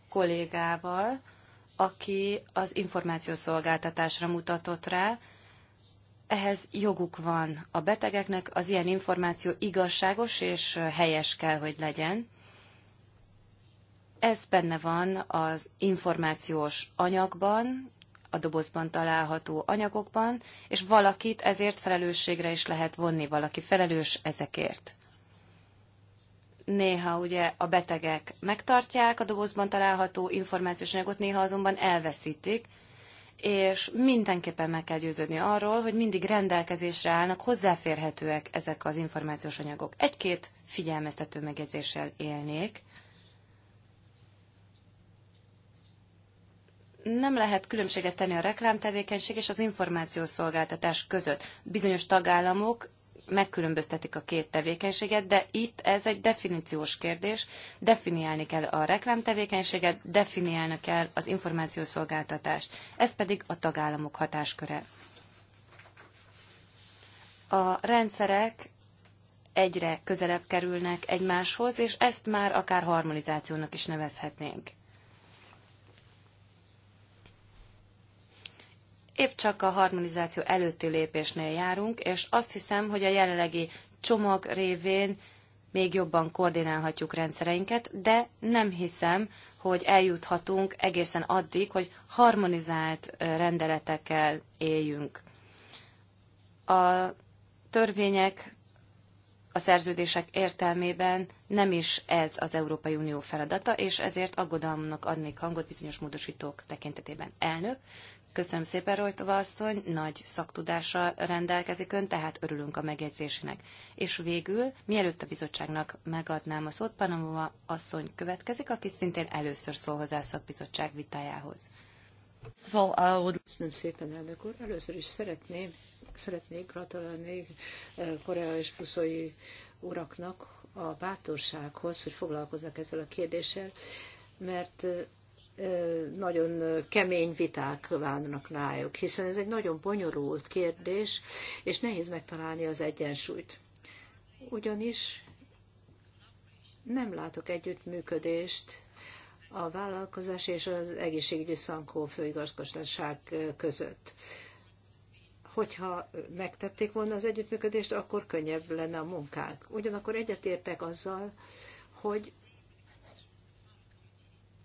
kollégával, aki az információszolgáltatásra mutatott rá. Ehhez joguk van a betegeknek, az ilyen információ igazságos és helyes kell, hogy legyen. Ez benne van az információs anyagban, a dobozban található anyagokban, és valakit ezért felelősségre is lehet vonni, valaki felelős ezekért. Néha ugye a betegek megtartják a dobozban található információs anyagot, néha azonban elveszítik, és mindenképpen meg kell győződni arról, hogy mindig rendelkezésre állnak, hozzáférhetőek ezek az információs anyagok. Egy-két figyelmeztető megjegyzéssel élnék. nem lehet különbséget tenni a reklámtevékenység és az információszolgáltatás között. Bizonyos tagállamok megkülönböztetik a két tevékenységet, de itt ez egy definíciós kérdés. Definiálni kell a reklámtevékenységet, definiálni kell az információszolgáltatást. Ez pedig a tagállamok hatásköre. A rendszerek egyre közelebb kerülnek egymáshoz, és ezt már akár harmonizációnak is nevezhetnénk. épp csak a harmonizáció előtti lépésnél járunk, és azt hiszem, hogy a jelenlegi csomag révén még jobban koordinálhatjuk rendszereinket, de nem hiszem, hogy eljuthatunk egészen addig, hogy harmonizált rendeletekkel éljünk. A törvények a szerződések értelmében nem is ez az Európai Unió feladata, és ezért aggodalomnak adnék hangot bizonyos módosítók tekintetében. Elnök, Köszönöm szépen, Rojtova asszony, nagy szaktudással rendelkezik ön, tehát örülünk a megjegyzésének. És végül, mielőtt a bizottságnak megadnám a szót, Panamova asszony következik, aki szintén először szól hozzá a szakbizottság vitájához. Köszönöm szépen, elnök úr. Először is szeretném, szeretnék gratulálni eh, Korea és Puszói uraknak a bátorsághoz, hogy foglalkoznak ezzel a kérdéssel, mert eh, nagyon kemény viták válnak rájuk, hiszen ez egy nagyon bonyolult kérdés, és nehéz megtalálni az egyensúlyt. Ugyanis nem látok együttműködést a vállalkozás és az egészségügyi szankó főigazgatóság között. Hogyha megtették volna az együttműködést, akkor könnyebb lenne a munkánk. Ugyanakkor egyetértek azzal, hogy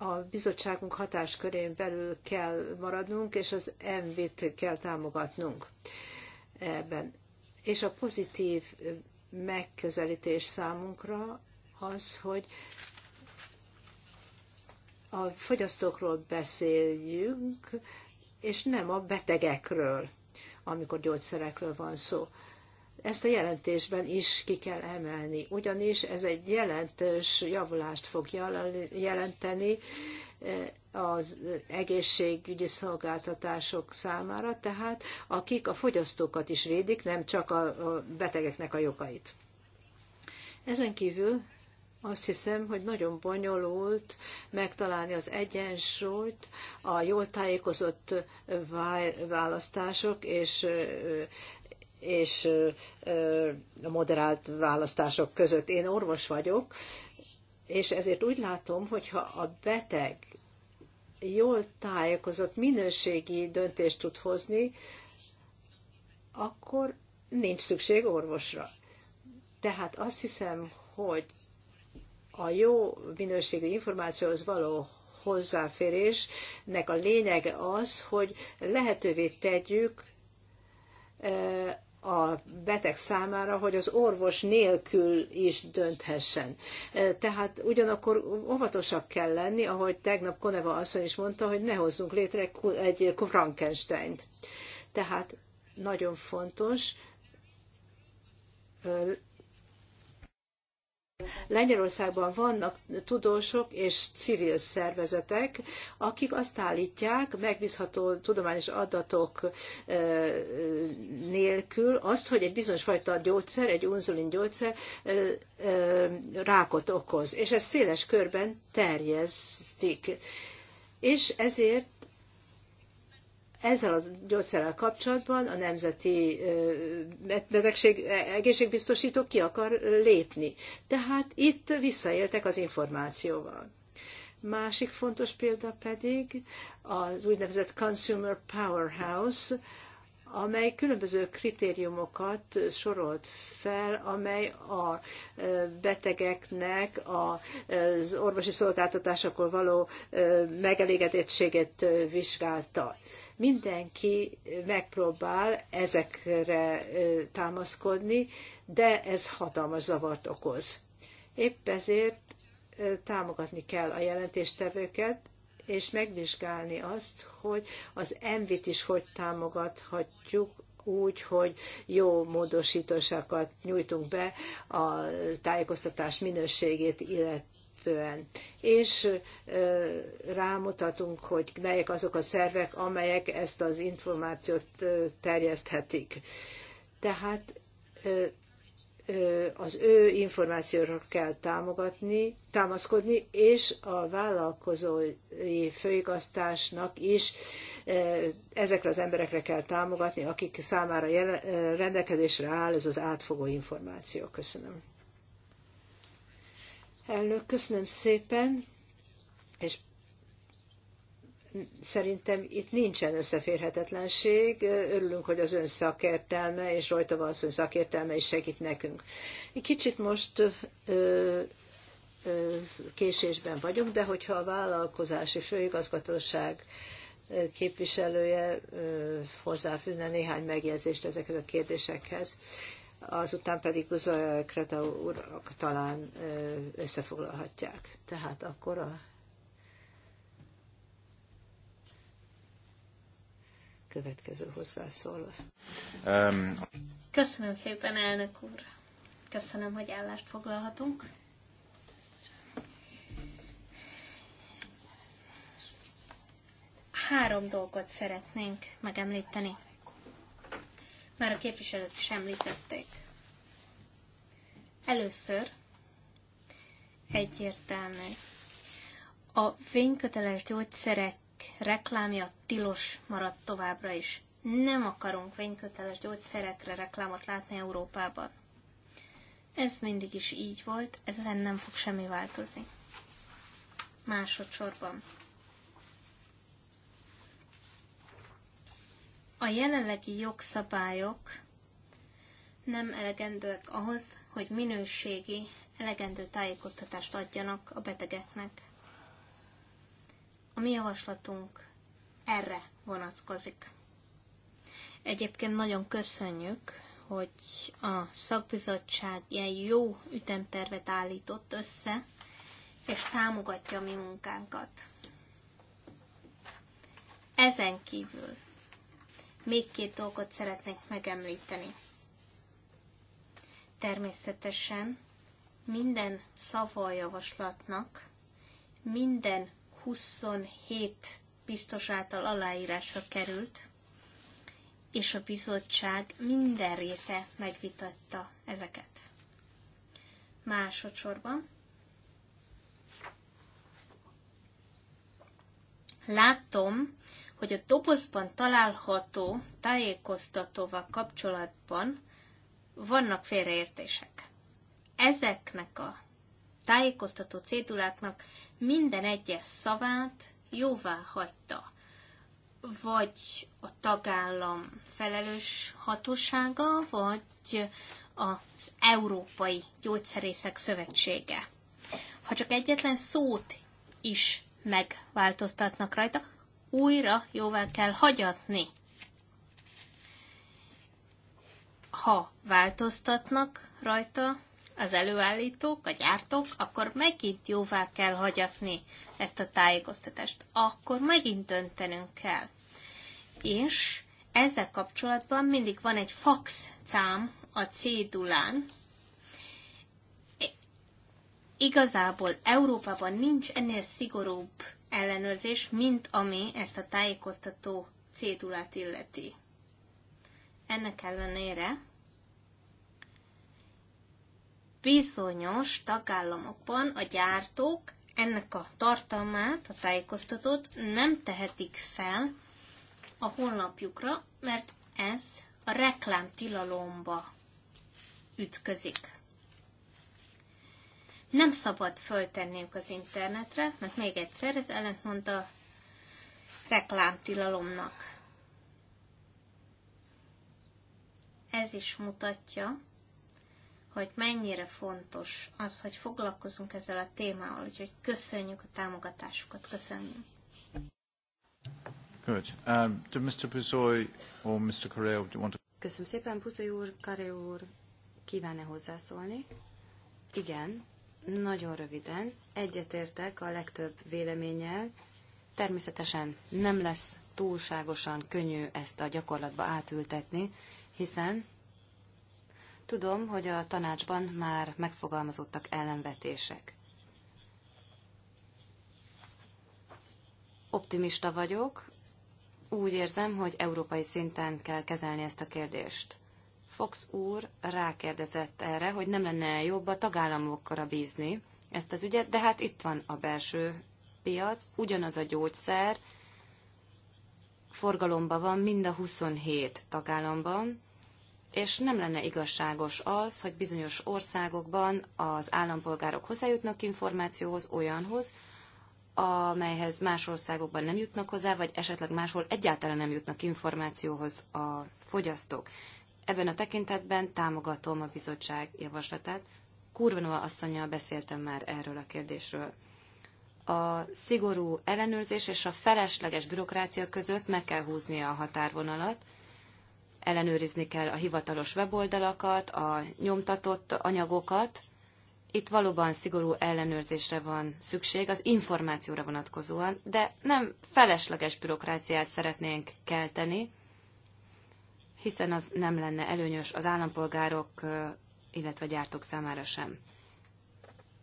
a bizottságunk hatáskörén belül kell maradnunk, és az MV-t kell támogatnunk ebben. És a pozitív megközelítés számunkra az, hogy a fogyasztókról beszéljünk, és nem a betegekről, amikor gyógyszerekről van szó. Ezt a jelentésben is ki kell emelni, ugyanis ez egy jelentős javulást fog jelenteni eh, az egészségügyi szolgáltatások számára, tehát akik a fogyasztókat is védik, nem csak a betegeknek a jogait. Ezen kívül azt hiszem, hogy nagyon bonyolult megtalálni az egyensúlyt a jól tájékozott választások és eh, és a moderált választások között. Én orvos vagyok, és ezért úgy látom, hogyha a beteg jól tájékozott minőségi döntést tud hozni, akkor nincs szükség orvosra. Tehát azt hiszem, hogy a jó minőségű információhoz való hozzáférésnek a lényege az, hogy lehetővé tegyük a beteg számára, hogy az orvos nélkül is dönthessen. E, tehát ugyanakkor óvatosak kell lenni, ahogy tegnap Koneva asszony is mondta, hogy ne hozzunk létre egy Frankensteint. Tehát nagyon fontos Lengyelországban vannak tudósok és civil szervezetek, akik azt állítják, megbízható tudományos adatok nélkül azt, hogy egy bizonyos fajta gyógyszer, egy inzulin gyógyszer rákot okoz, és ezt széles körben terjesztik. És ezért ezzel a gyógyszerrel kapcsolatban a nemzeti betegség egészségbiztosító ki akar lépni. Tehát itt visszaéltek az információval. Másik fontos példa pedig az úgynevezett Consumer Powerhouse, amely különböző kritériumokat sorolt fel, amely a betegeknek az orvosi szolgáltatásakor való megelégedettséget vizsgálta. Mindenki megpróbál ezekre támaszkodni, de ez hatalmas zavart okoz. Épp ezért támogatni kell a jelentéstevőket, és megvizsgálni azt, hogy az envit is hogy támogathatjuk úgy, hogy jó módosításokat nyújtunk be a tájékoztatás minőségét illetve illetően. És rámutatunk, hogy melyek azok a szervek, amelyek ezt az információt terjeszthetik. Tehát az ő információra kell támogatni, támaszkodni, és a vállalkozói főigaztásnak is ezekre az emberekre kell támogatni, akik számára rendelkezésre áll ez az átfogó információ. Köszönöm. Elnök, köszönöm szépen, és Szerintem itt nincsen összeférhetetlenség. Örülünk, hogy az ön szakértelme és rajta az ön szakértelme és segít nekünk. Kicsit most ö, ö, késésben vagyunk, de hogyha a vállalkozási főigazgatóság képviselője hozzáfűzne néhány megjegyzést ezekhez a kérdésekhez, azután pedig Kreta urak talán összefoglalhatják. Tehát akkor a következő hozzászól. Um. Köszönöm szépen, elnök úr. Köszönöm, hogy állást foglalhatunk. Három dolgot szeretnénk megemlíteni. Már a képviselők is említették. Először egyértelmű. A fényköteles gyógyszerek reklámja tilos maradt továbbra is. Nem akarunk vényköteles gyógyszerekre reklámot látni Európában. Ez mindig is így volt, ezen nem fog semmi változni. Másodszorban. A jelenlegi jogszabályok nem elegendőek ahhoz, hogy minőségi, elegendő tájékoztatást adjanak a betegeknek. A mi javaslatunk erre vonatkozik. Egyébként nagyon köszönjük, hogy a szakbizottság ilyen jó ütemtervet állított össze, és támogatja a mi munkánkat. Ezen kívül még két dolgot szeretnék megemlíteni. Természetesen minden szavajavaslatnak, minden 27 biztos által aláírásra került, és a bizottság minden része megvitatta ezeket. Másodszorban látom, hogy a dobozban található tájékoztatóval kapcsolatban vannak félreértések. Ezeknek a tájékoztató céduláknak minden egyes szavát jóvá hagyta, vagy a tagállam felelős hatósága, vagy az Európai Gyógyszerészek Szövetsége. Ha csak egyetlen szót is megváltoztatnak rajta, újra jóvá kell hagyatni. Ha változtatnak rajta, az előállítók, a gyártók, akkor megint jóvá kell hagyatni ezt a tájékoztatást. Akkor megint döntenünk kell. És ezzel kapcsolatban mindig van egy fax szám a cédulán. Igazából Európában nincs ennél szigorúbb ellenőrzés, mint ami ezt a tájékoztató cédulát illeti. Ennek ellenére bizonyos tagállamokban a gyártók ennek a tartalmát, a tájékoztatót nem tehetik fel a honlapjukra, mert ez a reklámtilalomba ütközik. Nem szabad föltenniük az internetre, mert még egyszer ez ellentmond a reklámtilalomnak. Ez is mutatja, hogy mennyire fontos az, hogy foglalkozunk ezzel a témával, úgyhogy köszönjük a támogatásukat, köszönjük. Good. Um, do Mr. Puzoy or Mr. Correa, do you want to... Köszönöm szépen, Puzoy úr, Kare úr, kíván-e hozzászólni? Igen, nagyon röviden. Egyetértek a legtöbb véleménnyel. Természetesen nem lesz túlságosan könnyű ezt a gyakorlatba átültetni, hiszen Tudom, hogy a tanácsban már megfogalmazottak ellenvetések. Optimista vagyok, úgy érzem, hogy európai szinten kell kezelni ezt a kérdést. Fox úr rákérdezett erre, hogy nem lenne jobb a tagállamokra bízni ezt az ügyet, de hát itt van a belső piac, ugyanaz a gyógyszer, forgalomban van mind a 27 tagállamban, és nem lenne igazságos az, hogy bizonyos országokban az állampolgárok hozzájutnak információhoz, olyanhoz, amelyhez más országokban nem jutnak hozzá, vagy esetleg máshol egyáltalán nem jutnak információhoz a fogyasztók. Ebben a tekintetben támogatom a bizottság javaslatát. Kurvanova asszonyjal beszéltem már erről a kérdésről. A szigorú ellenőrzés és a felesleges bürokrácia között meg kell húzni a határvonalat, ellenőrizni kell a hivatalos weboldalakat, a nyomtatott anyagokat. Itt valóban szigorú ellenőrzésre van szükség az információra vonatkozóan, de nem felesleges bürokráciát szeretnénk kelteni, hiszen az nem lenne előnyös az állampolgárok, illetve gyártók számára sem.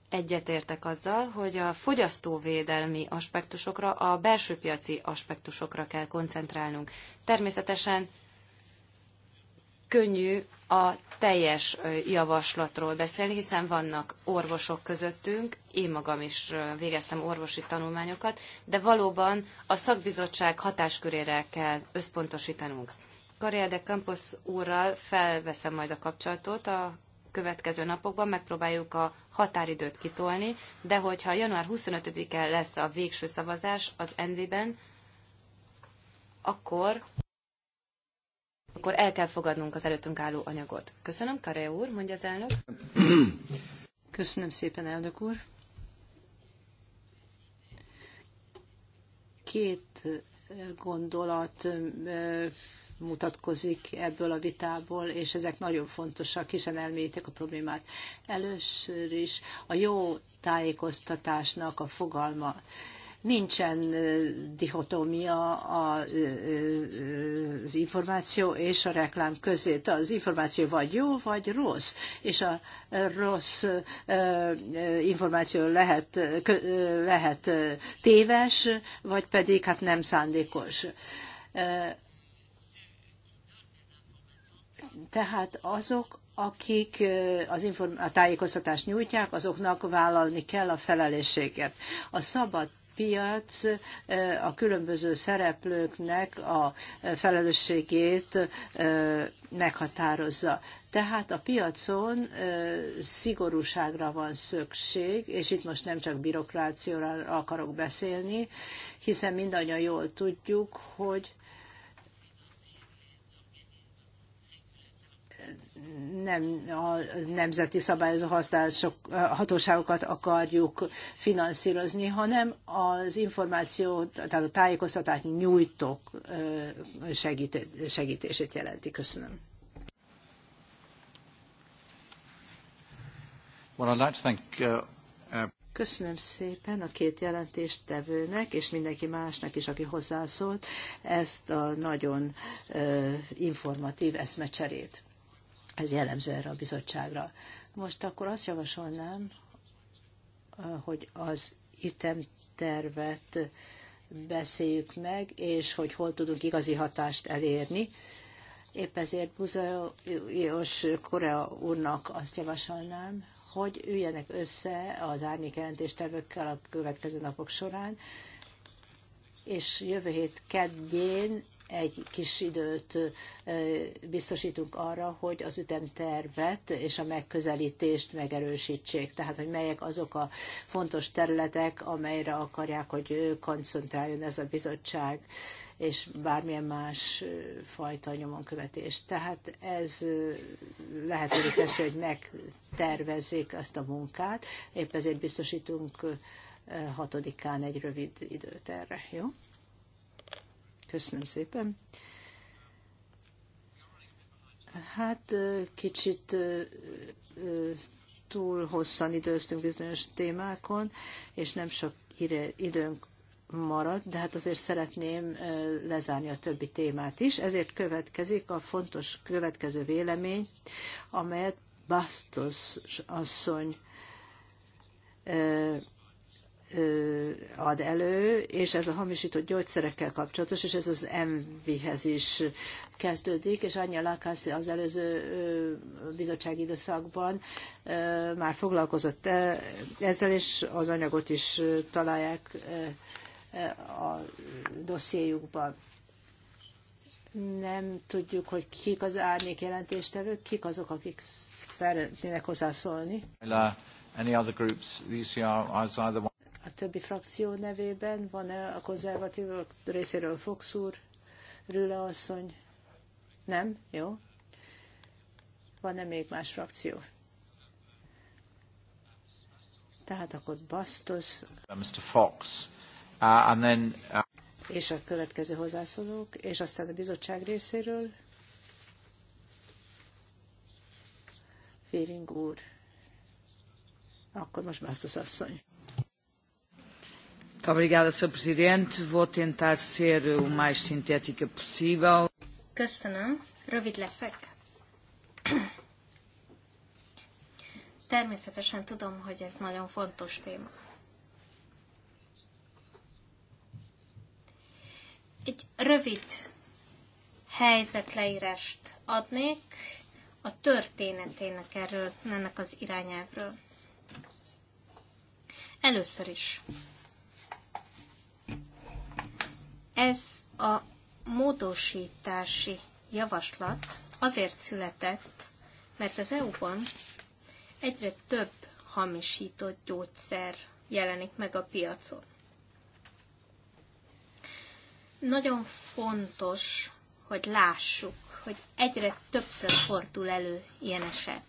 Egyetértek azzal, hogy a fogyasztóvédelmi aspektusokra, a belső piaci aspektusokra kell koncentrálnunk. Természetesen könnyű a teljes javaslatról beszélni, hiszen vannak orvosok közöttünk, én magam is végeztem orvosi tanulmányokat, de valóban a szakbizottság hatáskörére kell összpontosítanunk. Karrier de Campos úrral felveszem majd a kapcsolatot a következő napokban, megpróbáljuk a határidőt kitolni, de hogyha január 25-e lesz a végső szavazás az NV-ben, akkor akkor el kell fogadnunk az előttünk álló anyagot. Köszönöm, Kare úr, mondja az elnök. Köszönöm szépen, elnök úr. Két gondolat mutatkozik ebből a vitából, és ezek nagyon fontosak, hiszen elmélyítik a problémát. Először is a jó tájékoztatásnak a fogalma nincsen dihotómia az információ és a reklám közé. Az információ vagy jó, vagy rossz, és a rossz információ lehet, lehet téves, vagy pedig hát nem szándékos. Tehát azok, akik az a tájékoztatást nyújtják, azoknak vállalni kell a felelősséget. A szabad piac a különböző szereplőknek a felelősségét meghatározza. Tehát a piacon szigorúságra van szükség, és itt most nem csak bürokrációra akarok beszélni, hiszen mindannyian jól tudjuk, hogy nem a nemzeti szabályozó hatóságokat akarjuk finanszírozni, hanem az információt, tehát a tájékoztatást nyújtók segít, segítését jelenti. Köszönöm. Uh, uh, Köszönöm szépen a két jelentést tevőnek, és mindenki másnak is, aki hozzászólt, ezt a nagyon informatív eszmecserét. Ez jellemző erre a bizottságra. Most akkor azt javasolnám, hogy az itemtervet beszéljük meg, és hogy hol tudunk igazi hatást elérni. Épp ezért Buzajos Korea úrnak azt javasolnám, hogy üljenek össze az árnyékjelentéstevőkkel a következő napok során, és jövő hét kedjén egy kis időt biztosítunk arra, hogy az ütemtervet és a megközelítést megerősítsék. Tehát, hogy melyek azok a fontos területek, amelyre akarják, hogy koncentráljon ez a bizottság, és bármilyen más fajta nyomonkövetés. Tehát ez lehetővé teszi, hogy megtervezzék ezt a munkát. Épp ezért biztosítunk hatodikán egy rövid időt erre. Jó? Köszönöm szépen. Hát kicsit túl hosszan időztünk bizonyos témákon, és nem sok időnk maradt, de hát azért szeretném lezárni a többi témát is. Ezért következik a fontos következő vélemény, amelyet Bastos asszony ad elő, és ez a hamisított gyógyszerekkel kapcsolatos, és ez az MV-hez is kezdődik, és Anya Lakász az előző bizottsági időszakban már foglalkozott ezzel, és az anyagot is találják a dossziéjukban. Nem tudjuk, hogy kik az árnyék jelentéstevők, kik azok, akik szeretnének hozzászólni. Any other groups, the ECR, többi frakció nevében, van-e a konzervatívok részéről Fox úr, Rüle asszony? Nem? Jó. Van-e még más frakció? Tehát akkor Bastos. Uh, Mr. Fox. Uh, and then, uh... És a következő hozzászólók, és aztán a bizottság részéről. Féring úr. Akkor most Bastos asszony. Muito obrigada, Sr. Presidente. Vou tentar ser o mais sintética possível. Köszönöm. Rövid leszek. Természetesen tudom, hogy ez nagyon fontos téma. Egy rövid helyzetleírást adnék a történetének erről, ennek az irányáról. Először is ez a módosítási javaslat azért született, mert az EU-ban egyre több hamisított gyógyszer jelenik meg a piacon. Nagyon fontos, hogy lássuk, hogy egyre többször fordul elő ilyen eset.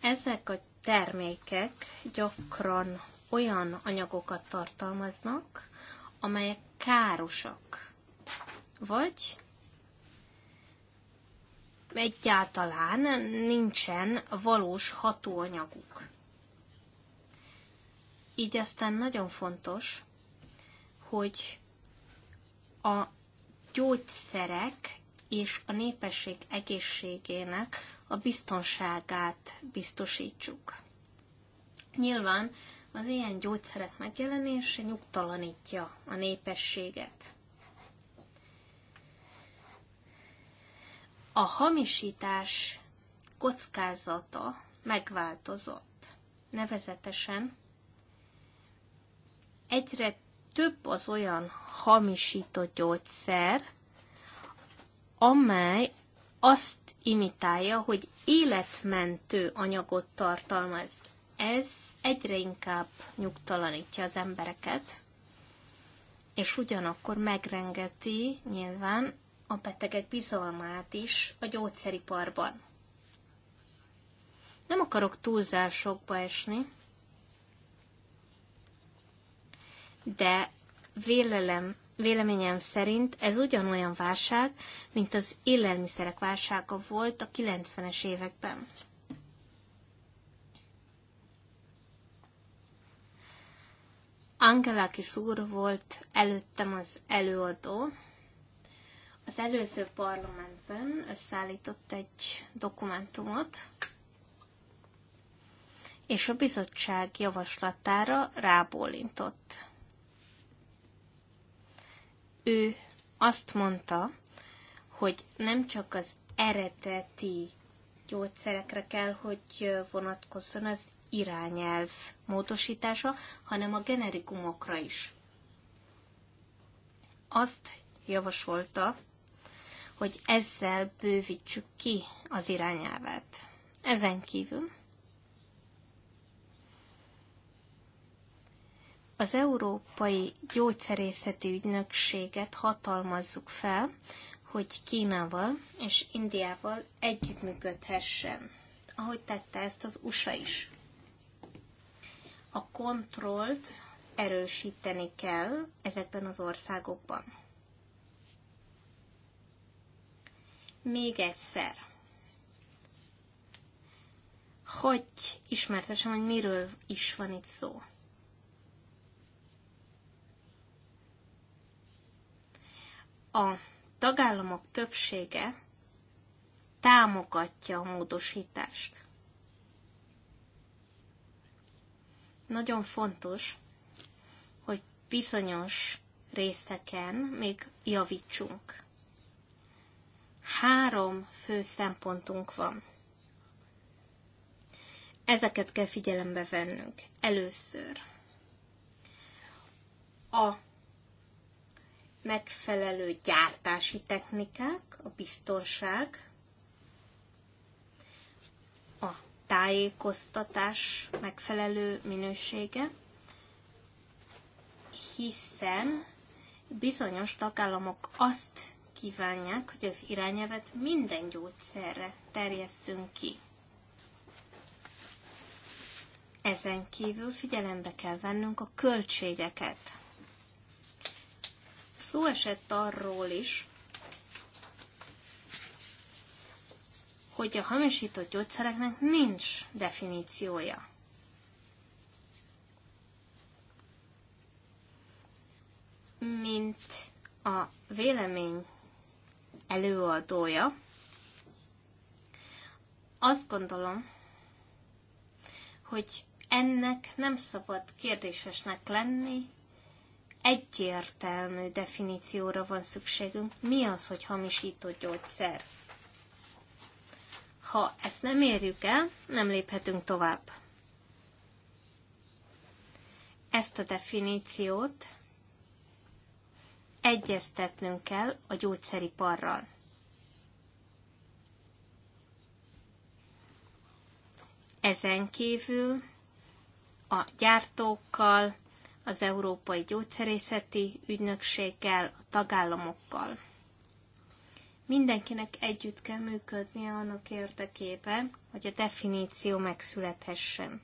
Ezek a termékek gyakran olyan anyagokat tartalmaznak, amelyek károsak, vagy egyáltalán nincsen valós hatóanyaguk. Így aztán nagyon fontos, hogy a gyógyszerek és a népesség egészségének a biztonságát biztosítsuk. Nyilván az ilyen gyógyszerek megjelenése nyugtalanítja a népességet. A hamisítás kockázata megváltozott. Nevezetesen egyre több az olyan hamisított gyógyszer, amely azt imitálja, hogy életmentő anyagot tartalmaz. Ez egyre inkább nyugtalanítja az embereket, és ugyanakkor megrengeti nyilván a betegek bizalmát is a gyógyszeriparban. Nem akarok túlzásokba esni, de vélelem, véleményem szerint ez ugyanolyan válság, mint az élelmiszerek válsága volt a 90-es években. Angela úr volt előttem az előadó. Az előző parlamentben összeállított egy dokumentumot, és a bizottság javaslatára rábólintott. Ő azt mondta, hogy nem csak az eredeti gyógyszerekre kell, hogy vonatkozzon az irányelv módosítása, hanem a generikumokra is. Azt javasolta, hogy ezzel bővítsük ki az irányelvet. Ezen kívül az Európai Gyógyszerészeti Ügynökséget hatalmazzuk fel, hogy Kínával és Indiával együttműködhessen, ahogy tette ezt az USA is a kontrollt erősíteni kell ezekben az országokban. Még egyszer, hogy ismertesem, hogy miről is van itt szó. A tagállamok többsége támogatja a módosítást. nagyon fontos, hogy bizonyos részeken még javítsunk. Három fő szempontunk van. Ezeket kell figyelembe vennünk. Először a megfelelő gyártási technikák, a biztonság, a tájékoztatás megfelelő minősége, hiszen bizonyos tagállamok azt kívánják, hogy az irányelvet minden gyógyszerre terjesszünk ki. Ezen kívül figyelembe kell vennünk a költségeket. Szó esett arról is, hogy a hamisított gyógyszereknek nincs definíciója. Mint a vélemény előadója, azt gondolom, hogy ennek nem szabad kérdésesnek lenni, egyértelmű definícióra van szükségünk. Mi az, hogy hamisított gyógyszer? Ha ezt nem érjük el, nem léphetünk tovább. Ezt a definíciót egyeztetnünk kell a gyógyszeriparral. Ezen kívül a gyártókkal, az Európai Gyógyszerészeti Ügynökséggel, a tagállamokkal. Mindenkinek együtt kell működnie annak érdekében, hogy a definíció megszülethessen.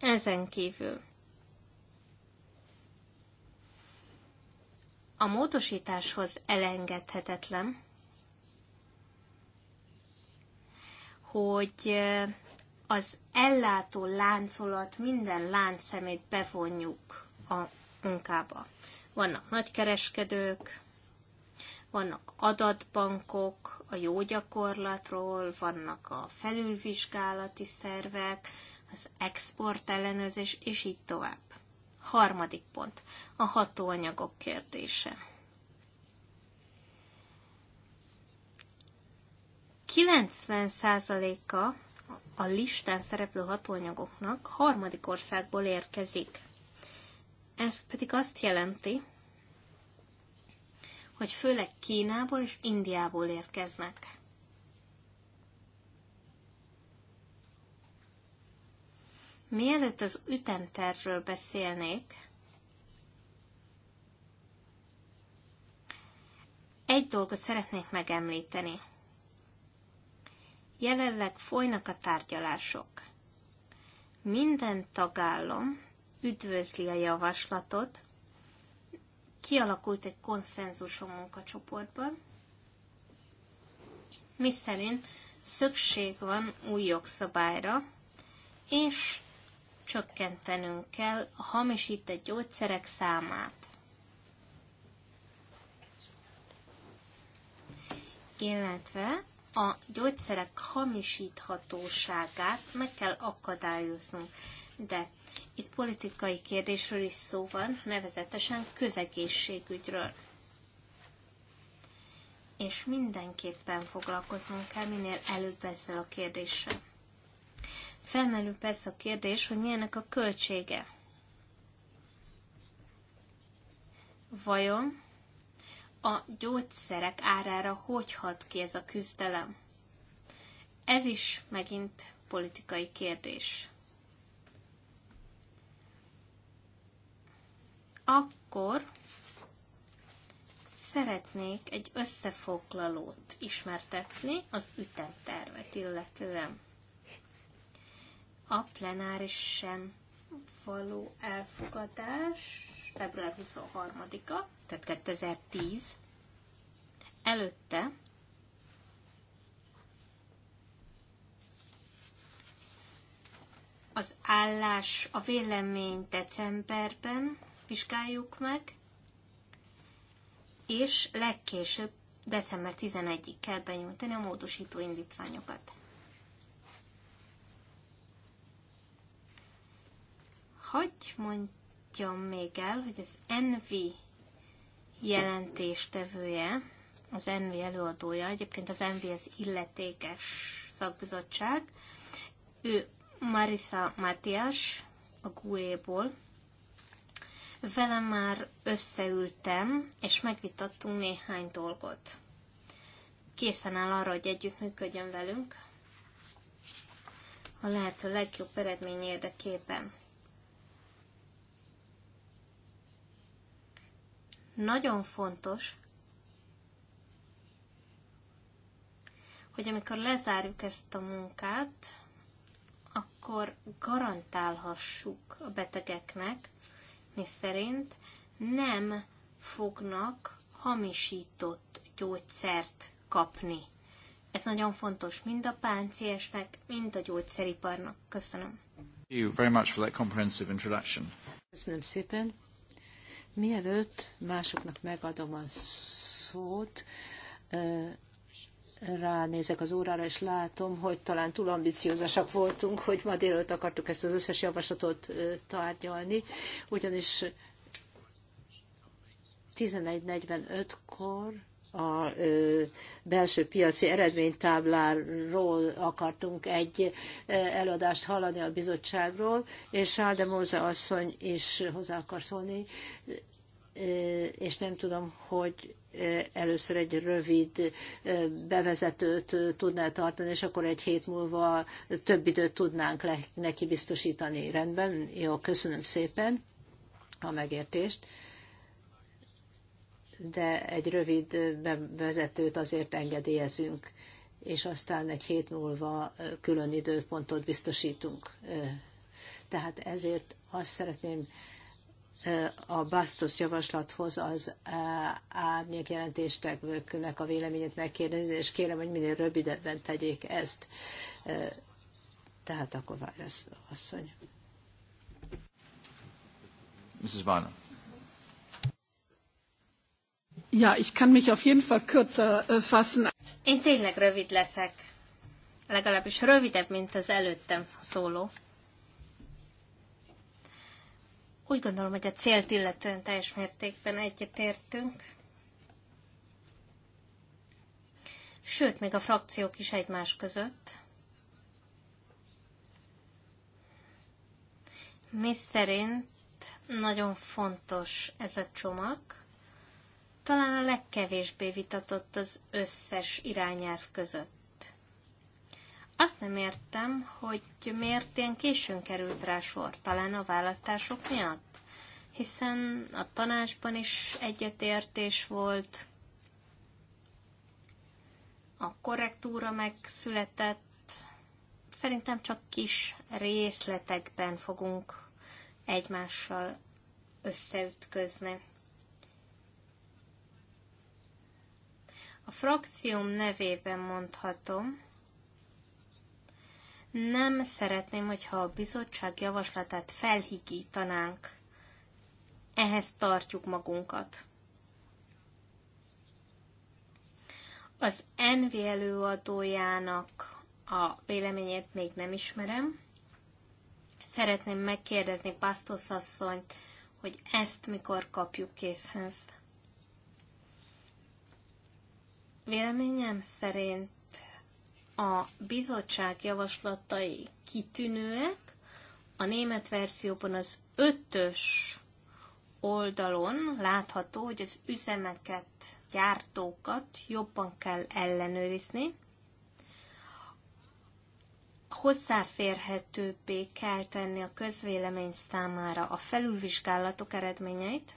Ezen kívül a módosításhoz elengedhetetlen, hogy az ellátó láncolat minden láncszemét bevonjuk a munkába. Vannak nagykereskedők, vannak adatbankok a jó gyakorlatról, vannak a felülvizsgálati szervek, az export ellenőrzés, és így tovább. Harmadik pont, a hatóanyagok kérdése. 90%-a a listán szereplő hatóanyagoknak harmadik országból érkezik. Ez pedig azt jelenti, hogy főleg Kínából és Indiából érkeznek. Mielőtt az ütemtervről beszélnék, egy dolgot szeretnék megemlíteni. Jelenleg folynak a tárgyalások. Minden tagállam üdvözli a javaslatot, kialakult egy konszenzus a munkacsoportban, miszerint szükség van új jogszabályra, és csökkentenünk kell a hamisített gyógyszerek számát. Illetve a gyógyszerek hamisíthatóságát meg kell akadályoznunk. De itt politikai kérdésről is szó van, nevezetesen közegészségügyről. És mindenképpen foglalkoznunk kell minél előbb ezzel a kérdéssel. Felmerül persze a kérdés, hogy milyenek a költsége. Vajon a gyógyszerek árára hogy hat ki ez a küzdelem? Ez is megint politikai kérdés. akkor szeretnék egy összefoglalót ismertetni az ütemtervet illetően. A plenárisen való elfogadás február 23-a, tehát 2010, előtte az állás, a vélemény decemberben vizsgáljuk meg, és legkésőbb december 11-ig kell benyújtani a módosító indítványokat. Hogy mondjam még el, hogy az NV jelentéstevője, az NV előadója, egyébként az NV az illetékes szakbizottság, ő Marisa Matias a GUE-ból, vele már összeültem, és megvitattunk néhány dolgot. Készen áll arra, hogy együttműködjön velünk a lehető legjobb eredmény érdekében. Nagyon fontos, hogy amikor lezárjuk ezt a munkát, akkor garantálhassuk a betegeknek, miszerint nem fognak hamisított gyógyszert kapni. Ez nagyon fontos mind a páciensnek, mind a gyógyszeriparnak. Köszönöm. Thank you very much for that comprehensive introduction. Köszönöm szépen. Mielőtt másoknak megadom a szót, ránézek az órára, és látom, hogy talán túl ambiciózasak voltunk, hogy ma délőtt akartuk ezt az összes javaslatot tárgyalni, ugyanis 11.45-kor a belső piaci eredménytábláról akartunk egy előadást hallani a bizottságról, és Sáldemóza asszony is hozzá akar szólni és nem tudom, hogy először egy rövid bevezetőt tudnál tartani, és akkor egy hét múlva több időt tudnánk neki biztosítani. Rendben? Jó, köszönöm szépen a megértést. De egy rövid bevezetőt azért engedélyezünk, és aztán egy hét múlva külön időpontot biztosítunk. Tehát ezért azt szeretném a Bastos javaslathoz az árnyék jelentéstevőknek a véleményét megkérdezni, és kérem, hogy minél rövidebben tegyék ezt. Tehát akkor válasz, asszony. Mrs. Warner. Ja, ich kann mich auf jeden Fall kürzer äh, fassen. Én tényleg rövid leszek. Legalábbis rövidebb, mint az előttem szóló. Úgy gondolom, hogy a célt illetően teljes mértékben egyetértünk. Sőt, még a frakciók is egymás között. Mi szerint nagyon fontos ez a csomag. Talán a legkevésbé vitatott az összes irányelv között. Azt nem értem, hogy miért ilyen későn került rá sor, talán a választások miatt, hiszen a tanácsban is egyetértés volt, a korrektúra megszületett, szerintem csak kis részletekben fogunk egymással összeütközni. A frakcióm nevében mondhatom, nem szeretném, hogyha a bizottság javaslatát felhigítanánk. Ehhez tartjuk magunkat. Az NV előadójának a véleményét még nem ismerem. Szeretném megkérdezni Pásztosz asszonyt, hogy ezt mikor kapjuk készhez. Véleményem szerint a bizottság javaslatai kitűnőek, a német verzióban az ötös oldalon látható, hogy az üzemeket, gyártókat jobban kell ellenőrizni, hozzáférhetőbbé kell tenni a közvélemény számára a felülvizsgálatok eredményeit,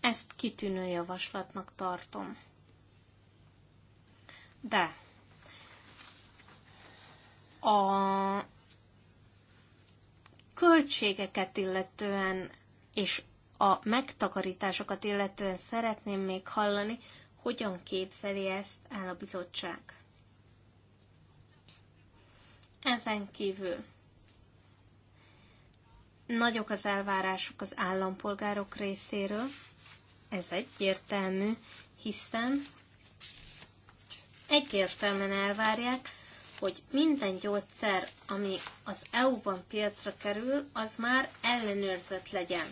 ezt kitűnő javaslatnak tartom. De a költségeket illetően és a megtakarításokat illetően szeretném még hallani, hogyan képzeli ezt el a bizottság. Ezen kívül nagyok az elvárások az állampolgárok részéről, ez egyértelmű, hiszen egyértelműen elvárják, hogy minden gyógyszer, ami az EU-ban piacra kerül, az már ellenőrzött legyen.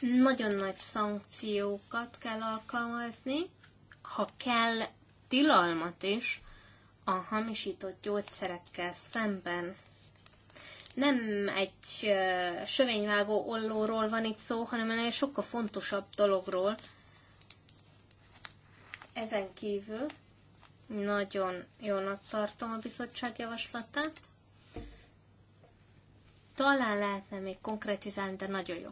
Nagyon nagy szankciókat kell alkalmazni, ha kell tilalmat is a hamisított gyógyszerekkel szemben. Nem egy sövényvágó ollóról van itt szó, hanem ennél sokkal fontosabb dologról. Ezen kívül nagyon jónak tartom a bizottság javaslatát. Talán lehetne még konkrétizálni, de nagyon jó.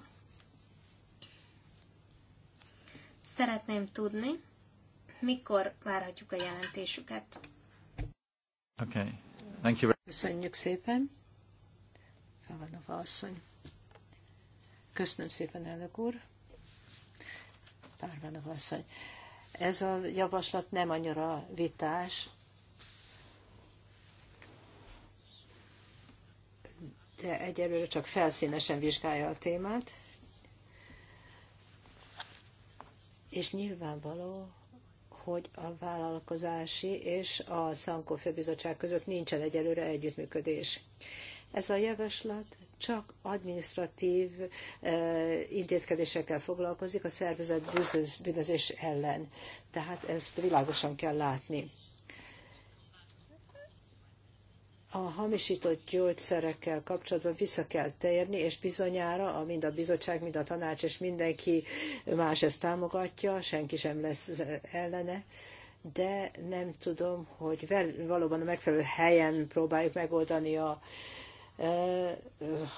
Szeretném tudni, mikor várhatjuk a jelentésüket. Okay. Thank you. Köszönjük szépen. Pavanova asszony. Köszönöm szépen, elnök úr. Párvanova asszony. Ez a javaslat nem annyira vitás, de egyelőre csak felszínesen vizsgálja a témát. És nyilvánvaló, hogy a vállalkozási és a Szankó Főbizottság között nincsen egyelőre együttműködés. Ez a javaslat csak administratív intézkedésekkel foglalkozik a szervezet bűnözés ellen. Tehát ezt világosan kell látni. A hamisított gyógyszerekkel kapcsolatban vissza kell térni, és bizonyára a mind a bizottság, mind a tanács, és mindenki más ezt támogatja, senki sem lesz ellene de nem tudom, hogy vel, valóban a megfelelő helyen próbáljuk megoldani a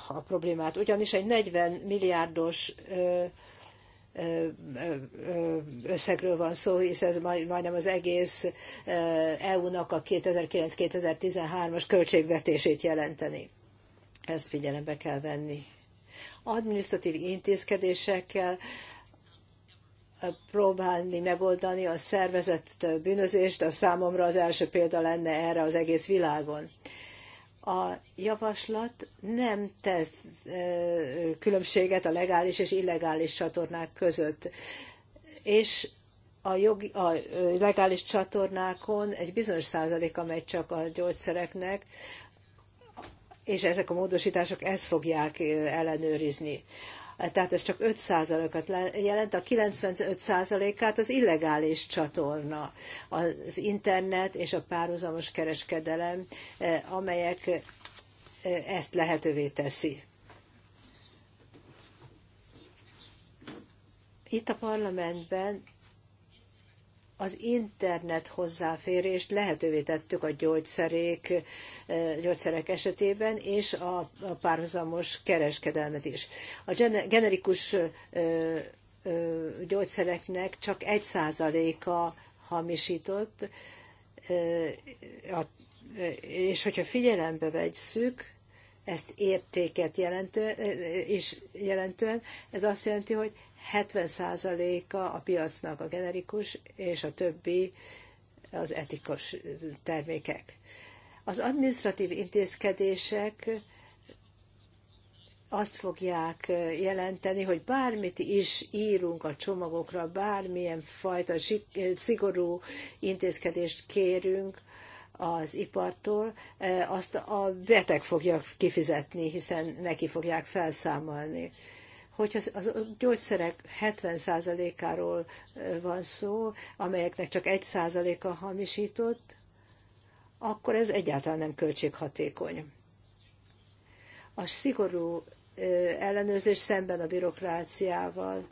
a problémát. Ugyanis egy 40 milliárdos összegről van szó, hisz ez majdnem az egész EU-nak a 2009-2013-as költségvetését jelenteni. Ezt figyelembe kell venni. Administratív intézkedésekkel próbálni megoldani a szervezett bűnözést, a számomra az első példa lenne erre az egész világon a javaslat nem tesz különbséget a legális és illegális csatornák között, és a, jogi, a legális csatornákon egy bizonyos százaléka megy csak a gyógyszereknek, és ezek a módosítások ezt fogják ellenőrizni tehát ez csak 5 ot jelent, a 95%-át az illegális csatorna, az internet és a párhuzamos kereskedelem, eh, amelyek eh, ezt lehetővé teszi. Itt a parlamentben az internet hozzáférést lehetővé tettük a gyógyszerek gyógyszerek esetében, és a párhuzamos kereskedelmet is. A generikus gyógyszereknek csak egy százaléka hamisított, és hogyha figyelembe vegyszük, ezt értéket jelentő, és jelentően. Ez azt jelenti, hogy 70%-a a piacnak a generikus, és a többi az etikus termékek. Az administratív intézkedések azt fogják jelenteni, hogy bármit is írunk a csomagokra, bármilyen fajta szigorú intézkedést kérünk, az ipartól, e, azt a beteg fogja kifizetni, hiszen neki fogják felszámolni. Hogyha az gyógyszerek 70%-áról e, van szó, amelyeknek csak 1%-a hamisított, akkor ez egyáltalán nem költséghatékony. A szigorú e, ellenőrzés szemben a bürokráciával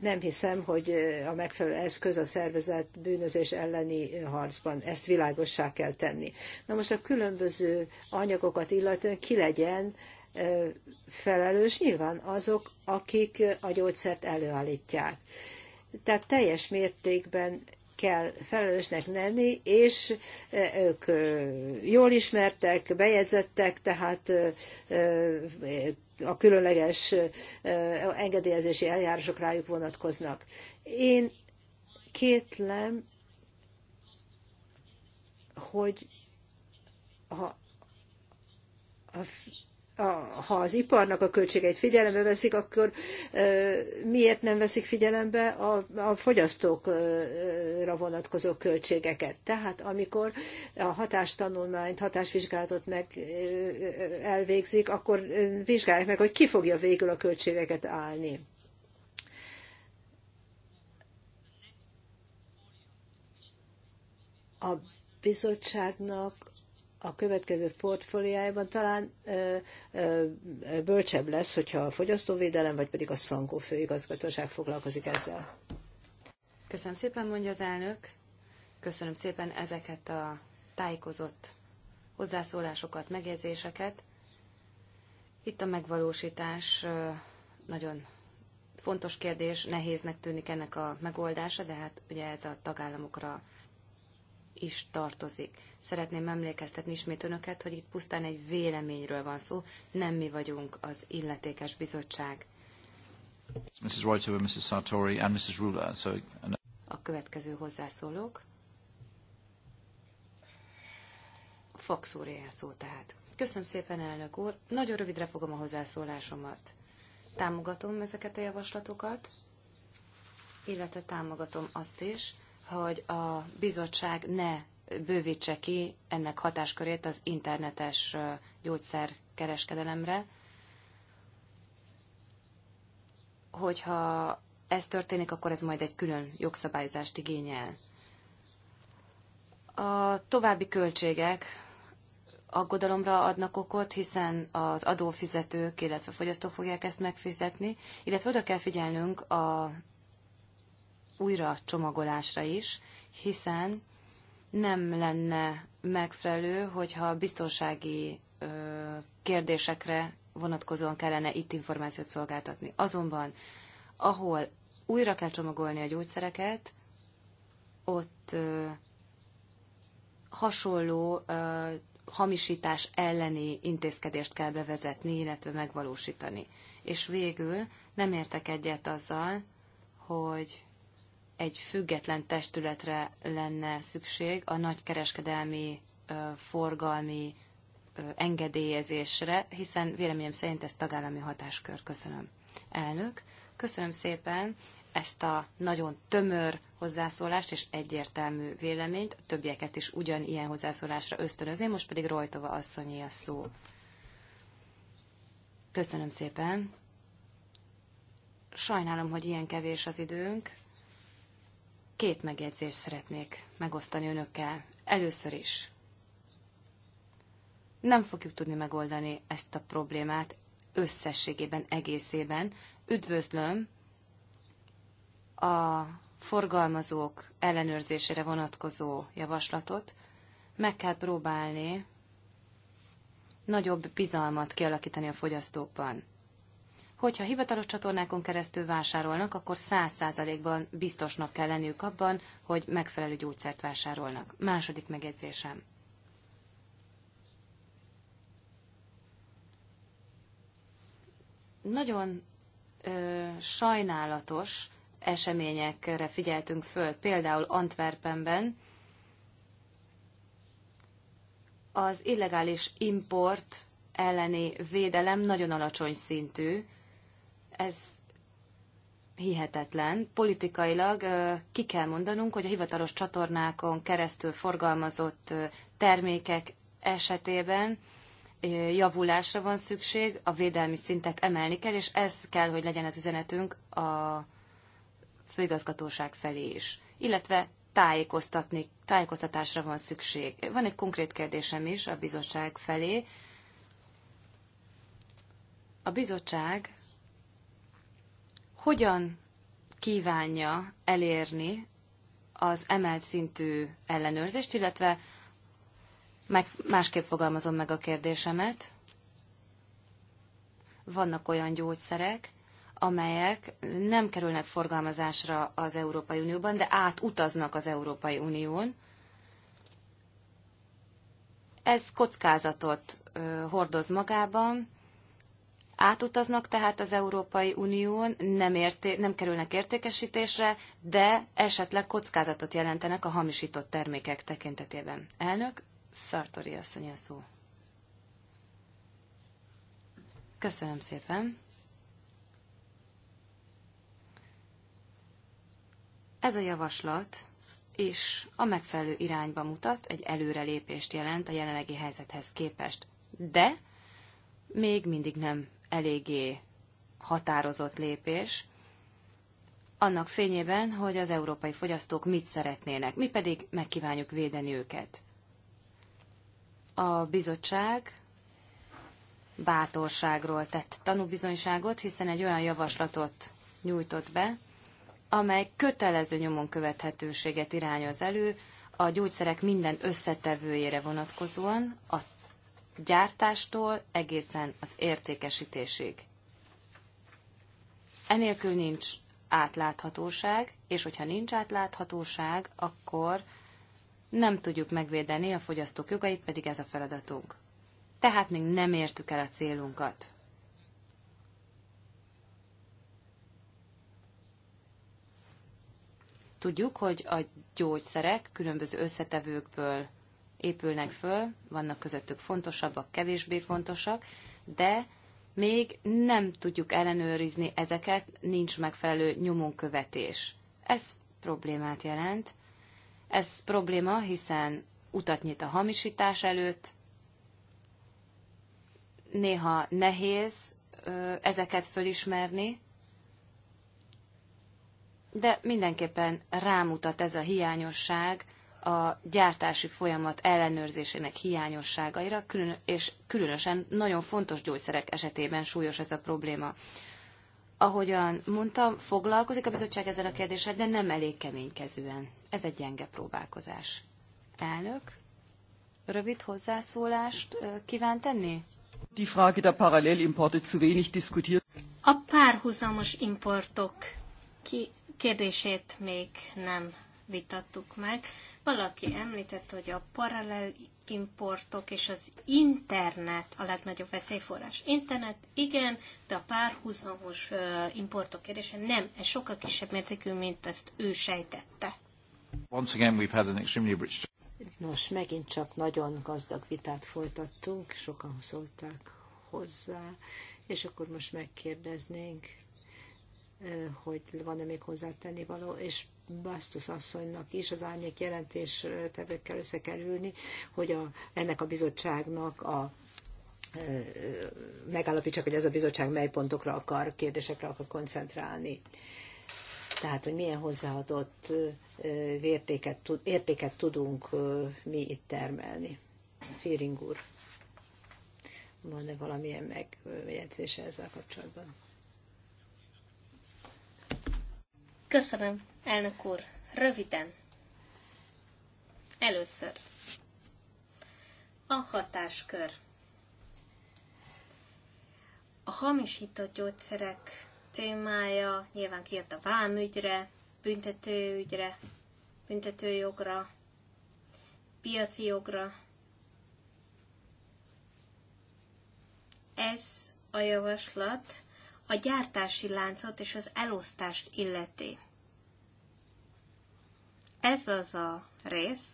nem hiszem, hogy a megfelelő eszköz a szervezet bűnözés elleni harcban. Ezt világossá kell tenni. Na most a különböző anyagokat illetően ki legyen felelős nyilván azok, akik a gyógyszert előállítják. Tehát teljes mértékben kell felelősnek lenni, és ők jól ismertek, bejegyzettek, tehát a különleges engedélyezési eljárások rájuk vonatkoznak. Én kétlem, hogy ha, ha ha az iparnak a költségeit figyelembe veszik, akkor miért nem veszik figyelembe a, a fogyasztókra vonatkozó költségeket? Tehát amikor a hatástanulmányt, hatásvizsgálatot meg elvégzik, akkor vizsgálják meg, hogy ki fogja végül a költségeket állni. A bizottságnak a következő portfóliájában talán ö, ö, bölcsebb lesz, hogyha a fogyasztóvédelem, vagy pedig a Szankó főigazgatóság foglalkozik ezzel. Köszönöm szépen, mondja az elnök. Köszönöm szépen ezeket a tájékozott hozzászólásokat, megjegyzéseket. Itt a megvalósítás nagyon fontos kérdés, nehéznek tűnik ennek a megoldása, de hát ugye ez a tagállamokra is tartozik. Szeretném emlékeztetni ismét önöket, hogy itt pusztán egy véleményről van szó, nem mi vagyunk az illetékes bizottság. Mrs. Reuter, Mrs. Sartori and Mrs. Ruler. So... A következő hozzászólók. Fox úr szó tehát. Köszönöm szépen, elnök úr. Nagyon rövidre fogom a hozzászólásomat. Támogatom ezeket a javaslatokat, illetve támogatom azt is, hogy a bizottság ne bővítse ki ennek hatáskörét az internetes gyógyszerkereskedelemre. Hogyha ez történik, akkor ez majd egy külön jogszabályzást igényel. A további költségek aggodalomra adnak okot, hiszen az adófizetők, illetve a fogyasztók fogják ezt megfizetni, illetve oda kell figyelnünk a újra csomagolásra is, hiszen nem lenne megfelelő, hogyha biztonsági ö, kérdésekre vonatkozóan kellene itt információt szolgáltatni. Azonban, ahol újra kell csomagolni a gyógyszereket, ott ö, hasonló ö, hamisítás elleni intézkedést kell bevezetni, illetve megvalósítani. És végül nem értek egyet azzal, hogy egy független testületre lenne szükség a nagykereskedelmi forgalmi engedélyezésre, hiszen véleményem szerint ez tagállami hatáskör. Köszönöm. Elnök, köszönöm szépen ezt a nagyon tömör hozzászólást és egyértelmű véleményt. A többieket is ugyanilyen hozzászólásra ösztönözni, most pedig Rojtova asszonyi a szó. Köszönöm szépen. Sajnálom, hogy ilyen kevés az időnk, Két megjegyzést szeretnék megosztani önökkel. Először is. Nem fogjuk tudni megoldani ezt a problémát összességében, egészében. Üdvözlöm a forgalmazók ellenőrzésére vonatkozó javaslatot. Meg kell próbálni nagyobb bizalmat kialakítani a fogyasztókban hogyha hivatalos csatornákon keresztül vásárolnak, akkor száz százalékban biztosnak kell lenniük abban, hogy megfelelő gyógyszert vásárolnak. Második megjegyzésem. Nagyon ö, sajnálatos eseményekre figyeltünk föl, például Antwerpenben az illegális import elleni védelem nagyon alacsony szintű, ez hihetetlen. Politikailag ki kell mondanunk, hogy a hivatalos csatornákon keresztül forgalmazott termékek esetében javulásra van szükség, a védelmi szintet emelni kell, és ez kell, hogy legyen az üzenetünk a főigazgatóság felé is. Illetve tájékoztatni, tájékoztatásra van szükség. Van egy konkrét kérdésem is a bizottság felé. A bizottság hogyan kívánja elérni az emelt szintű ellenőrzést, illetve meg, másképp fogalmazom meg a kérdésemet. Vannak olyan gyógyszerek, amelyek nem kerülnek forgalmazásra az Európai Unióban, de átutaznak az Európai Unión. Ez kockázatot hordoz magában, átutaznak tehát az Európai Unión, nem, érté- nem kerülnek értékesítésre, de esetleg kockázatot jelentenek a hamisított termékek tekintetében. Elnök, Szartori asszony a szó. Köszönöm szépen. Ez a javaslat is a megfelelő irányba mutat, egy előrelépést jelent a jelenlegi helyzethez képest, de még mindig nem eléggé határozott lépés, annak fényében, hogy az európai fogyasztók mit szeretnének, mi pedig megkívánjuk védeni őket. A bizottság bátorságról tett tanúbizonyságot, hiszen egy olyan javaslatot nyújtott be, amely kötelező nyomon követhetőséget irányoz elő a gyógyszerek minden összetevőjére vonatkozóan, a gyártástól egészen az értékesítésig. Enélkül nincs átláthatóság, és hogyha nincs átláthatóság, akkor nem tudjuk megvédeni a fogyasztók jogait, pedig ez a feladatunk. Tehát még nem értük el a célunkat. Tudjuk, hogy a gyógyszerek különböző összetevőkből épülnek föl, vannak közöttük fontosabbak, kevésbé fontosak, de még nem tudjuk ellenőrizni ezeket, nincs megfelelő nyomonkövetés. Ez problémát jelent. Ez probléma, hiszen utat nyit a hamisítás előtt, néha nehéz ezeket fölismerni, de mindenképpen rámutat ez a hiányosság a gyártási folyamat ellenőrzésének hiányosságaira, külön, és különösen nagyon fontos gyógyszerek esetében súlyos ez a probléma. Ahogyan mondtam, foglalkozik a bizottság ezzel a kérdéssel, de nem elég keménykezően. Ez egy gyenge próbálkozás. Elnök, rövid hozzászólást kíván tenni? Die Frage der Parallelimporte zu wenig diskutiert. A párhuzamos importok ki kérdését még nem vitattuk meg. Valaki említette, hogy a paralel importok és az internet a legnagyobb veszélyforrás. Internet igen, de a párhuzamos importok kérdése nem, ez sokkal kisebb mértékű, mint ezt ő sejtette. Once again, we've had an extremely rich... Nos, megint csak nagyon gazdag vitát folytattunk, sokan szólták hozzá, és akkor most megkérdeznénk, hogy van-e még hozzátenni való, és Bastos asszonynak is az árnyék jelentés tevőkkel összekerülni, hogy a, ennek a bizottságnak a megállapítsak, hogy ez a bizottság mely pontokra akar, kérdésekre akar koncentrálni. Tehát, hogy milyen hozzáadott értéket, értéket tudunk mi itt termelni. Féring úr, van-e valamilyen megjegyzése ezzel kapcsolatban? Köszönöm. Elnök úr, röviden. Először. A hatáskör. A hamisított gyógyszerek témája nyilván kijött a vámügyre, büntetőügyre, büntetőjogra, piaci jogra. Ez a javaslat a gyártási láncot és az elosztást illeti. Ez az a rész,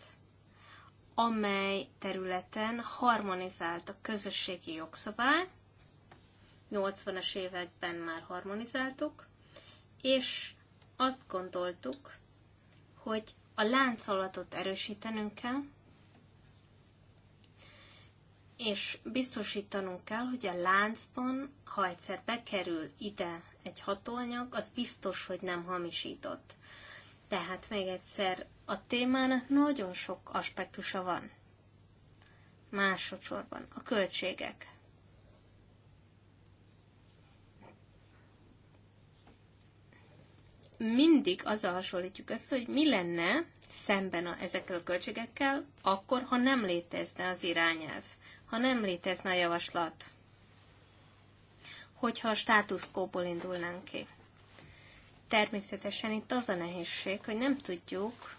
amely területen harmonizált a közösségi jogszabály, 80-as években már harmonizáltuk, és azt gondoltuk, hogy a láncolatot erősítenünk kell, és biztosítanunk kell, hogy a láncban, ha egyszer bekerül ide egy hatóanyag, az biztos, hogy nem hamisított. Tehát még egyszer, a témának nagyon sok aspektusa van. Másodszorban a költségek. Mindig azzal hasonlítjuk össze, hogy mi lenne szemben a, ezekkel a költségekkel, akkor, ha nem létezne az irányelv, ha nem létezne a javaslat, hogyha a státuszkóból indulnánk ki természetesen itt az a nehézség, hogy nem tudjuk,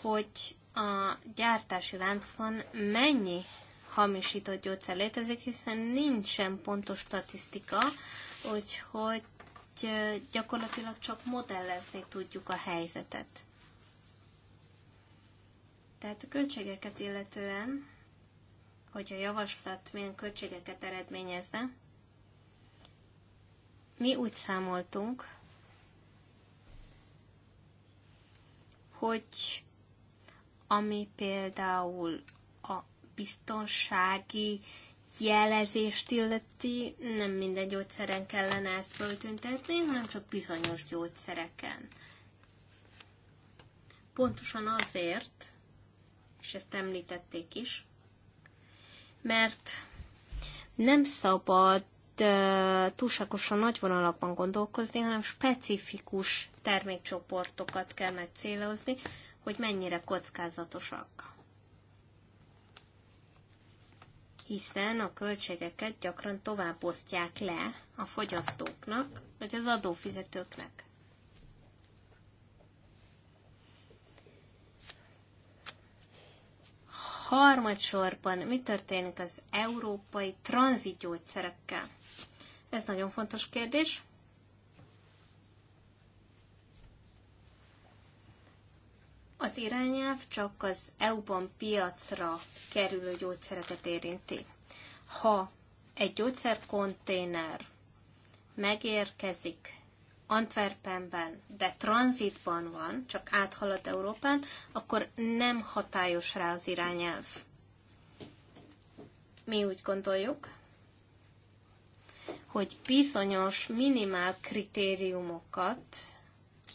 hogy a gyártási láncban mennyi hamisított gyógyszer létezik, hiszen nincsen pontos statisztika, úgyhogy gyakorlatilag csak modellezni tudjuk a helyzetet. Tehát a költségeket illetően, hogy a javaslat milyen költségeket eredményezne, mi úgy számoltunk, hogy ami például a biztonsági jelezést illeti, nem minden gyógyszeren kellene ezt föltüntetni, hanem csak bizonyos gyógyszereken. Pontosan azért, és ezt említették is, mert nem szabad túlságosan nagy vonalakban gondolkozni, hanem specifikus termékcsoportokat kell megcélozni, hogy mennyire kockázatosak. Hiszen a költségeket gyakran tovább osztják le a fogyasztóknak, vagy az adófizetőknek. Harmadsorban mi történik az európai tranzitgyógyszerekkel? Ez nagyon fontos kérdés. Az irányelv csak az EU-ban piacra kerülő gyógyszereket érinti. Ha egy gyógyszerkonténer megérkezik Antwerpenben, de tranzitban van, csak áthalad Európán, akkor nem hatályos rá az irányelv. Mi úgy gondoljuk, hogy bizonyos minimál kritériumokat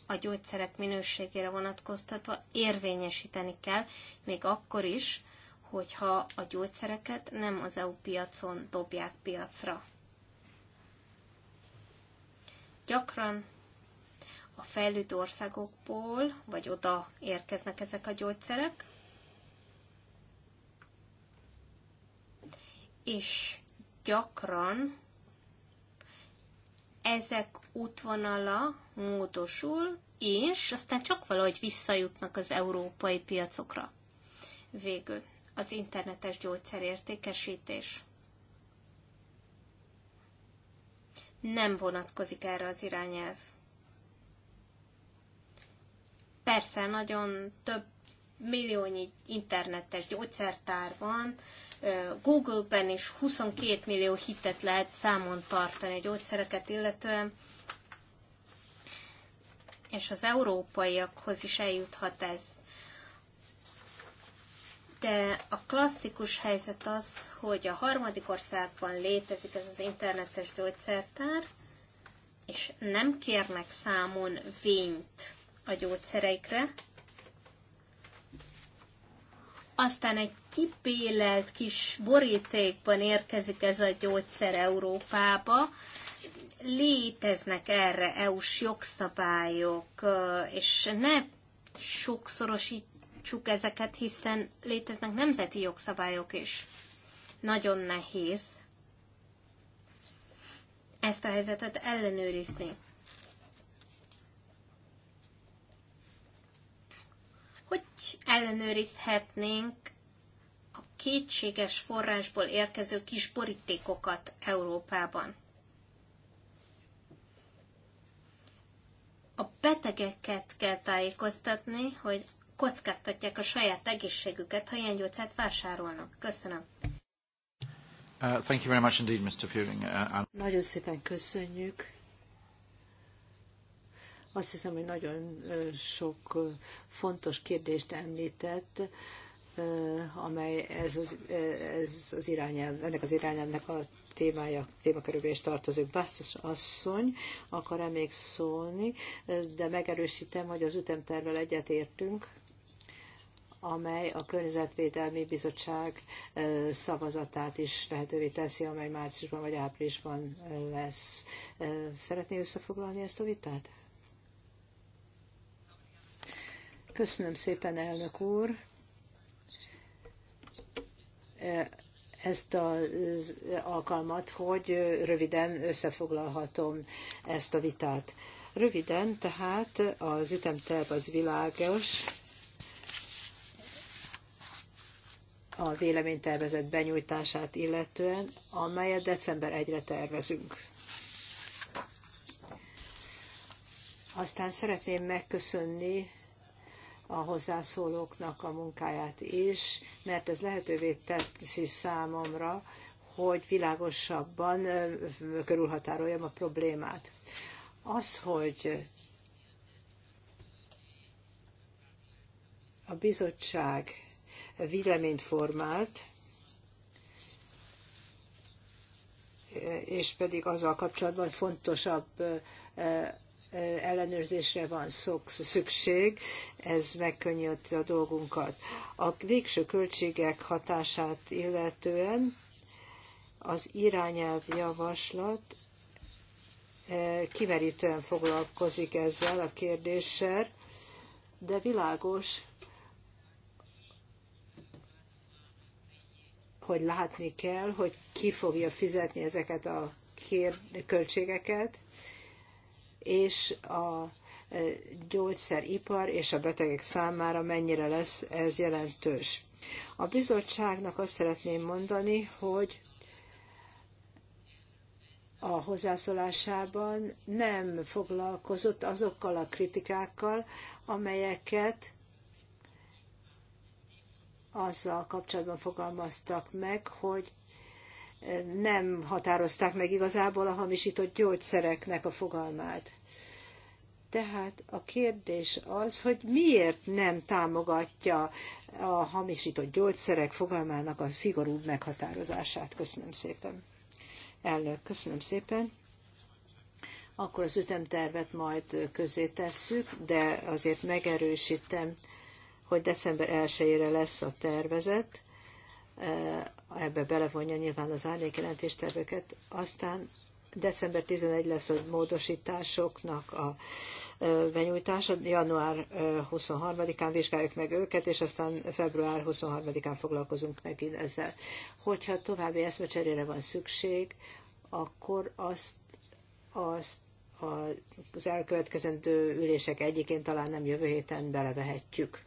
a gyógyszerek minőségére vonatkoztatva érvényesíteni kell, még akkor is, hogyha a gyógyszereket nem az EU piacon dobják piacra. Gyakran a fejlődő országokból, vagy oda érkeznek ezek a gyógyszerek, és gyakran ezek útvonala módosul, és aztán csak valahogy visszajutnak az európai piacokra. Végül az internetes gyógyszerértékesítés. nem vonatkozik erre az irányelv. Persze, nagyon több milliónyi internetes gyógyszertár van, Google-ben is 22 millió hitet lehet számon tartani a gyógyszereket illetően, és az európaiakhoz is eljuthat ez de a klasszikus helyzet az, hogy a harmadik országban létezik ez az internetes gyógyszertár, és nem kérnek számon vényt a gyógyszereikre, aztán egy kipélelt kis borítékban érkezik ez a gyógyszer Európába. Léteznek erre EU-s jogszabályok, és ne sokszorosít csuk ezeket, hiszen léteznek nemzeti jogszabályok is. Nagyon nehéz ezt a helyzetet ellenőrizni. Hogy ellenőrizhetnénk a kétséges forrásból érkező kis borítékokat Európában? a betegeket kell tájékoztatni, hogy kockáztatják a saját egészségüket, ha ilyen gyógyszert vásárolnak. Köszönöm. Uh, thank you very much indeed, Mr. Furing. Uh, Nagyon szépen köszönjük. Azt hiszem, hogy nagyon sok fontos kérdést említett, amely ez az, ez az irányel, ennek az irányelvnek a témája, témakörülbe is tartozik. Basztus asszony akar -e még szólni, de megerősítem, hogy az ütemtervel egyetértünk amely a Környezetvédelmi Bizottság szavazatát is lehetővé teszi, amely márciusban vagy áprilisban lesz. Szeretné összefoglalni ezt a vitát? Köszönöm szépen, elnök úr. Ezt az alkalmat, hogy röviden összefoglalhatom ezt a vitát. Röviden, tehát az ütemterv az világos, a véleménytervezet benyújtását illetően, amelyet december 1-re tervezünk. Aztán szeretném megköszönni a hozzászólóknak a munkáját is, mert ez lehetővé teszi számomra, hogy világosabban körülhatároljam a problémát. Az, hogy a bizottság véleményt formált, és pedig azzal kapcsolatban fontosabb ellenőrzésre van szükség, ez megkönnyíti a dolgunkat. A végső költségek hatását illetően az irányelv javaslat kimerítően foglalkozik ezzel a kérdéssel, de világos, hogy látni kell, hogy ki fogja fizetni ezeket a kér, költségeket, és a e, gyógyszeripar és a betegek számára mennyire lesz ez jelentős. A bizottságnak azt szeretném mondani, hogy a hozzászólásában nem foglalkozott azokkal a kritikákkal, amelyeket azzal kapcsolatban fogalmaztak meg, hogy nem határozták meg igazából a hamisított gyógyszereknek a fogalmát. Tehát a kérdés az, hogy miért nem támogatja a hamisított gyógyszerek fogalmának a szigorúbb meghatározását. Köszönöm szépen. Elnök, köszönöm szépen. Akkor az ütemtervet majd közé tesszük, de azért megerősítem, hogy december 1-ére lesz a tervezet, eh, ebbe belevonja nyilván az árnyékjelentésterveket, aztán december 11 lesz a módosításoknak a eh, benyújtása, január 23-án eh, vizsgáljuk meg őket, és aztán február 23-án foglalkozunk megint ezzel. Hogyha további eszmecserére van szükség, akkor azt, azt az elkövetkezendő ülések egyikén talán nem jövő héten belevehetjük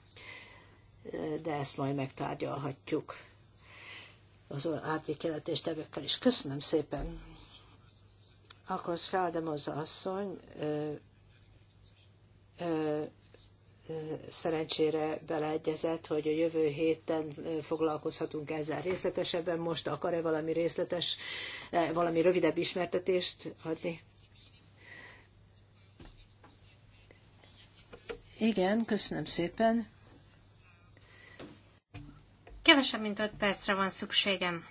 de ezt majd megtárgyalhatjuk az árnyék jelentéstevőkkel is. Köszönöm szépen! Akkor az asszony ö, ö, szerencsére beleegyezett, hogy a jövő héten foglalkozhatunk ezzel részletesebben. Most akar-e valami részletes, valami rövidebb ismertetést adni? Igen, köszönöm szépen. Kevesebb, mint 5 percre van szükségem.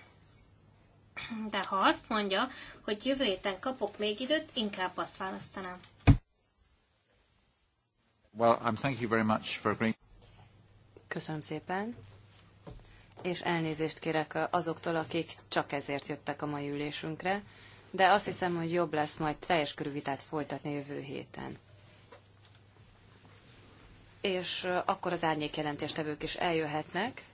De ha azt mondja, hogy jövő héten kapok még időt, inkább azt választanám. Well, I'm um, thank you very much for agreeing. Köszönöm szépen. És elnézést kérek azoktól, akik csak ezért jöttek a mai ülésünkre, de azt hiszem, hogy jobb lesz majd teljes körű vitát folytatni jövő héten. És akkor az árnyék jelentéstevők is eljöhetnek,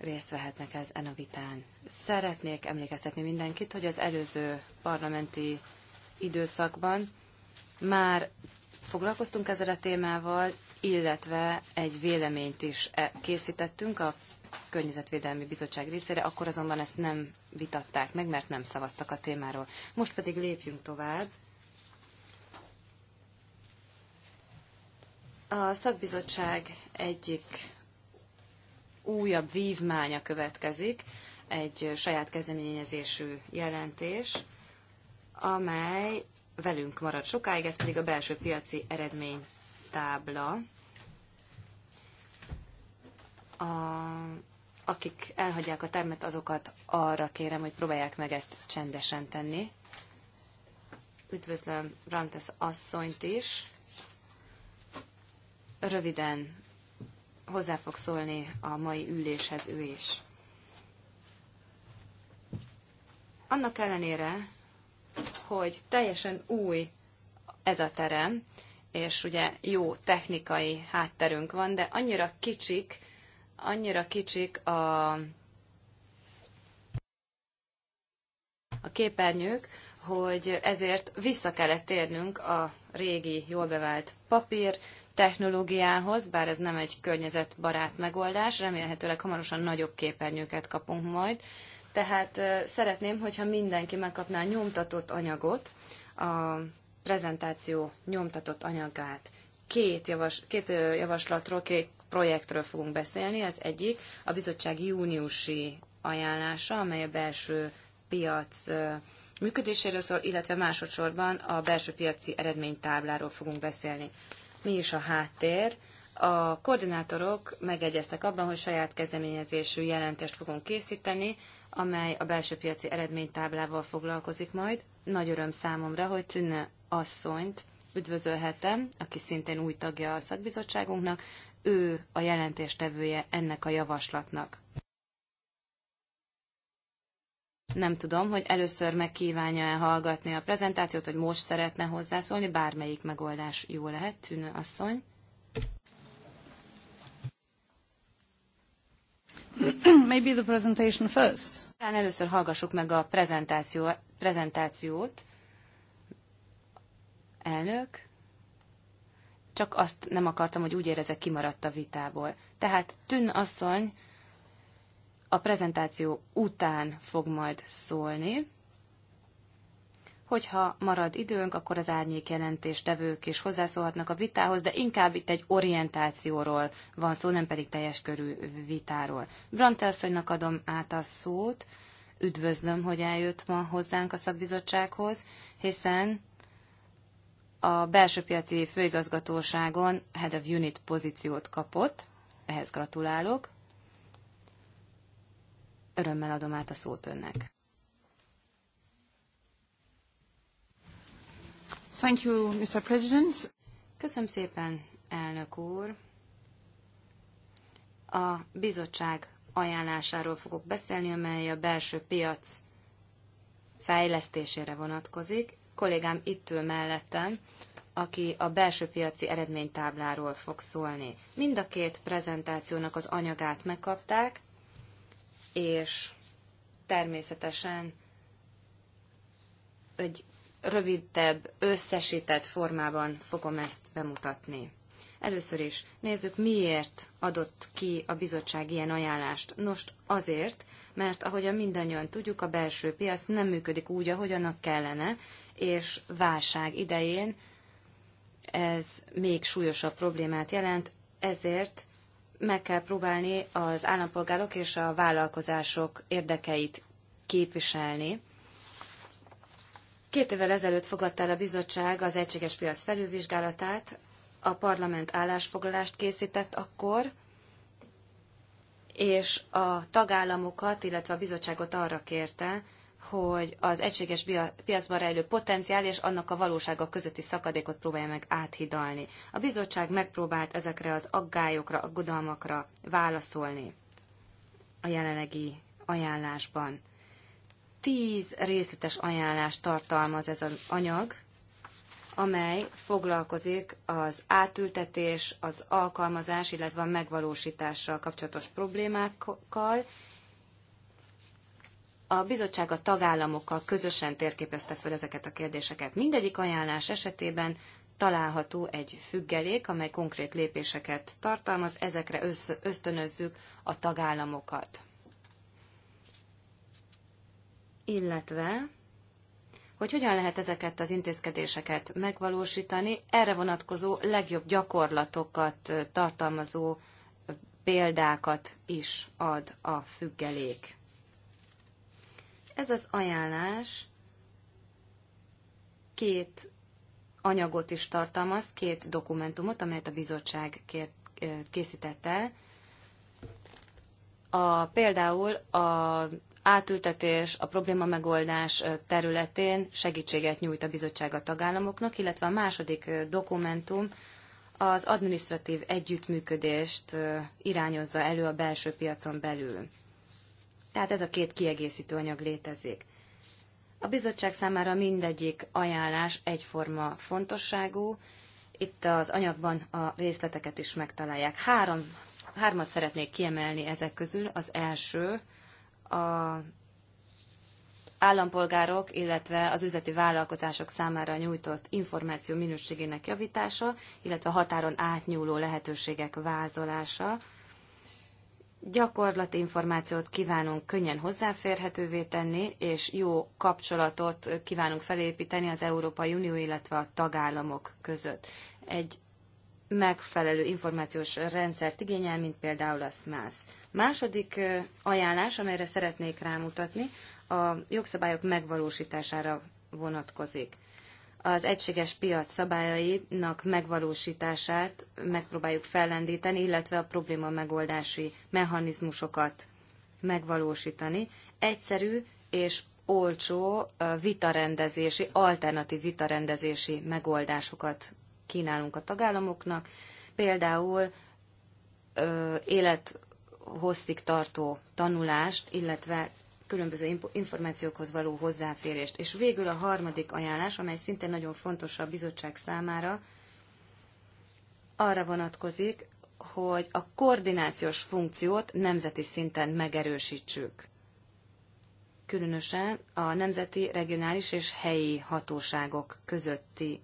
részt vehetnek ezen a vitán. Szeretnék emlékeztetni mindenkit, hogy az előző parlamenti időszakban már foglalkoztunk ezzel a témával, illetve egy véleményt is e készítettünk a Környezetvédelmi Bizottság részére, akkor azonban ezt nem vitatták meg, mert nem szavaztak a témáról. Most pedig lépjünk tovább. A szakbizottság egyik újabb vívmánya következik, egy saját kezdeményezésű jelentés, amely velünk marad sokáig, ez pedig a belső piaci eredménytábla. A, akik elhagyják a termet, azokat arra kérem, hogy próbálják meg ezt csendesen tenni. Üdvözlöm Ramtesz asszonyt is. Röviden hozzá fog szólni a mai üléshez ő is. Annak ellenére, hogy teljesen új ez a terem, és ugye jó technikai hátterünk van, de annyira kicsik, annyira kicsik a, a képernyők, hogy ezért vissza kellett térnünk a régi, jól bevált papír technológiához, bár ez nem egy környezetbarát megoldás, remélhetőleg hamarosan nagyobb képernyőket kapunk majd. Tehát szeretném, hogyha mindenki megkapná a nyomtatott anyagot, a prezentáció nyomtatott anyagát. Két, javas, két javaslatról, két projektről fogunk beszélni. Ez egyik a bizottság júniusi ajánlása, amely a belső piac működéséről szól, illetve másodszorban a belső piaci eredménytábláról fogunk beszélni mi is a háttér. A koordinátorok megegyeztek abban, hogy saját kezdeményezésű jelentést fogunk készíteni, amely a belső piaci eredménytáblával foglalkozik majd. Nagy öröm számomra, hogy Tünne asszonyt üdvözölhetem, aki szintén új tagja a szakbizottságunknak. Ő a jelentéstevője ennek a javaslatnak. Nem tudom, hogy először megkívánja-e hallgatni a prezentációt, hogy most szeretne hozzászólni, bármelyik megoldás jó lehet, tűnő asszony. Maybe the presentation first. Talán először hallgassuk meg a prezentáció, prezentációt. Elnök. Csak azt nem akartam, hogy úgy érezek kimaradt a vitából. Tehát Tűn asszony a prezentáció után fog majd szólni. Hogyha marad időnk, akkor az árnyék jelentéstevők is hozzászólhatnak a vitához, de inkább itt egy orientációról van szó, nem pedig teljes körű vitáról. Brantelszonynak adom át a szót. Üdvözlöm, hogy eljött ma hozzánk a szakbizottsághoz, hiszen a belső piaci főigazgatóságon Head of Unit pozíciót kapott. Ehhez gratulálok. Örömmel adom át a szót önnek. Thank you, Mr. President. Köszönöm szépen, elnök úr. A bizottság ajánlásáról fogok beszélni, amely a belső piac fejlesztésére vonatkozik. Kollégám itt ül mellettem, aki a belső piaci eredménytábláról fog szólni. Mind a két prezentációnak az anyagát megkapták, és természetesen egy rövidebb, összesített formában fogom ezt bemutatni. Először is nézzük, miért adott ki a bizottság ilyen ajánlást. Nos, azért, mert ahogyan mindannyian tudjuk, a belső piac nem működik úgy, ahogy annak kellene, és válság idején ez még súlyosabb problémát jelent, ezért meg kell próbálni az állampolgárok és a vállalkozások érdekeit képviselni. Két évvel ezelőtt fogadta el a bizottság az egységes piac felülvizsgálatát, a parlament állásfoglalást készített akkor, és a tagállamokat, illetve a bizottságot arra kérte, hogy az egységes piacban rejlő potenciál és annak a valósága közötti szakadékot próbálja meg áthidalni. A bizottság megpróbált ezekre az aggályokra, aggodalmakra válaszolni a jelenlegi ajánlásban. Tíz részletes ajánlást tartalmaz ez az anyag, amely foglalkozik az átültetés, az alkalmazás, illetve a megvalósítással kapcsolatos problémákkal, a bizottság a tagállamokkal közösen térképezte föl ezeket a kérdéseket. Mindegyik ajánlás esetében található egy függelék, amely konkrét lépéseket tartalmaz, ezekre ösztönözzük a tagállamokat. Illetve, hogy hogyan lehet ezeket az intézkedéseket megvalósítani, erre vonatkozó legjobb gyakorlatokat tartalmazó példákat is ad a függelék. Ez az ajánlás két anyagot is tartalmaz, két dokumentumot, amelyet a bizottság kért, készített el. A, például a átültetés, a probléma megoldás területén segítséget nyújt a bizottság a tagállamoknak, illetve a második dokumentum az administratív együttműködést irányozza elő a belső piacon belül. Tehát ez a két kiegészítő anyag létezik. A bizottság számára mindegyik ajánlás egyforma fontosságú. Itt az anyagban a részleteket is megtalálják. Három, hármat szeretnék kiemelni ezek közül. Az első a állampolgárok, illetve az üzleti vállalkozások számára nyújtott információ minőségének javítása, illetve határon átnyúló lehetőségek vázolása Gyakorlati információt kívánunk könnyen hozzáférhetővé tenni, és jó kapcsolatot kívánunk felépíteni az Európai Unió, illetve a tagállamok között. Egy megfelelő információs rendszert igényel, mint például a SMASZ. Második ajánlás, amelyre szeretnék rámutatni, a jogszabályok megvalósítására vonatkozik az egységes piac szabályainak megvalósítását megpróbáljuk fellendíteni, illetve a probléma megoldási mechanizmusokat megvalósítani. Egyszerű és olcsó vitarendezési, alternatív vitarendezési megoldásokat kínálunk a tagállamoknak, például élethosszig tartó tanulást, illetve különböző információkhoz való hozzáférést. És végül a harmadik ajánlás, amely szintén nagyon fontos a bizottság számára, arra vonatkozik, hogy a koordinációs funkciót nemzeti szinten megerősítsük. Különösen a nemzeti, regionális és helyi hatóságok közötti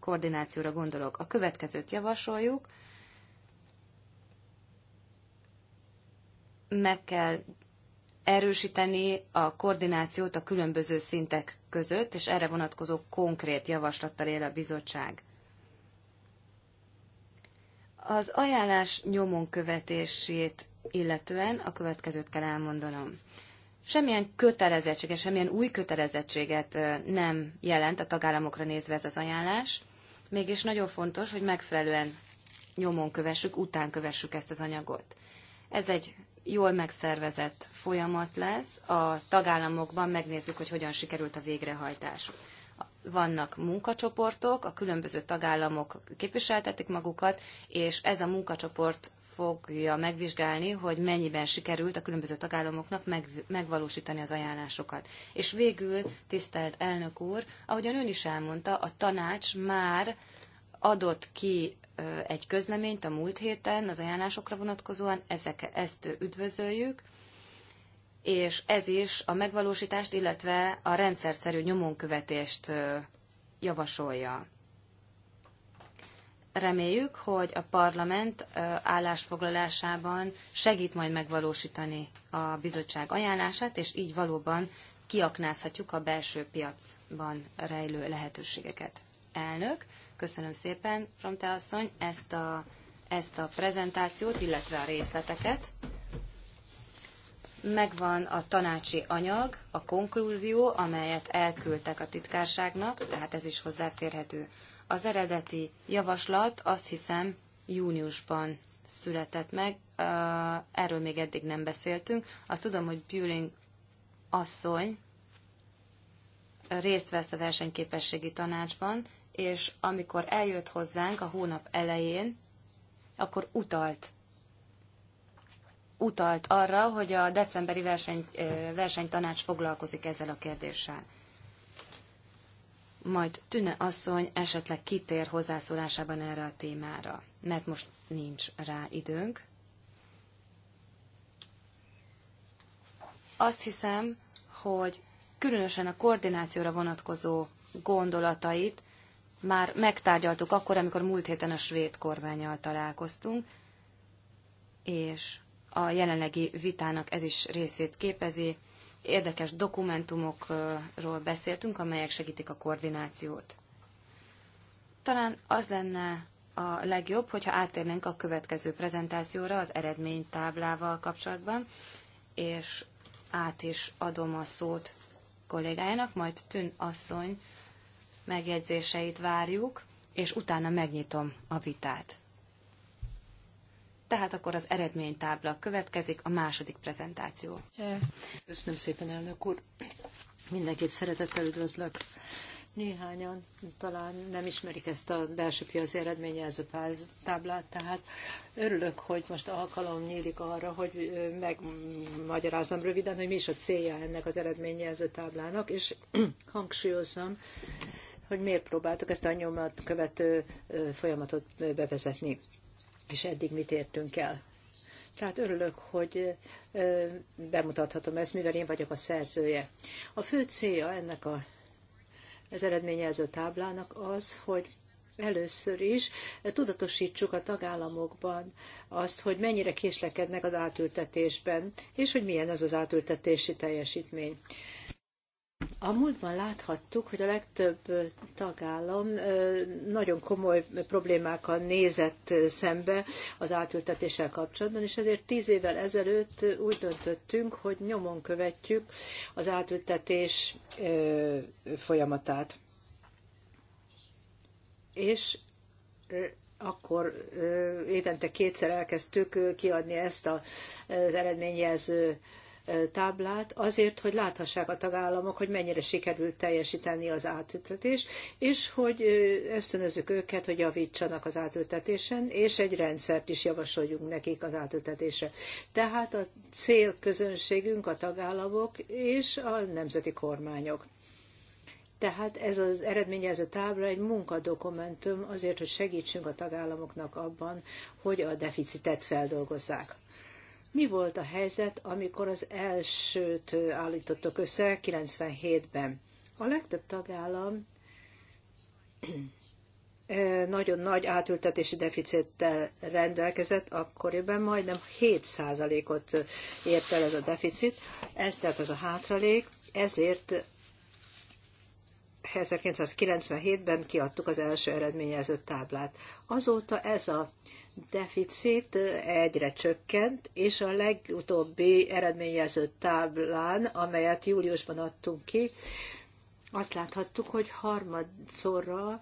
koordinációra gondolok. A következőt javasoljuk. Meg kell erősíteni a koordinációt a különböző szintek között, és erre vonatkozó konkrét javaslattal él a bizottság. Az ajánlás nyomon követését illetően a következőt kell elmondanom. Semmilyen kötelezettséget, semmilyen új kötelezettséget nem jelent a tagállamokra nézve ez az ajánlás, mégis nagyon fontos, hogy megfelelően nyomon kövessük, után kövessük ezt az anyagot. Ez egy jól megszervezett folyamat lesz. A tagállamokban megnézzük, hogy hogyan sikerült a végrehajtás. Vannak munkacsoportok, a különböző tagállamok képviseltetik magukat, és ez a munkacsoport fogja megvizsgálni, hogy mennyiben sikerült a különböző tagállamoknak meg, megvalósítani az ajánlásokat. És végül, tisztelt elnök úr, ahogyan ön is elmondta, a tanács már adott ki egy közleményt a múlt héten az ajánlásokra vonatkozóan, ezek, ezt üdvözöljük, és ez is a megvalósítást, illetve a rendszer szerű nyomonkövetést javasolja. Reméljük, hogy a parlament állásfoglalásában segít majd megvalósítani a bizottság ajánlását, és így valóban kiaknázhatjuk a belső piacban rejlő lehetőségeket. Elnök, Köszönöm szépen, Fronte asszony, ezt a, ezt a prezentációt, illetve a részleteket. Megvan a tanácsi anyag, a konklúzió, amelyet elküldtek a titkárságnak, tehát ez is hozzáférhető. Az eredeti javaslat azt hiszem júniusban született meg, erről még eddig nem beszéltünk. Azt tudom, hogy Büling asszony részt vesz a versenyképességi tanácsban, és amikor eljött hozzánk a hónap elején, akkor utalt utalt arra, hogy a decemberi verseny, versenytanács foglalkozik ezzel a kérdéssel. Majd Tüne asszony esetleg kitér hozzászólásában erre a témára, mert most nincs rá időnk. Azt hiszem, hogy különösen a koordinációra vonatkozó gondolatait már megtárgyaltuk akkor, amikor múlt héten a svéd kormányjal találkoztunk, és a jelenlegi vitának ez is részét képezi. Érdekes dokumentumokról beszéltünk, amelyek segítik a koordinációt. Talán az lenne a legjobb, hogyha átérnénk a következő prezentációra az eredménytáblával kapcsolatban, és át is adom a szót kollégájának, majd Tűn asszony megjegyzéseit várjuk, és utána megnyitom a vitát. Tehát akkor az eredménytábla következik, a második prezentáció. Köszönöm szépen, elnök úr. Mindenkit szeretettel üdvözlök. Néhányan talán nem ismerik ezt a belső piaci eredményjelző táblát, tehát örülök, hogy most alkalom nyílik arra, hogy megmagyarázom röviden, hogy mi is a célja ennek az eredményjelző táblának, és [CLEARS THROAT] hangsúlyozom, hogy miért próbáltuk ezt a nyomat követő folyamatot bevezetni, és eddig mit értünk el. Tehát örülök, hogy bemutathatom ezt, mivel én vagyok a szerzője. A fő célja ennek a, az eredményező táblának az, hogy először is tudatosítsuk a tagállamokban azt, hogy mennyire késlekednek az átültetésben, és hogy milyen ez az átültetési teljesítmény. A múltban láthattuk, hogy a legtöbb tagállam nagyon komoly problémákkal nézett szembe az átültetéssel kapcsolatban, és ezért tíz évvel ezelőtt úgy döntöttünk, hogy nyomon követjük az átültetés folyamatát. És akkor évente kétszer elkezdtük kiadni ezt az eredményjelző táblát azért, hogy láthassák a tagállamok, hogy mennyire sikerült teljesíteni az átültetést, és hogy ösztönözzük őket, hogy javítsanak az átültetésen, és egy rendszert is javasoljunk nekik az átültetésre. Tehát a célközönségünk a tagállamok és a nemzeti kormányok. Tehát ez az eredményező tábla egy munkadokumentum azért, hogy segítsünk a tagállamoknak abban, hogy a deficitet feldolgozzák. Mi volt a helyzet, amikor az elsőt állítottak össze 97-ben? A legtöbb tagállam nagyon nagy átültetési deficittel rendelkezett, akkoriban majdnem 7%-ot ért el ez a deficit, ez tehát az a hátralék, ezért 1997-ben kiadtuk az első eredményező táblát. Azóta ez a deficit egyre csökkent, és a legutóbbi eredményező táblán, amelyet júliusban adtunk ki, azt láthattuk, hogy harmadszorra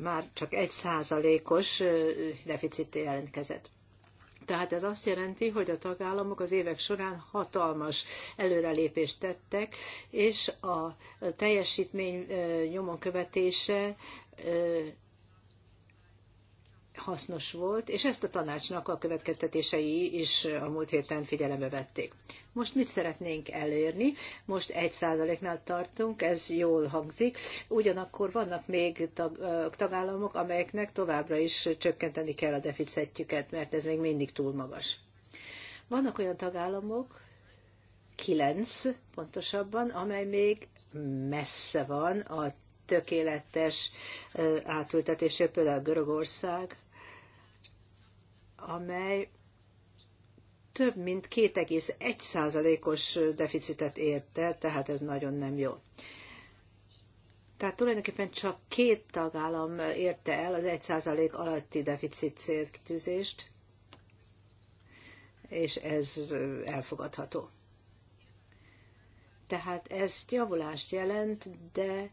már csak egy százalékos deficit jelentkezett. Tehát ez azt jelenti, hogy a tagállamok az évek során hatalmas előrelépést tettek, és a teljesítmény nyomon követése hasznos volt, és ezt a tanácsnak a következtetései is a múlt héten figyelembe vették. Most mit szeretnénk elérni? Most egy százaléknál tartunk, ez jól hangzik. Ugyanakkor vannak még tag, tagállamok, amelyeknek továbbra is csökkenteni kell a deficitjüket, mert ez még mindig túl magas. Vannak olyan tagállamok, kilenc pontosabban, amely még messze van a tökéletes átültetésé, például Görögország, amely több mint 2,1%-os deficitet ért el, tehát ez nagyon nem jó. Tehát tulajdonképpen csak két tagállam érte el az 1% alatti deficit célkitűzést, és ez elfogadható. Tehát ez javulást jelent, de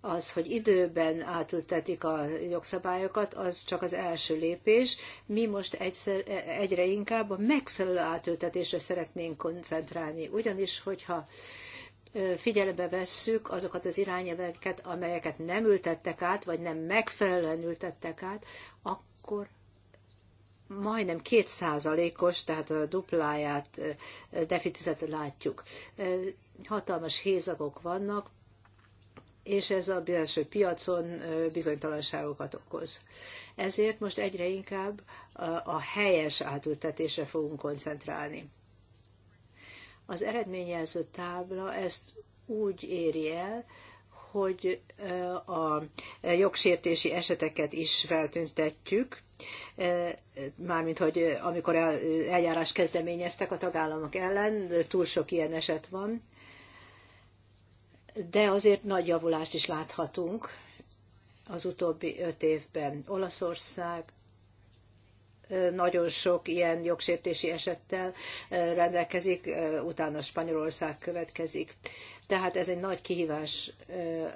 az, hogy időben átültetik a jogszabályokat, az csak az első lépés. Mi most egyszer, egyre inkább a megfelelő átültetésre szeretnénk koncentrálni. Ugyanis, hogyha figyelembe vesszük azokat az irányelveket, amelyeket nem ültettek át, vagy nem megfelelően ültettek át, akkor majdnem kétszázalékos, tehát a dupláját, deficitet látjuk. Hatalmas hézagok vannak, és ez a belső piacon bizonytalanságokat okoz. Ezért most egyre inkább a helyes átültetésre fogunk koncentrálni. Az eredményjelző tábla ezt úgy éri el, hogy a jogsértési eseteket is feltüntetjük, mármint, hogy amikor eljárás kezdeményeztek a tagállamok ellen, túl sok ilyen eset van, de azért nagy javulást is láthatunk az utóbbi öt évben. Olaszország nagyon sok ilyen jogsértési esettel rendelkezik, utána Spanyolország következik. Tehát ez egy nagy kihívás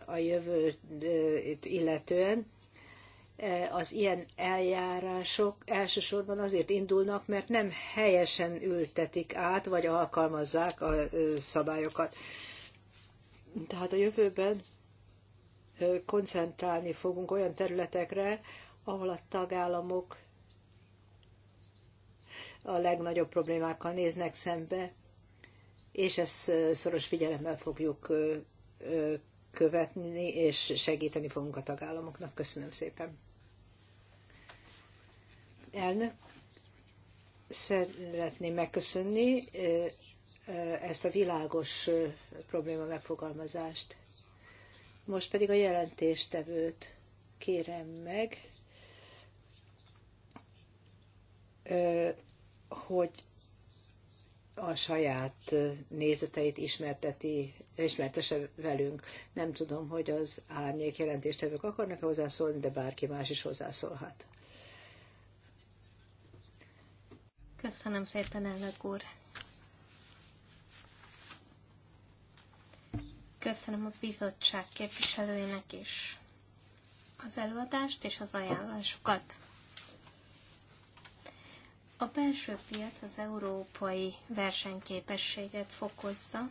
a jövőt illetően. Az ilyen eljárások elsősorban azért indulnak, mert nem helyesen ültetik át, vagy alkalmazzák a szabályokat. Tehát a jövőben koncentrálni fogunk olyan területekre, ahol a tagállamok a legnagyobb problémákkal néznek szembe, és ezt szoros figyelemmel fogjuk követni, és segíteni fogunk a tagállamoknak. Köszönöm szépen. Elnök, szeretném megköszönni ezt a világos probléma megfogalmazást. Most pedig a jelentéstevőt kérem meg, hogy a saját nézeteit ismerteti, ismertese velünk. Nem tudom, hogy az árnyék jelentéstevők akarnak -e hozzászólni, de bárki más is hozzászólhat. Köszönöm szépen, elnök úr. Köszönöm a bizottság képviselőjének is az előadást és az ajánlásokat. A belső piac az európai versenyképességet fokozza,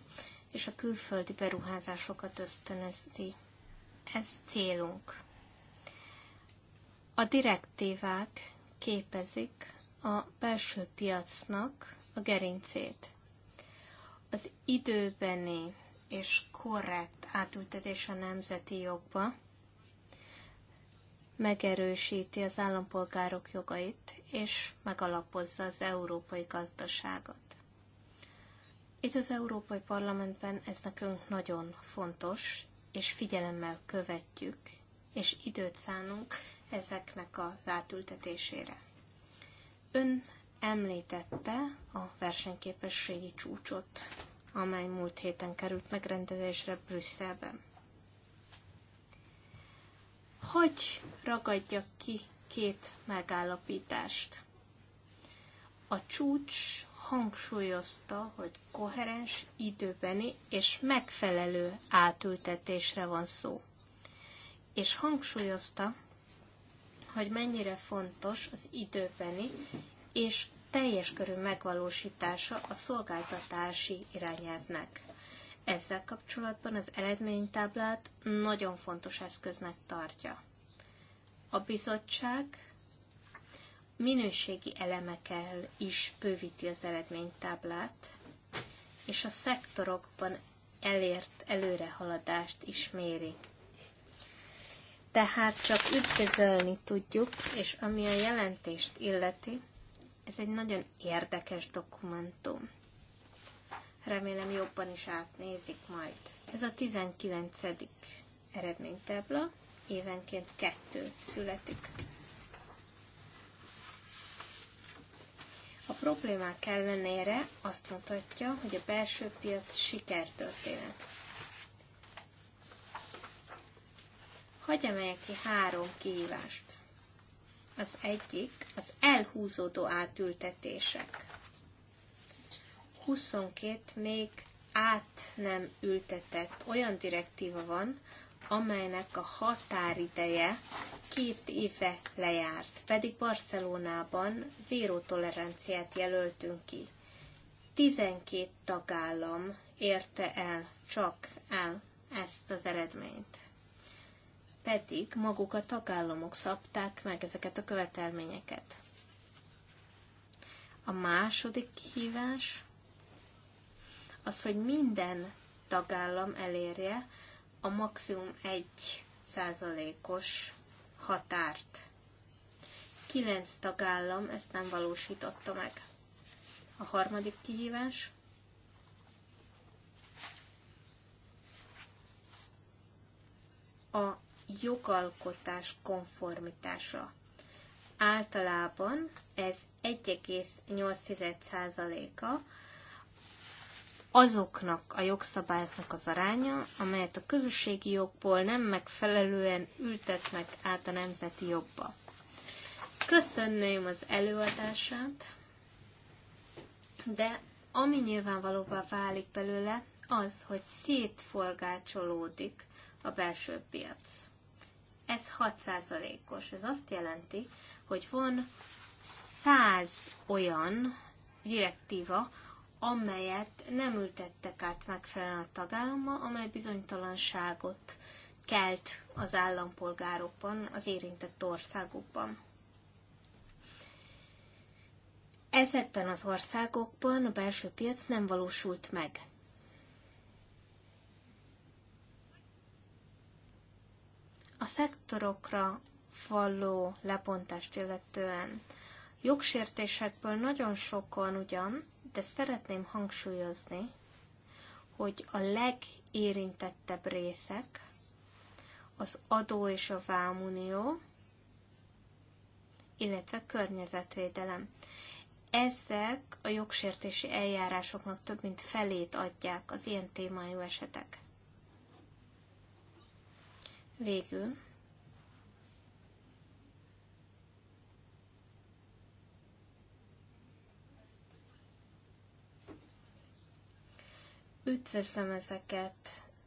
és a külföldi beruházásokat ösztönözi. Ez célunk. A direktívák képezik a belső piacnak a gerincét. Az időbeni és korrekt átültetés a nemzeti jogba megerősíti az állampolgárok jogait, és megalapozza az európai gazdaságot. Itt az Európai Parlamentben ez nekünk nagyon fontos, és figyelemmel követjük, és időt szánunk ezeknek az átültetésére. Ön említette a versenyképességi csúcsot amely múlt héten került megrendezésre Brüsszelben. Hogy ragadja ki két megállapítást? A csúcs hangsúlyozta, hogy koherens, időbeni és megfelelő átültetésre van szó. És hangsúlyozta, hogy mennyire fontos az időbeni és teljes körű megvalósítása a szolgáltatási irányelvnek. Ezzel kapcsolatban az eredménytáblát nagyon fontos eszköznek tartja. A bizottság minőségi elemekkel is bővíti az eredménytáblát, és a szektorokban elért előrehaladást is méri. Tehát csak üdvözölni tudjuk, és ami a jelentést illeti, ez egy nagyon érdekes dokumentum. Remélem jobban is átnézik majd. Ez a 19. eredménytábla, évenként kettő születik. A problémák ellenére azt mutatja, hogy a belső piac sikertörténet. Hagy emeljek ki három kihívást. Az egyik az elhúzódó átültetések. 22 még át nem ültetett olyan direktíva van, amelynek a határideje két éve lejárt, pedig Barcelonában zéró toleranciát jelöltünk ki. 12 tagállam érte el, csak el ezt az eredményt pedig maguk a tagállamok szabták meg ezeket a követelményeket. A második kihívás az, hogy minden tagállam elérje a maximum 1 százalékos határt. Kilenc tagállam ezt nem valósította meg. A harmadik kihívás. A jogalkotás konformitása. Általában ez 1,8%-a azoknak a jogszabályoknak az aránya, amelyet a közösségi jogból nem megfelelően ültetnek át a nemzeti jogba. Köszönném az előadását, de ami nyilvánvalóvá válik belőle, az, hogy szétforgácsolódik a belső piac ez 6%-os. Ez azt jelenti, hogy van 100 olyan direktíva, amelyet nem ültettek át megfelelően a tagállama, amely bizonytalanságot kelt az állampolgárokban, az érintett országokban. Ezekben az országokban a belső piac nem valósult meg. A szektorokra való lebontást illetően jogsértésekből nagyon sokan ugyan, de szeretném hangsúlyozni, hogy a legérintettebb részek az adó és a vámunió, illetve környezetvédelem. Ezek a jogsértési eljárásoknak több mint felét adják az ilyen témájú esetek. Végül. Üdvözlöm ezeket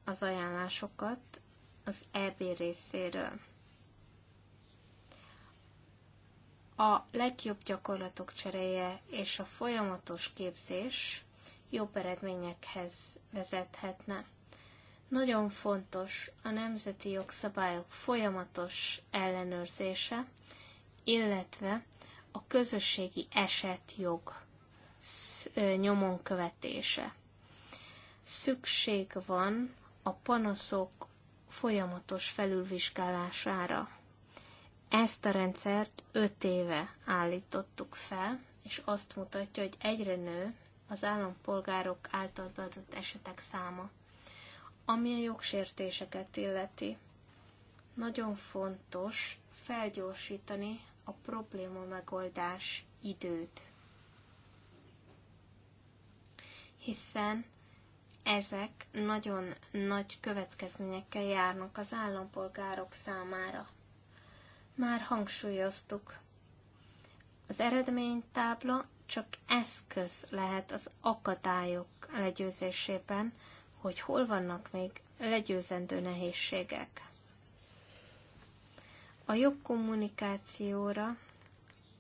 az ajánlásokat az EB részéről. A legjobb gyakorlatok cseréje és a folyamatos képzés jobb eredményekhez vezethetne. Nagyon fontos a nemzeti jogszabályok folyamatos ellenőrzése, illetve a közösségi esetjog nyomon követése. Szükség van a panaszok folyamatos felülvizsgálására. Ezt a rendszert öt éve állítottuk fel, és azt mutatja, hogy egyre nő az állampolgárok által beadott esetek száma ami a jogsértéseket illeti. Nagyon fontos felgyorsítani a probléma megoldás időt. Hiszen ezek nagyon nagy következményekkel járnak az állampolgárok számára. Már hangsúlyoztuk. Az eredménytábla csak eszköz lehet az akadályok legyőzésében, hogy hol vannak még legyőzendő nehézségek. A jobb kommunikációra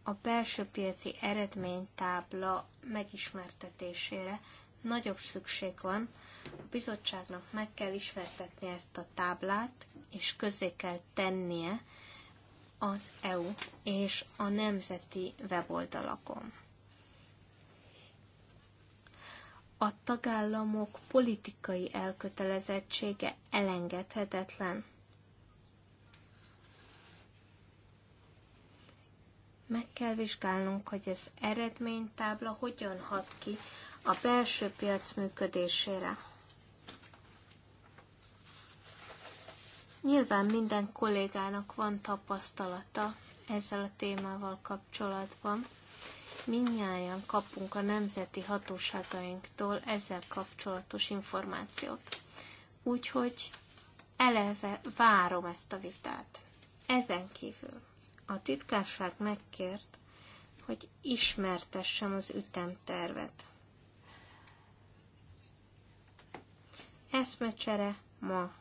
a belső piaci eredménytábla megismertetésére nagyobb szükség van, a bizottságnak meg kell ismertetni ezt a táblát, és közé kell tennie az EU és a nemzeti weboldalakon. a tagállamok politikai elkötelezettsége elengedhetetlen. Meg kell vizsgálnunk, hogy az eredménytábla hogyan hat ki a belső piac működésére. Nyilván minden kollégának van tapasztalata ezzel a témával kapcsolatban. Mindnyáján kapunk a nemzeti hatóságainktól ezzel kapcsolatos információt. Úgyhogy eleve várom ezt a vitát. Ezen kívül a titkárság megkért, hogy ismertessem az ütemtervet. Eszmecsere ma.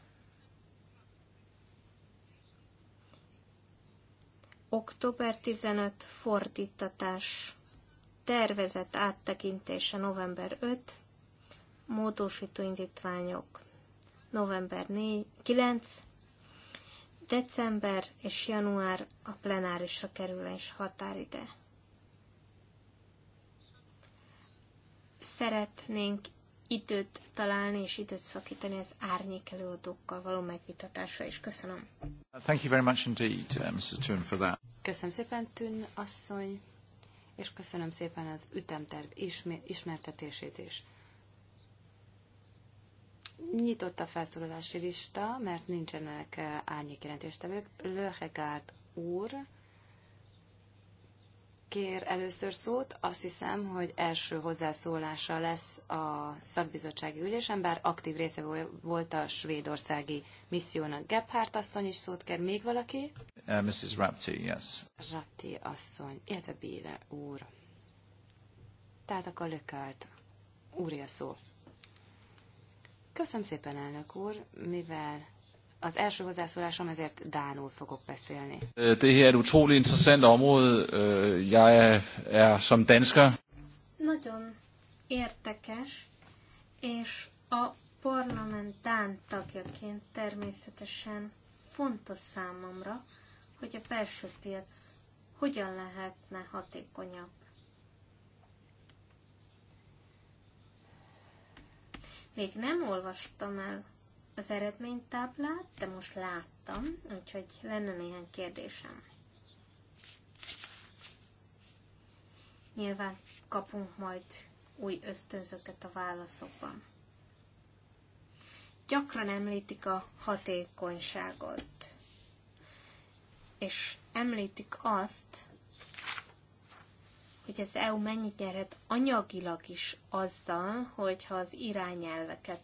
Október 15 fordítatás tervezett áttekintése november 5, módosító indítványok november 4, 9, december és január a plenárisra kerülés határide. Szeretnénk időt találni és időt szakítani az árnyék előadókkal való megvitatásra is. Köszönöm. Thank you very much indeed, uh, Mrs. Thun, for that. Köszönöm szépen, Tün asszony és köszönöm szépen az ütemterv ismertetését is. Nyitott a felszólalási lista, mert nincsenek eh, árnyékjelentéstevők. Löhegárd úr, kér először szót. Azt hiszem, hogy első hozzászólása lesz a szakbizottsági ülésen, bár aktív része volt a svédországi missziónak. Gebhardt asszony is szót kér. Még valaki? Uh, Mrs. Rapti, yes. Rapti asszony, illetve Bíle úr. Tehát akkor Lökárt. Úri a szó. Köszönöm szépen, elnök úr, mivel az első hozzászólásom ezért Dánul fogok beszélni. Øh, det her er et utrolig interessant område. Øh, jeg er som dansker. Nagyon értekes, és a parlament Dán tagjaként természetesen fontos számomra, hogy a belső piac hogyan lehetne hatékonyabb. Még nem olvastam el az eredménytáblát, de most láttam, úgyhogy lenne néhány kérdésem. Nyilván kapunk majd új ösztönzöket a válaszokban. Gyakran említik a hatékonyságot, és említik azt, hogy az EU mennyit nyerhet anyagilag is azzal, hogyha az irányelveket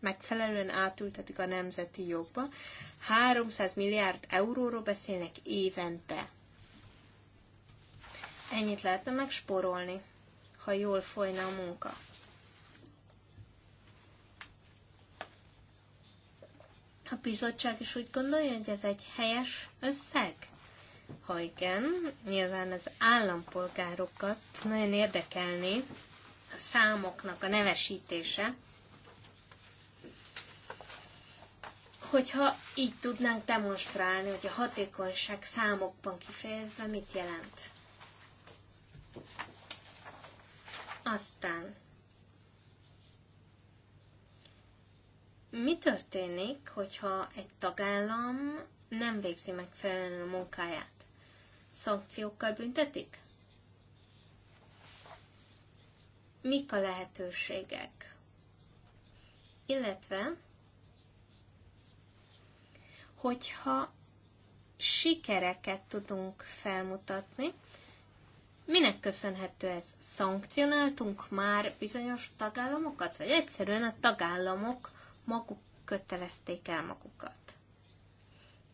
megfelelően átültetik a nemzeti jogba. 300 milliárd euróról beszélnek évente. Ennyit lehetne megsporolni, ha jól folyna a munka. A bizottság is úgy gondolja, hogy ez egy helyes összeg? Ha igen, nyilván az állampolgárokat nagyon érdekelni a számoknak a nevesítése, hogyha így tudnánk demonstrálni, hogy a hatékonyság számokban kifejezve mit jelent. Aztán mi történik, hogyha egy tagállam nem végzi megfelelően a munkáját? Szankciókkal büntetik? Mik a lehetőségek? Illetve hogyha sikereket tudunk felmutatni, Minek köszönhető ez? Szankcionáltunk már bizonyos tagállamokat, vagy egyszerűen a tagállamok maguk kötelezték el magukat?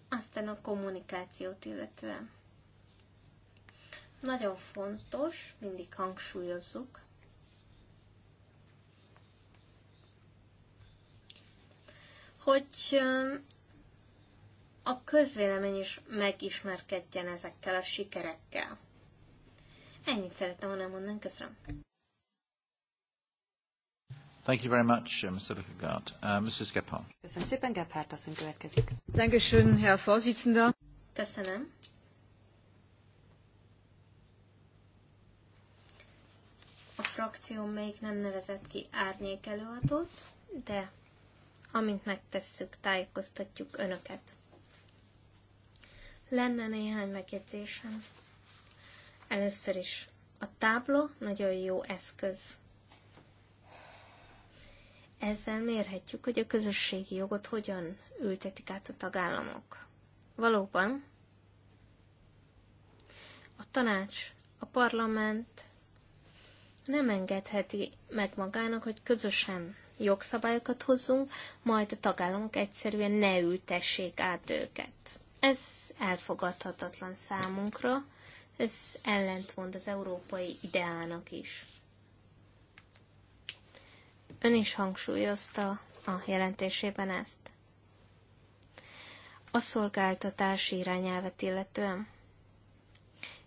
Aztán a kommunikációt illetően. Nagyon fontos, mindig hangsúlyozzuk, hogy a közvélemény is megismerkedjen ezekkel a sikerekkel. Ennyit szerettem volna mondani, köszönöm. Thank you very much, uh, Mr. Lukagard. Uh, Mrs. Gephardt. Köszönöm szépen, Gephardt azt következik. Dankeschön, Herr Vorsitzender. Köszönöm. A frakció még nem nevezett ki árnyék előadót, de amint megtesszük, tájékoztatjuk önöket. Lenne néhány megjegyzésem. Először is, a tábla nagyon jó eszköz. Ezzel mérhetjük, hogy a közösségi jogot hogyan ültetik át a tagállamok. Valóban, a tanács, a parlament nem engedheti meg magának, hogy közösen jogszabályokat hozzunk, majd a tagállamok egyszerűen ne ültessék át őket. Ez elfogadhatatlan számunkra, ez ellentmond az európai ideának is. Ön is hangsúlyozta a jelentésében ezt. A szolgáltatási irányelvet illetően.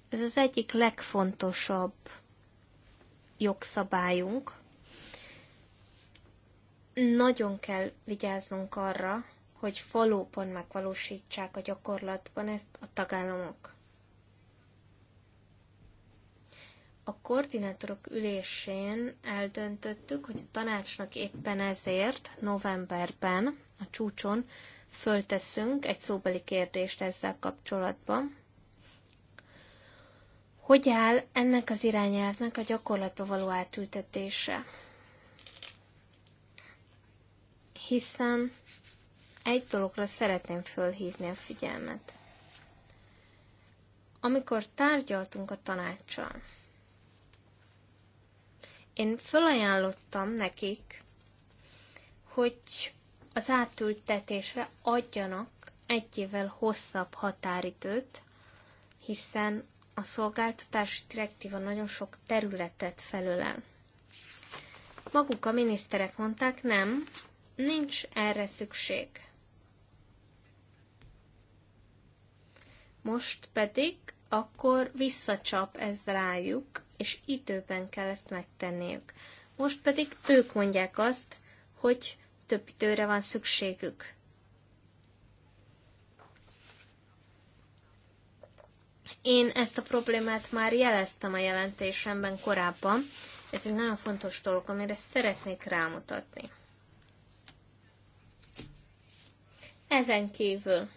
Ez az egyik legfontosabb jogszabályunk. Nagyon kell vigyáznunk arra, hogy valóban megvalósítsák a gyakorlatban ezt a tagállamok. A koordinátorok ülésén eldöntöttük, hogy a tanácsnak éppen ezért novemberben a csúcson fölteszünk egy szóbeli kérdést ezzel kapcsolatban. Hogy áll ennek az irányelvnek a gyakorlatba való átültetése? Hiszen egy dologra szeretném fölhívni a figyelmet. Amikor tárgyaltunk a tanácssal, én fölajánlottam nekik, hogy az átültetésre adjanak egy évvel hosszabb határidőt, hiszen a szolgáltatási direktíva nagyon sok területet felölel. Maguk a miniszterek mondták, nem, nincs erre szükség. Most pedig akkor visszacsap ez rájuk, és időben kell ezt megtenniük. Most pedig ők mondják azt, hogy több időre van szükségük. Én ezt a problémát már jeleztem a jelentésemben korábban. Ez egy nagyon fontos dolog, amire szeretnék rámutatni. Ezen kívül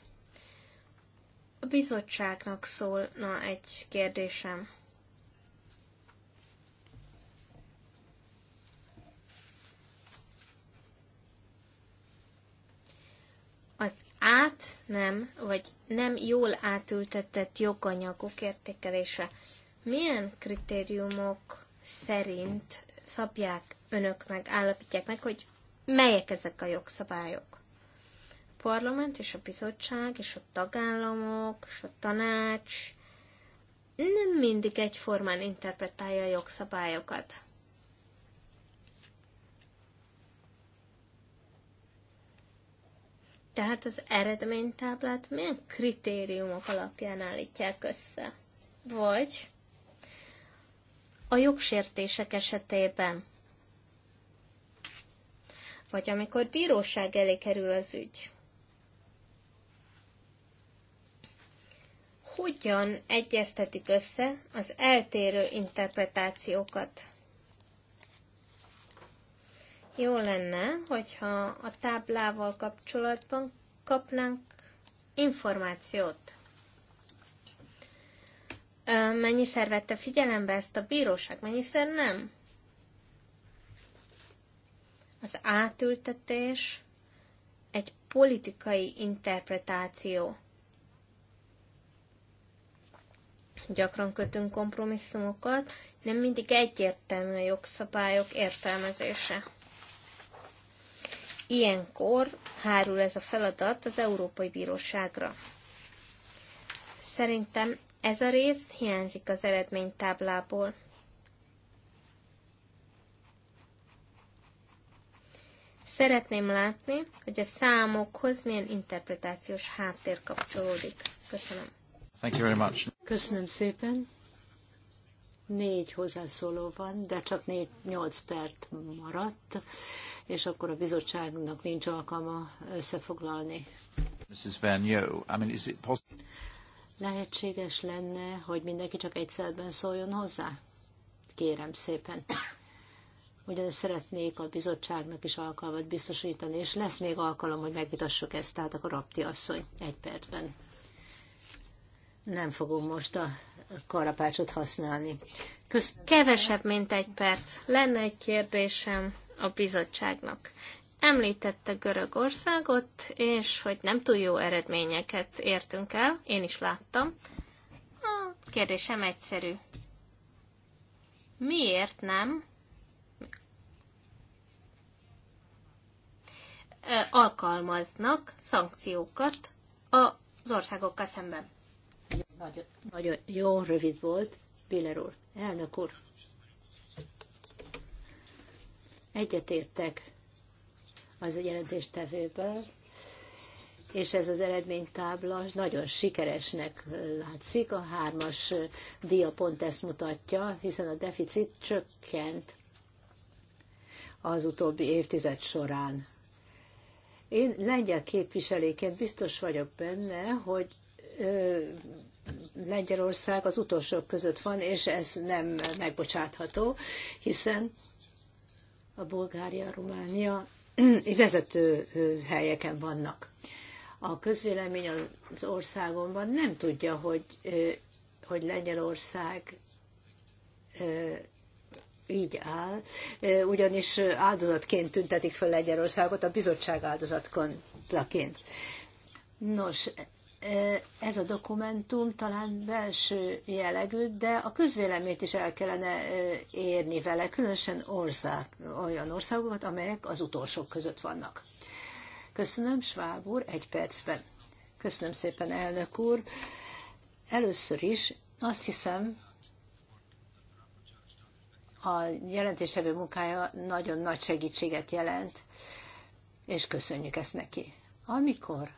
a bizottságnak szólna egy kérdésem. Az át nem, vagy nem jól átültetett joganyagok értékelése. Milyen kritériumok szerint szabják önök meg, állapítják meg, hogy melyek ezek a jogszabályok? parlament és a bizottság és a tagállamok és a tanács nem mindig egyformán interpretálja a jogszabályokat. Tehát az eredménytáblát milyen kritériumok alapján állítják össze? Vagy a jogsértések esetében? Vagy amikor bíróság elé kerül az ügy? hogyan egyeztetik össze az eltérő interpretációkat. Jó lenne, hogyha a táblával kapcsolatban kapnánk információt. Mennyiszer vette figyelembe ezt a bíróság, mennyiszer nem? Az átültetés egy politikai interpretáció. gyakran kötünk kompromisszumokat, nem mindig egyértelmű a jogszabályok értelmezése. Ilyenkor hárul ez a feladat az Európai Bíróságra. Szerintem ez a rész hiányzik az eredménytáblából. Szeretném látni, hogy a számokhoz milyen interpretációs háttér kapcsolódik. Köszönöm. Thank you very much. Köszönöm szépen. Négy hozzászóló van, de csak négy, nyolc perc maradt, és akkor a bizottságnak nincs alkalma összefoglalni. Mrs. Van Yo, I mean, is it possible? Lehetséges lenne, hogy mindenki csak egyszerben szóljon hozzá? Kérem szépen ugyanis szeretnék a bizottságnak is alkalmat biztosítani, és lesz még alkalom, hogy megvitassuk ezt, tehát akkor Rapti asszony egy percben nem fogom most a karapácsot használni. Kösz... Kevesebb, mint egy perc. Lenne egy kérdésem a bizottságnak. Említette Görögországot, és hogy nem túl jó eredményeket értünk el, én is láttam. A kérdésem egyszerű. Miért nem alkalmaznak szankciókat az országokkal szemben? Nagyon, nagyon jó, rövid volt, Piller úr. Elnök úr. Egyetértek az a jelentéstevőből, és ez az eredménytábla nagyon sikeresnek látszik. A hármas dia pont ezt mutatja, hiszen a deficit csökkent az utóbbi évtized során. Én lengyel képviselőként biztos vagyok benne, hogy Lengyelország az utolsók között van, és ez nem megbocsátható, hiszen a Bulgária, Románia [CLEARS THROAT] vezető helyeken vannak. A közvélemény az országomban nem tudja, hogy, hogy Lengyelország így áll, ugyanis áldozatként tüntetik fel Lengyelországot, a bizottság áldozatként. Nos, ez a dokumentum talán belső jellegű, de a közvéleményt is el kellene érni vele, különösen ország, olyan országokat, amelyek az utolsók között vannak. Köszönöm, Schwab úr, egy percben. Köszönöm szépen, elnök úr. Először is azt hiszem, a jelentéstevő munkája nagyon nagy segítséget jelent, és köszönjük ezt neki. Amikor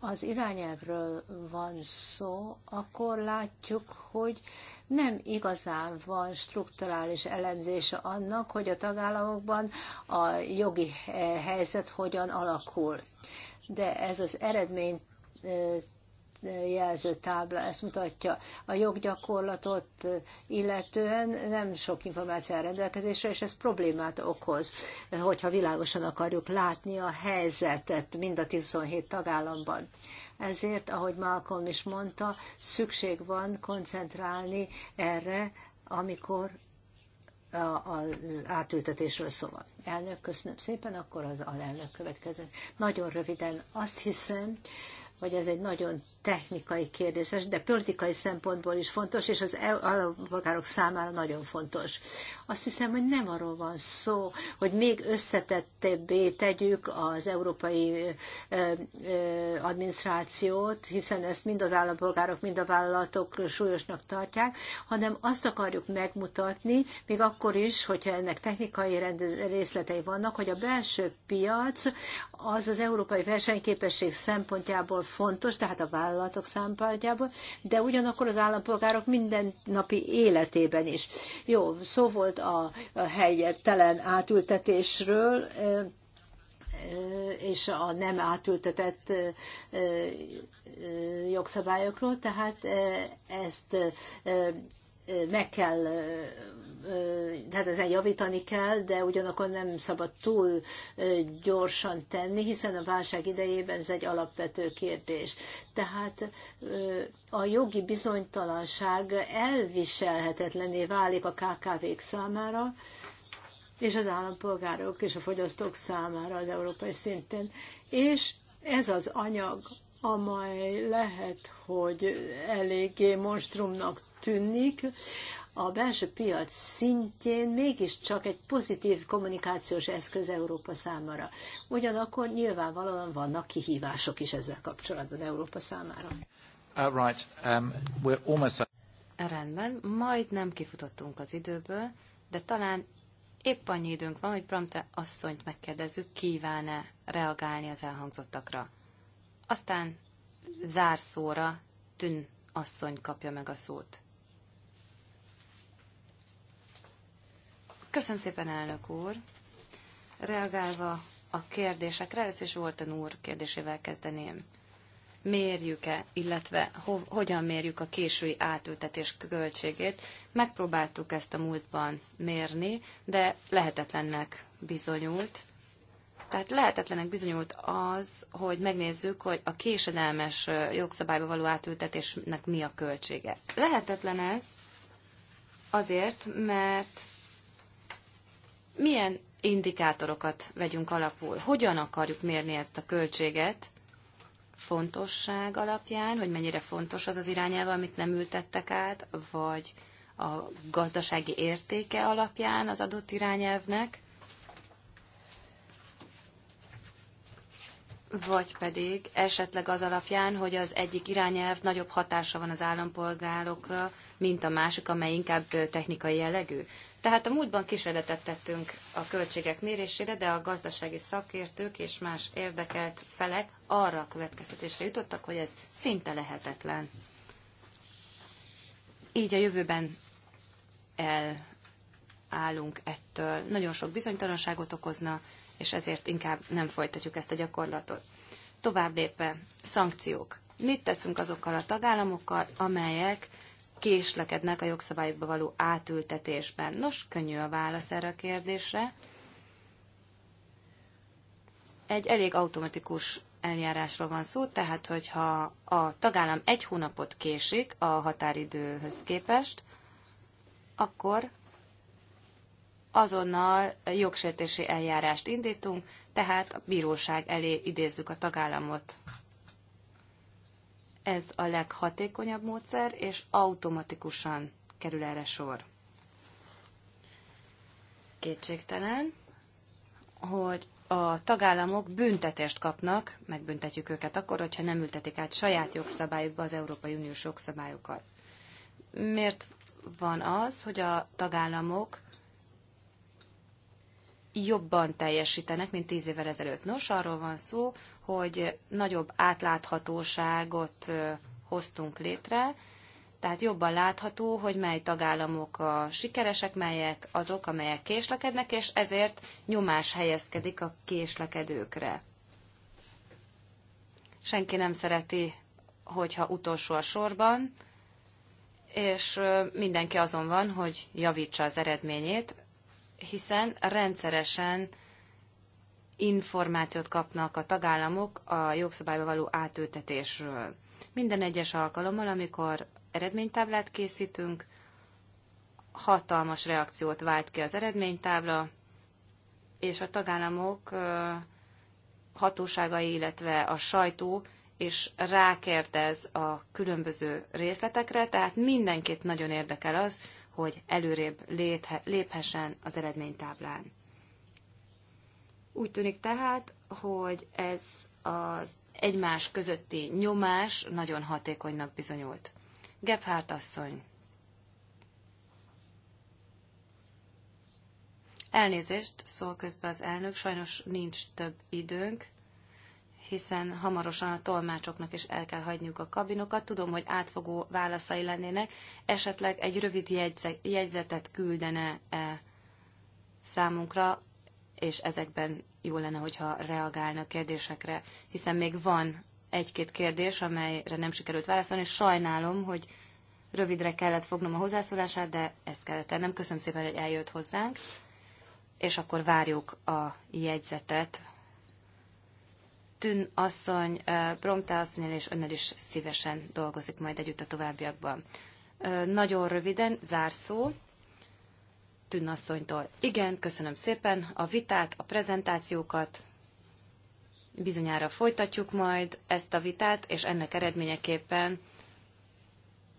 az irányelvről van szó, akkor látjuk, hogy nem igazán van strukturális elemzése annak, hogy a tagállamokban a jogi eh, helyzet hogyan alakul. De ez az eredmény eh, jelzőtábla ezt mutatja. A joggyakorlatot illetően nem sok információ rendelkezésre, és ez problémát okoz, hogyha világosan akarjuk látni a helyzetet mind a 27 tagállamban. Ezért, ahogy Malcolm is mondta, szükség van koncentrálni erre, amikor az átültetésről szó van. Elnök, köszönöm szépen, akkor az alelnök következő. Nagyon röviden azt hiszem, hogy ez egy nagyon technikai kérdés, de politikai szempontból is fontos, és az állampolgárok számára nagyon fontos. Azt hiszem, hogy nem arról van szó, hogy még összetettebbé tegyük az európai ö, ö, adminisztrációt, hiszen ezt mind az állampolgárok, mind a vállalatok súlyosnak tartják, hanem azt akarjuk megmutatni, még akkor is, hogyha ennek technikai részletei vannak, hogy a belső piac az az európai versenyképesség szempontjából fontos, tehát a vállalatok szempontjából, de ugyanakkor az állampolgárok mindennapi életében is. Jó, szó volt a helyettelen átültetésről, és a nem átültetett jogszabályokról, tehát ezt meg kell tehát ezen javítani kell, de ugyanakkor nem szabad túl gyorsan tenni, hiszen a válság idejében ez egy alapvető kérdés. Tehát a jogi bizonytalanság elviselhetetlené válik a KKV-k számára, és az állampolgárok és a fogyasztók számára az európai szinten. És ez az anyag, amely lehet, hogy eléggé monstrumnak tűnik, a belső piac szintjén mégiscsak egy pozitív kommunikációs eszköz Európa számára. Ugyanakkor nyilvánvalóan vannak kihívások is ezzel kapcsolatban Európa számára. Uh, right. um, we're almost... Rendben, majdnem kifutottunk az időből, de talán épp annyi időnk van, hogy Bramte asszonyt megkérdezzük, kíván-e reagálni az elhangzottakra. Aztán zárszóra Tün asszony kapja meg a szót. Köszönöm szépen, elnök úr. Reagálva a kérdésekre, ez is a úr kérdésével kezdeném. Mérjük-e, illetve ho- hogyan mérjük a késői átültetés költségét? Megpróbáltuk ezt a múltban mérni, de lehetetlennek bizonyult. Tehát lehetetlenek bizonyult az, hogy megnézzük, hogy a késedelmes jogszabályba való átültetésnek mi a költsége. Lehetetlen ez azért, mert milyen indikátorokat vegyünk alapul, hogyan akarjuk mérni ezt a költséget, fontosság alapján, hogy mennyire fontos az az irányelv, amit nem ültettek át, vagy a gazdasági értéke alapján az adott irányelvnek, vagy pedig esetleg az alapján, hogy az egyik irányelv nagyobb hatása van az állampolgárokra, mint a másik, amely inkább technikai jellegű. Tehát a múltban kísérletet tettünk a költségek mérésére, de a gazdasági szakértők és más érdekelt felek arra a következtetésre jutottak, hogy ez szinte lehetetlen. Így a jövőben elállunk ettől. Nagyon sok bizonytalanságot okozna, és ezért inkább nem folytatjuk ezt a gyakorlatot. Tovább lépve, szankciók. Mit teszünk azokkal a tagállamokkal, amelyek késlekednek a jogszabályokba való átültetésben. Nos, könnyű a válasz erre a kérdésre. Egy elég automatikus eljárásról van szó, tehát hogyha a tagállam egy hónapot késik a határidőhöz képest, akkor azonnal jogsértési eljárást indítunk, tehát a bíróság elé idézzük a tagállamot. Ez a leghatékonyabb módszer, és automatikusan kerül erre sor. Kétségtelen, hogy a tagállamok büntetést kapnak, megbüntetjük őket akkor, hogyha nem ültetik át saját jogszabályukba az Európai Uniós jogszabályokat. Miért van az, hogy a tagállamok jobban teljesítenek, mint tíz évvel ezelőtt? Nos, arról van szó, hogy nagyobb átláthatóságot hoztunk létre, tehát jobban látható, hogy mely tagállamok a sikeresek, melyek azok, amelyek késlekednek, és ezért nyomás helyezkedik a késlekedőkre. Senki nem szereti, hogyha utolsó a sorban, és mindenki azon van, hogy javítsa az eredményét, hiszen rendszeresen információt kapnak a tagállamok a jogszabályba való átültetésről. Minden egyes alkalommal, amikor eredménytáblát készítünk, hatalmas reakciót vált ki az eredménytábla, és a tagállamok hatóságai, illetve a sajtó és rákérdez a különböző részletekre, tehát mindenkit nagyon érdekel az, hogy előrébb léphessen az eredménytáblán. Úgy tűnik tehát, hogy ez az egymás közötti nyomás nagyon hatékonynak bizonyult. Gebhardt asszony. Elnézést, szól közben az elnök, sajnos nincs több időnk, hiszen hamarosan a tolmácsoknak is el kell hagyniuk a kabinokat. Tudom, hogy átfogó válaszai lennének, esetleg egy rövid jegyzetet küldene -e számunkra és ezekben jó lenne, hogyha reagálna a kérdésekre, hiszen még van egy-két kérdés, amelyre nem sikerült válaszolni, és sajnálom, hogy rövidre kellett fognom a hozzászólását, de ezt kellett tennem. Köszönöm szépen, hogy eljött hozzánk, és akkor várjuk a jegyzetet. Tűn asszony, Bromte asszonyal és önnel is szívesen dolgozik majd együtt a továbbiakban. Nagyon röviden, zárszó. Tűnasszonytól. Igen, köszönöm szépen a vitát, a prezentációkat. Bizonyára folytatjuk majd ezt a vitát, és ennek eredményeképpen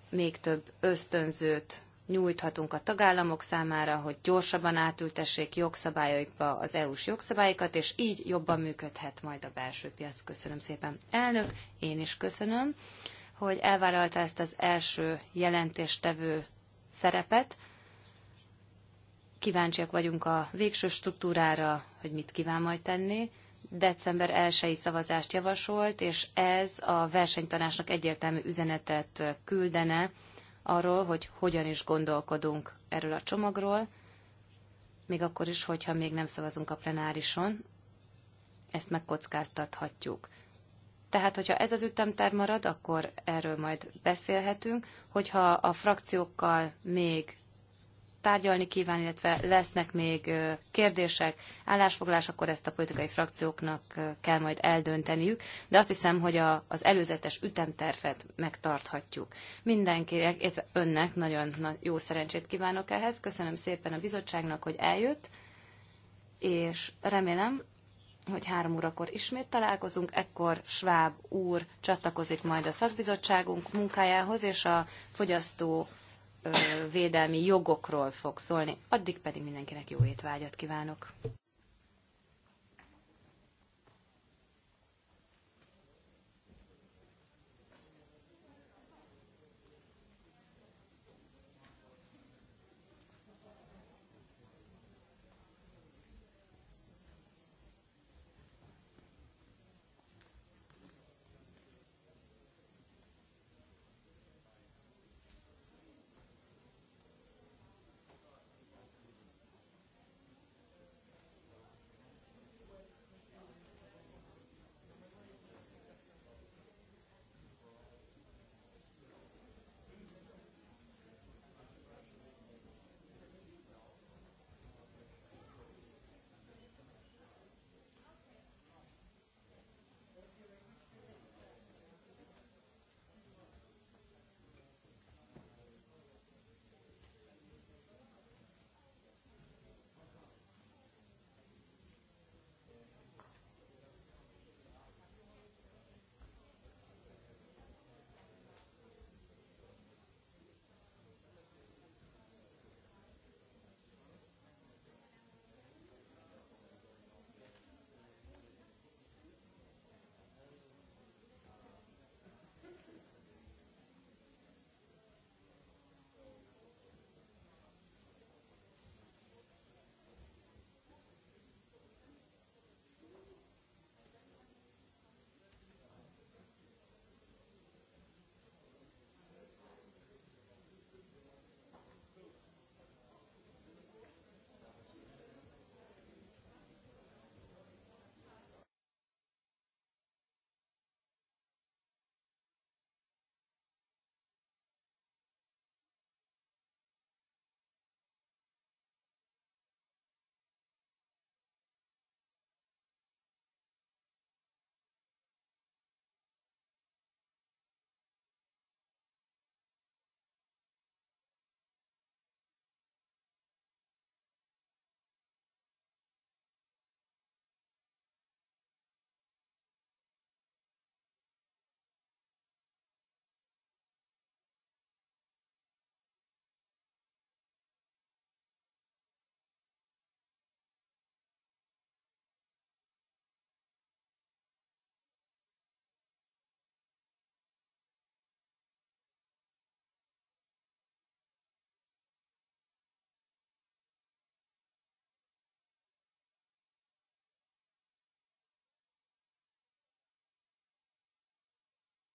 még több ösztönzőt nyújthatunk a tagállamok számára, hogy gyorsabban átültessék jogszabályaikba az EU-s jogszabályokat, és így jobban működhet majd a belső piac. Köszönöm szépen. Elnök, én is köszönöm, hogy elvállalta ezt az első jelentéstevő szerepet. Kíváncsiak vagyunk a végső struktúrára, hogy mit kíván majd tenni. December 1-i szavazást javasolt, és ez a versenytanásnak egyértelmű üzenetet küldene arról, hogy hogyan is gondolkodunk erről a csomagról, még akkor is, hogyha még nem szavazunk a plenárison, ezt megkockáztathatjuk. Tehát, hogyha ez az ütemterv marad, akkor erről majd beszélhetünk. Hogyha a frakciókkal még tárgyalni kíván, illetve lesznek még kérdések, állásfoglás, akkor ezt a politikai frakcióknak kell majd eldönteniük, de azt hiszem, hogy a, az előzetes ütemtervet megtarthatjuk. Mindenkinek, illetve önnek nagyon jó szerencsét kívánok ehhez. Köszönöm szépen a bizottságnak, hogy eljött, és remélem, hogy három órakor ismét találkozunk, ekkor Schwab úr csatlakozik majd a szakbizottságunk munkájához, és a fogyasztó védelmi jogokról fog szólni. Addig pedig mindenkinek jó étvágyat kívánok!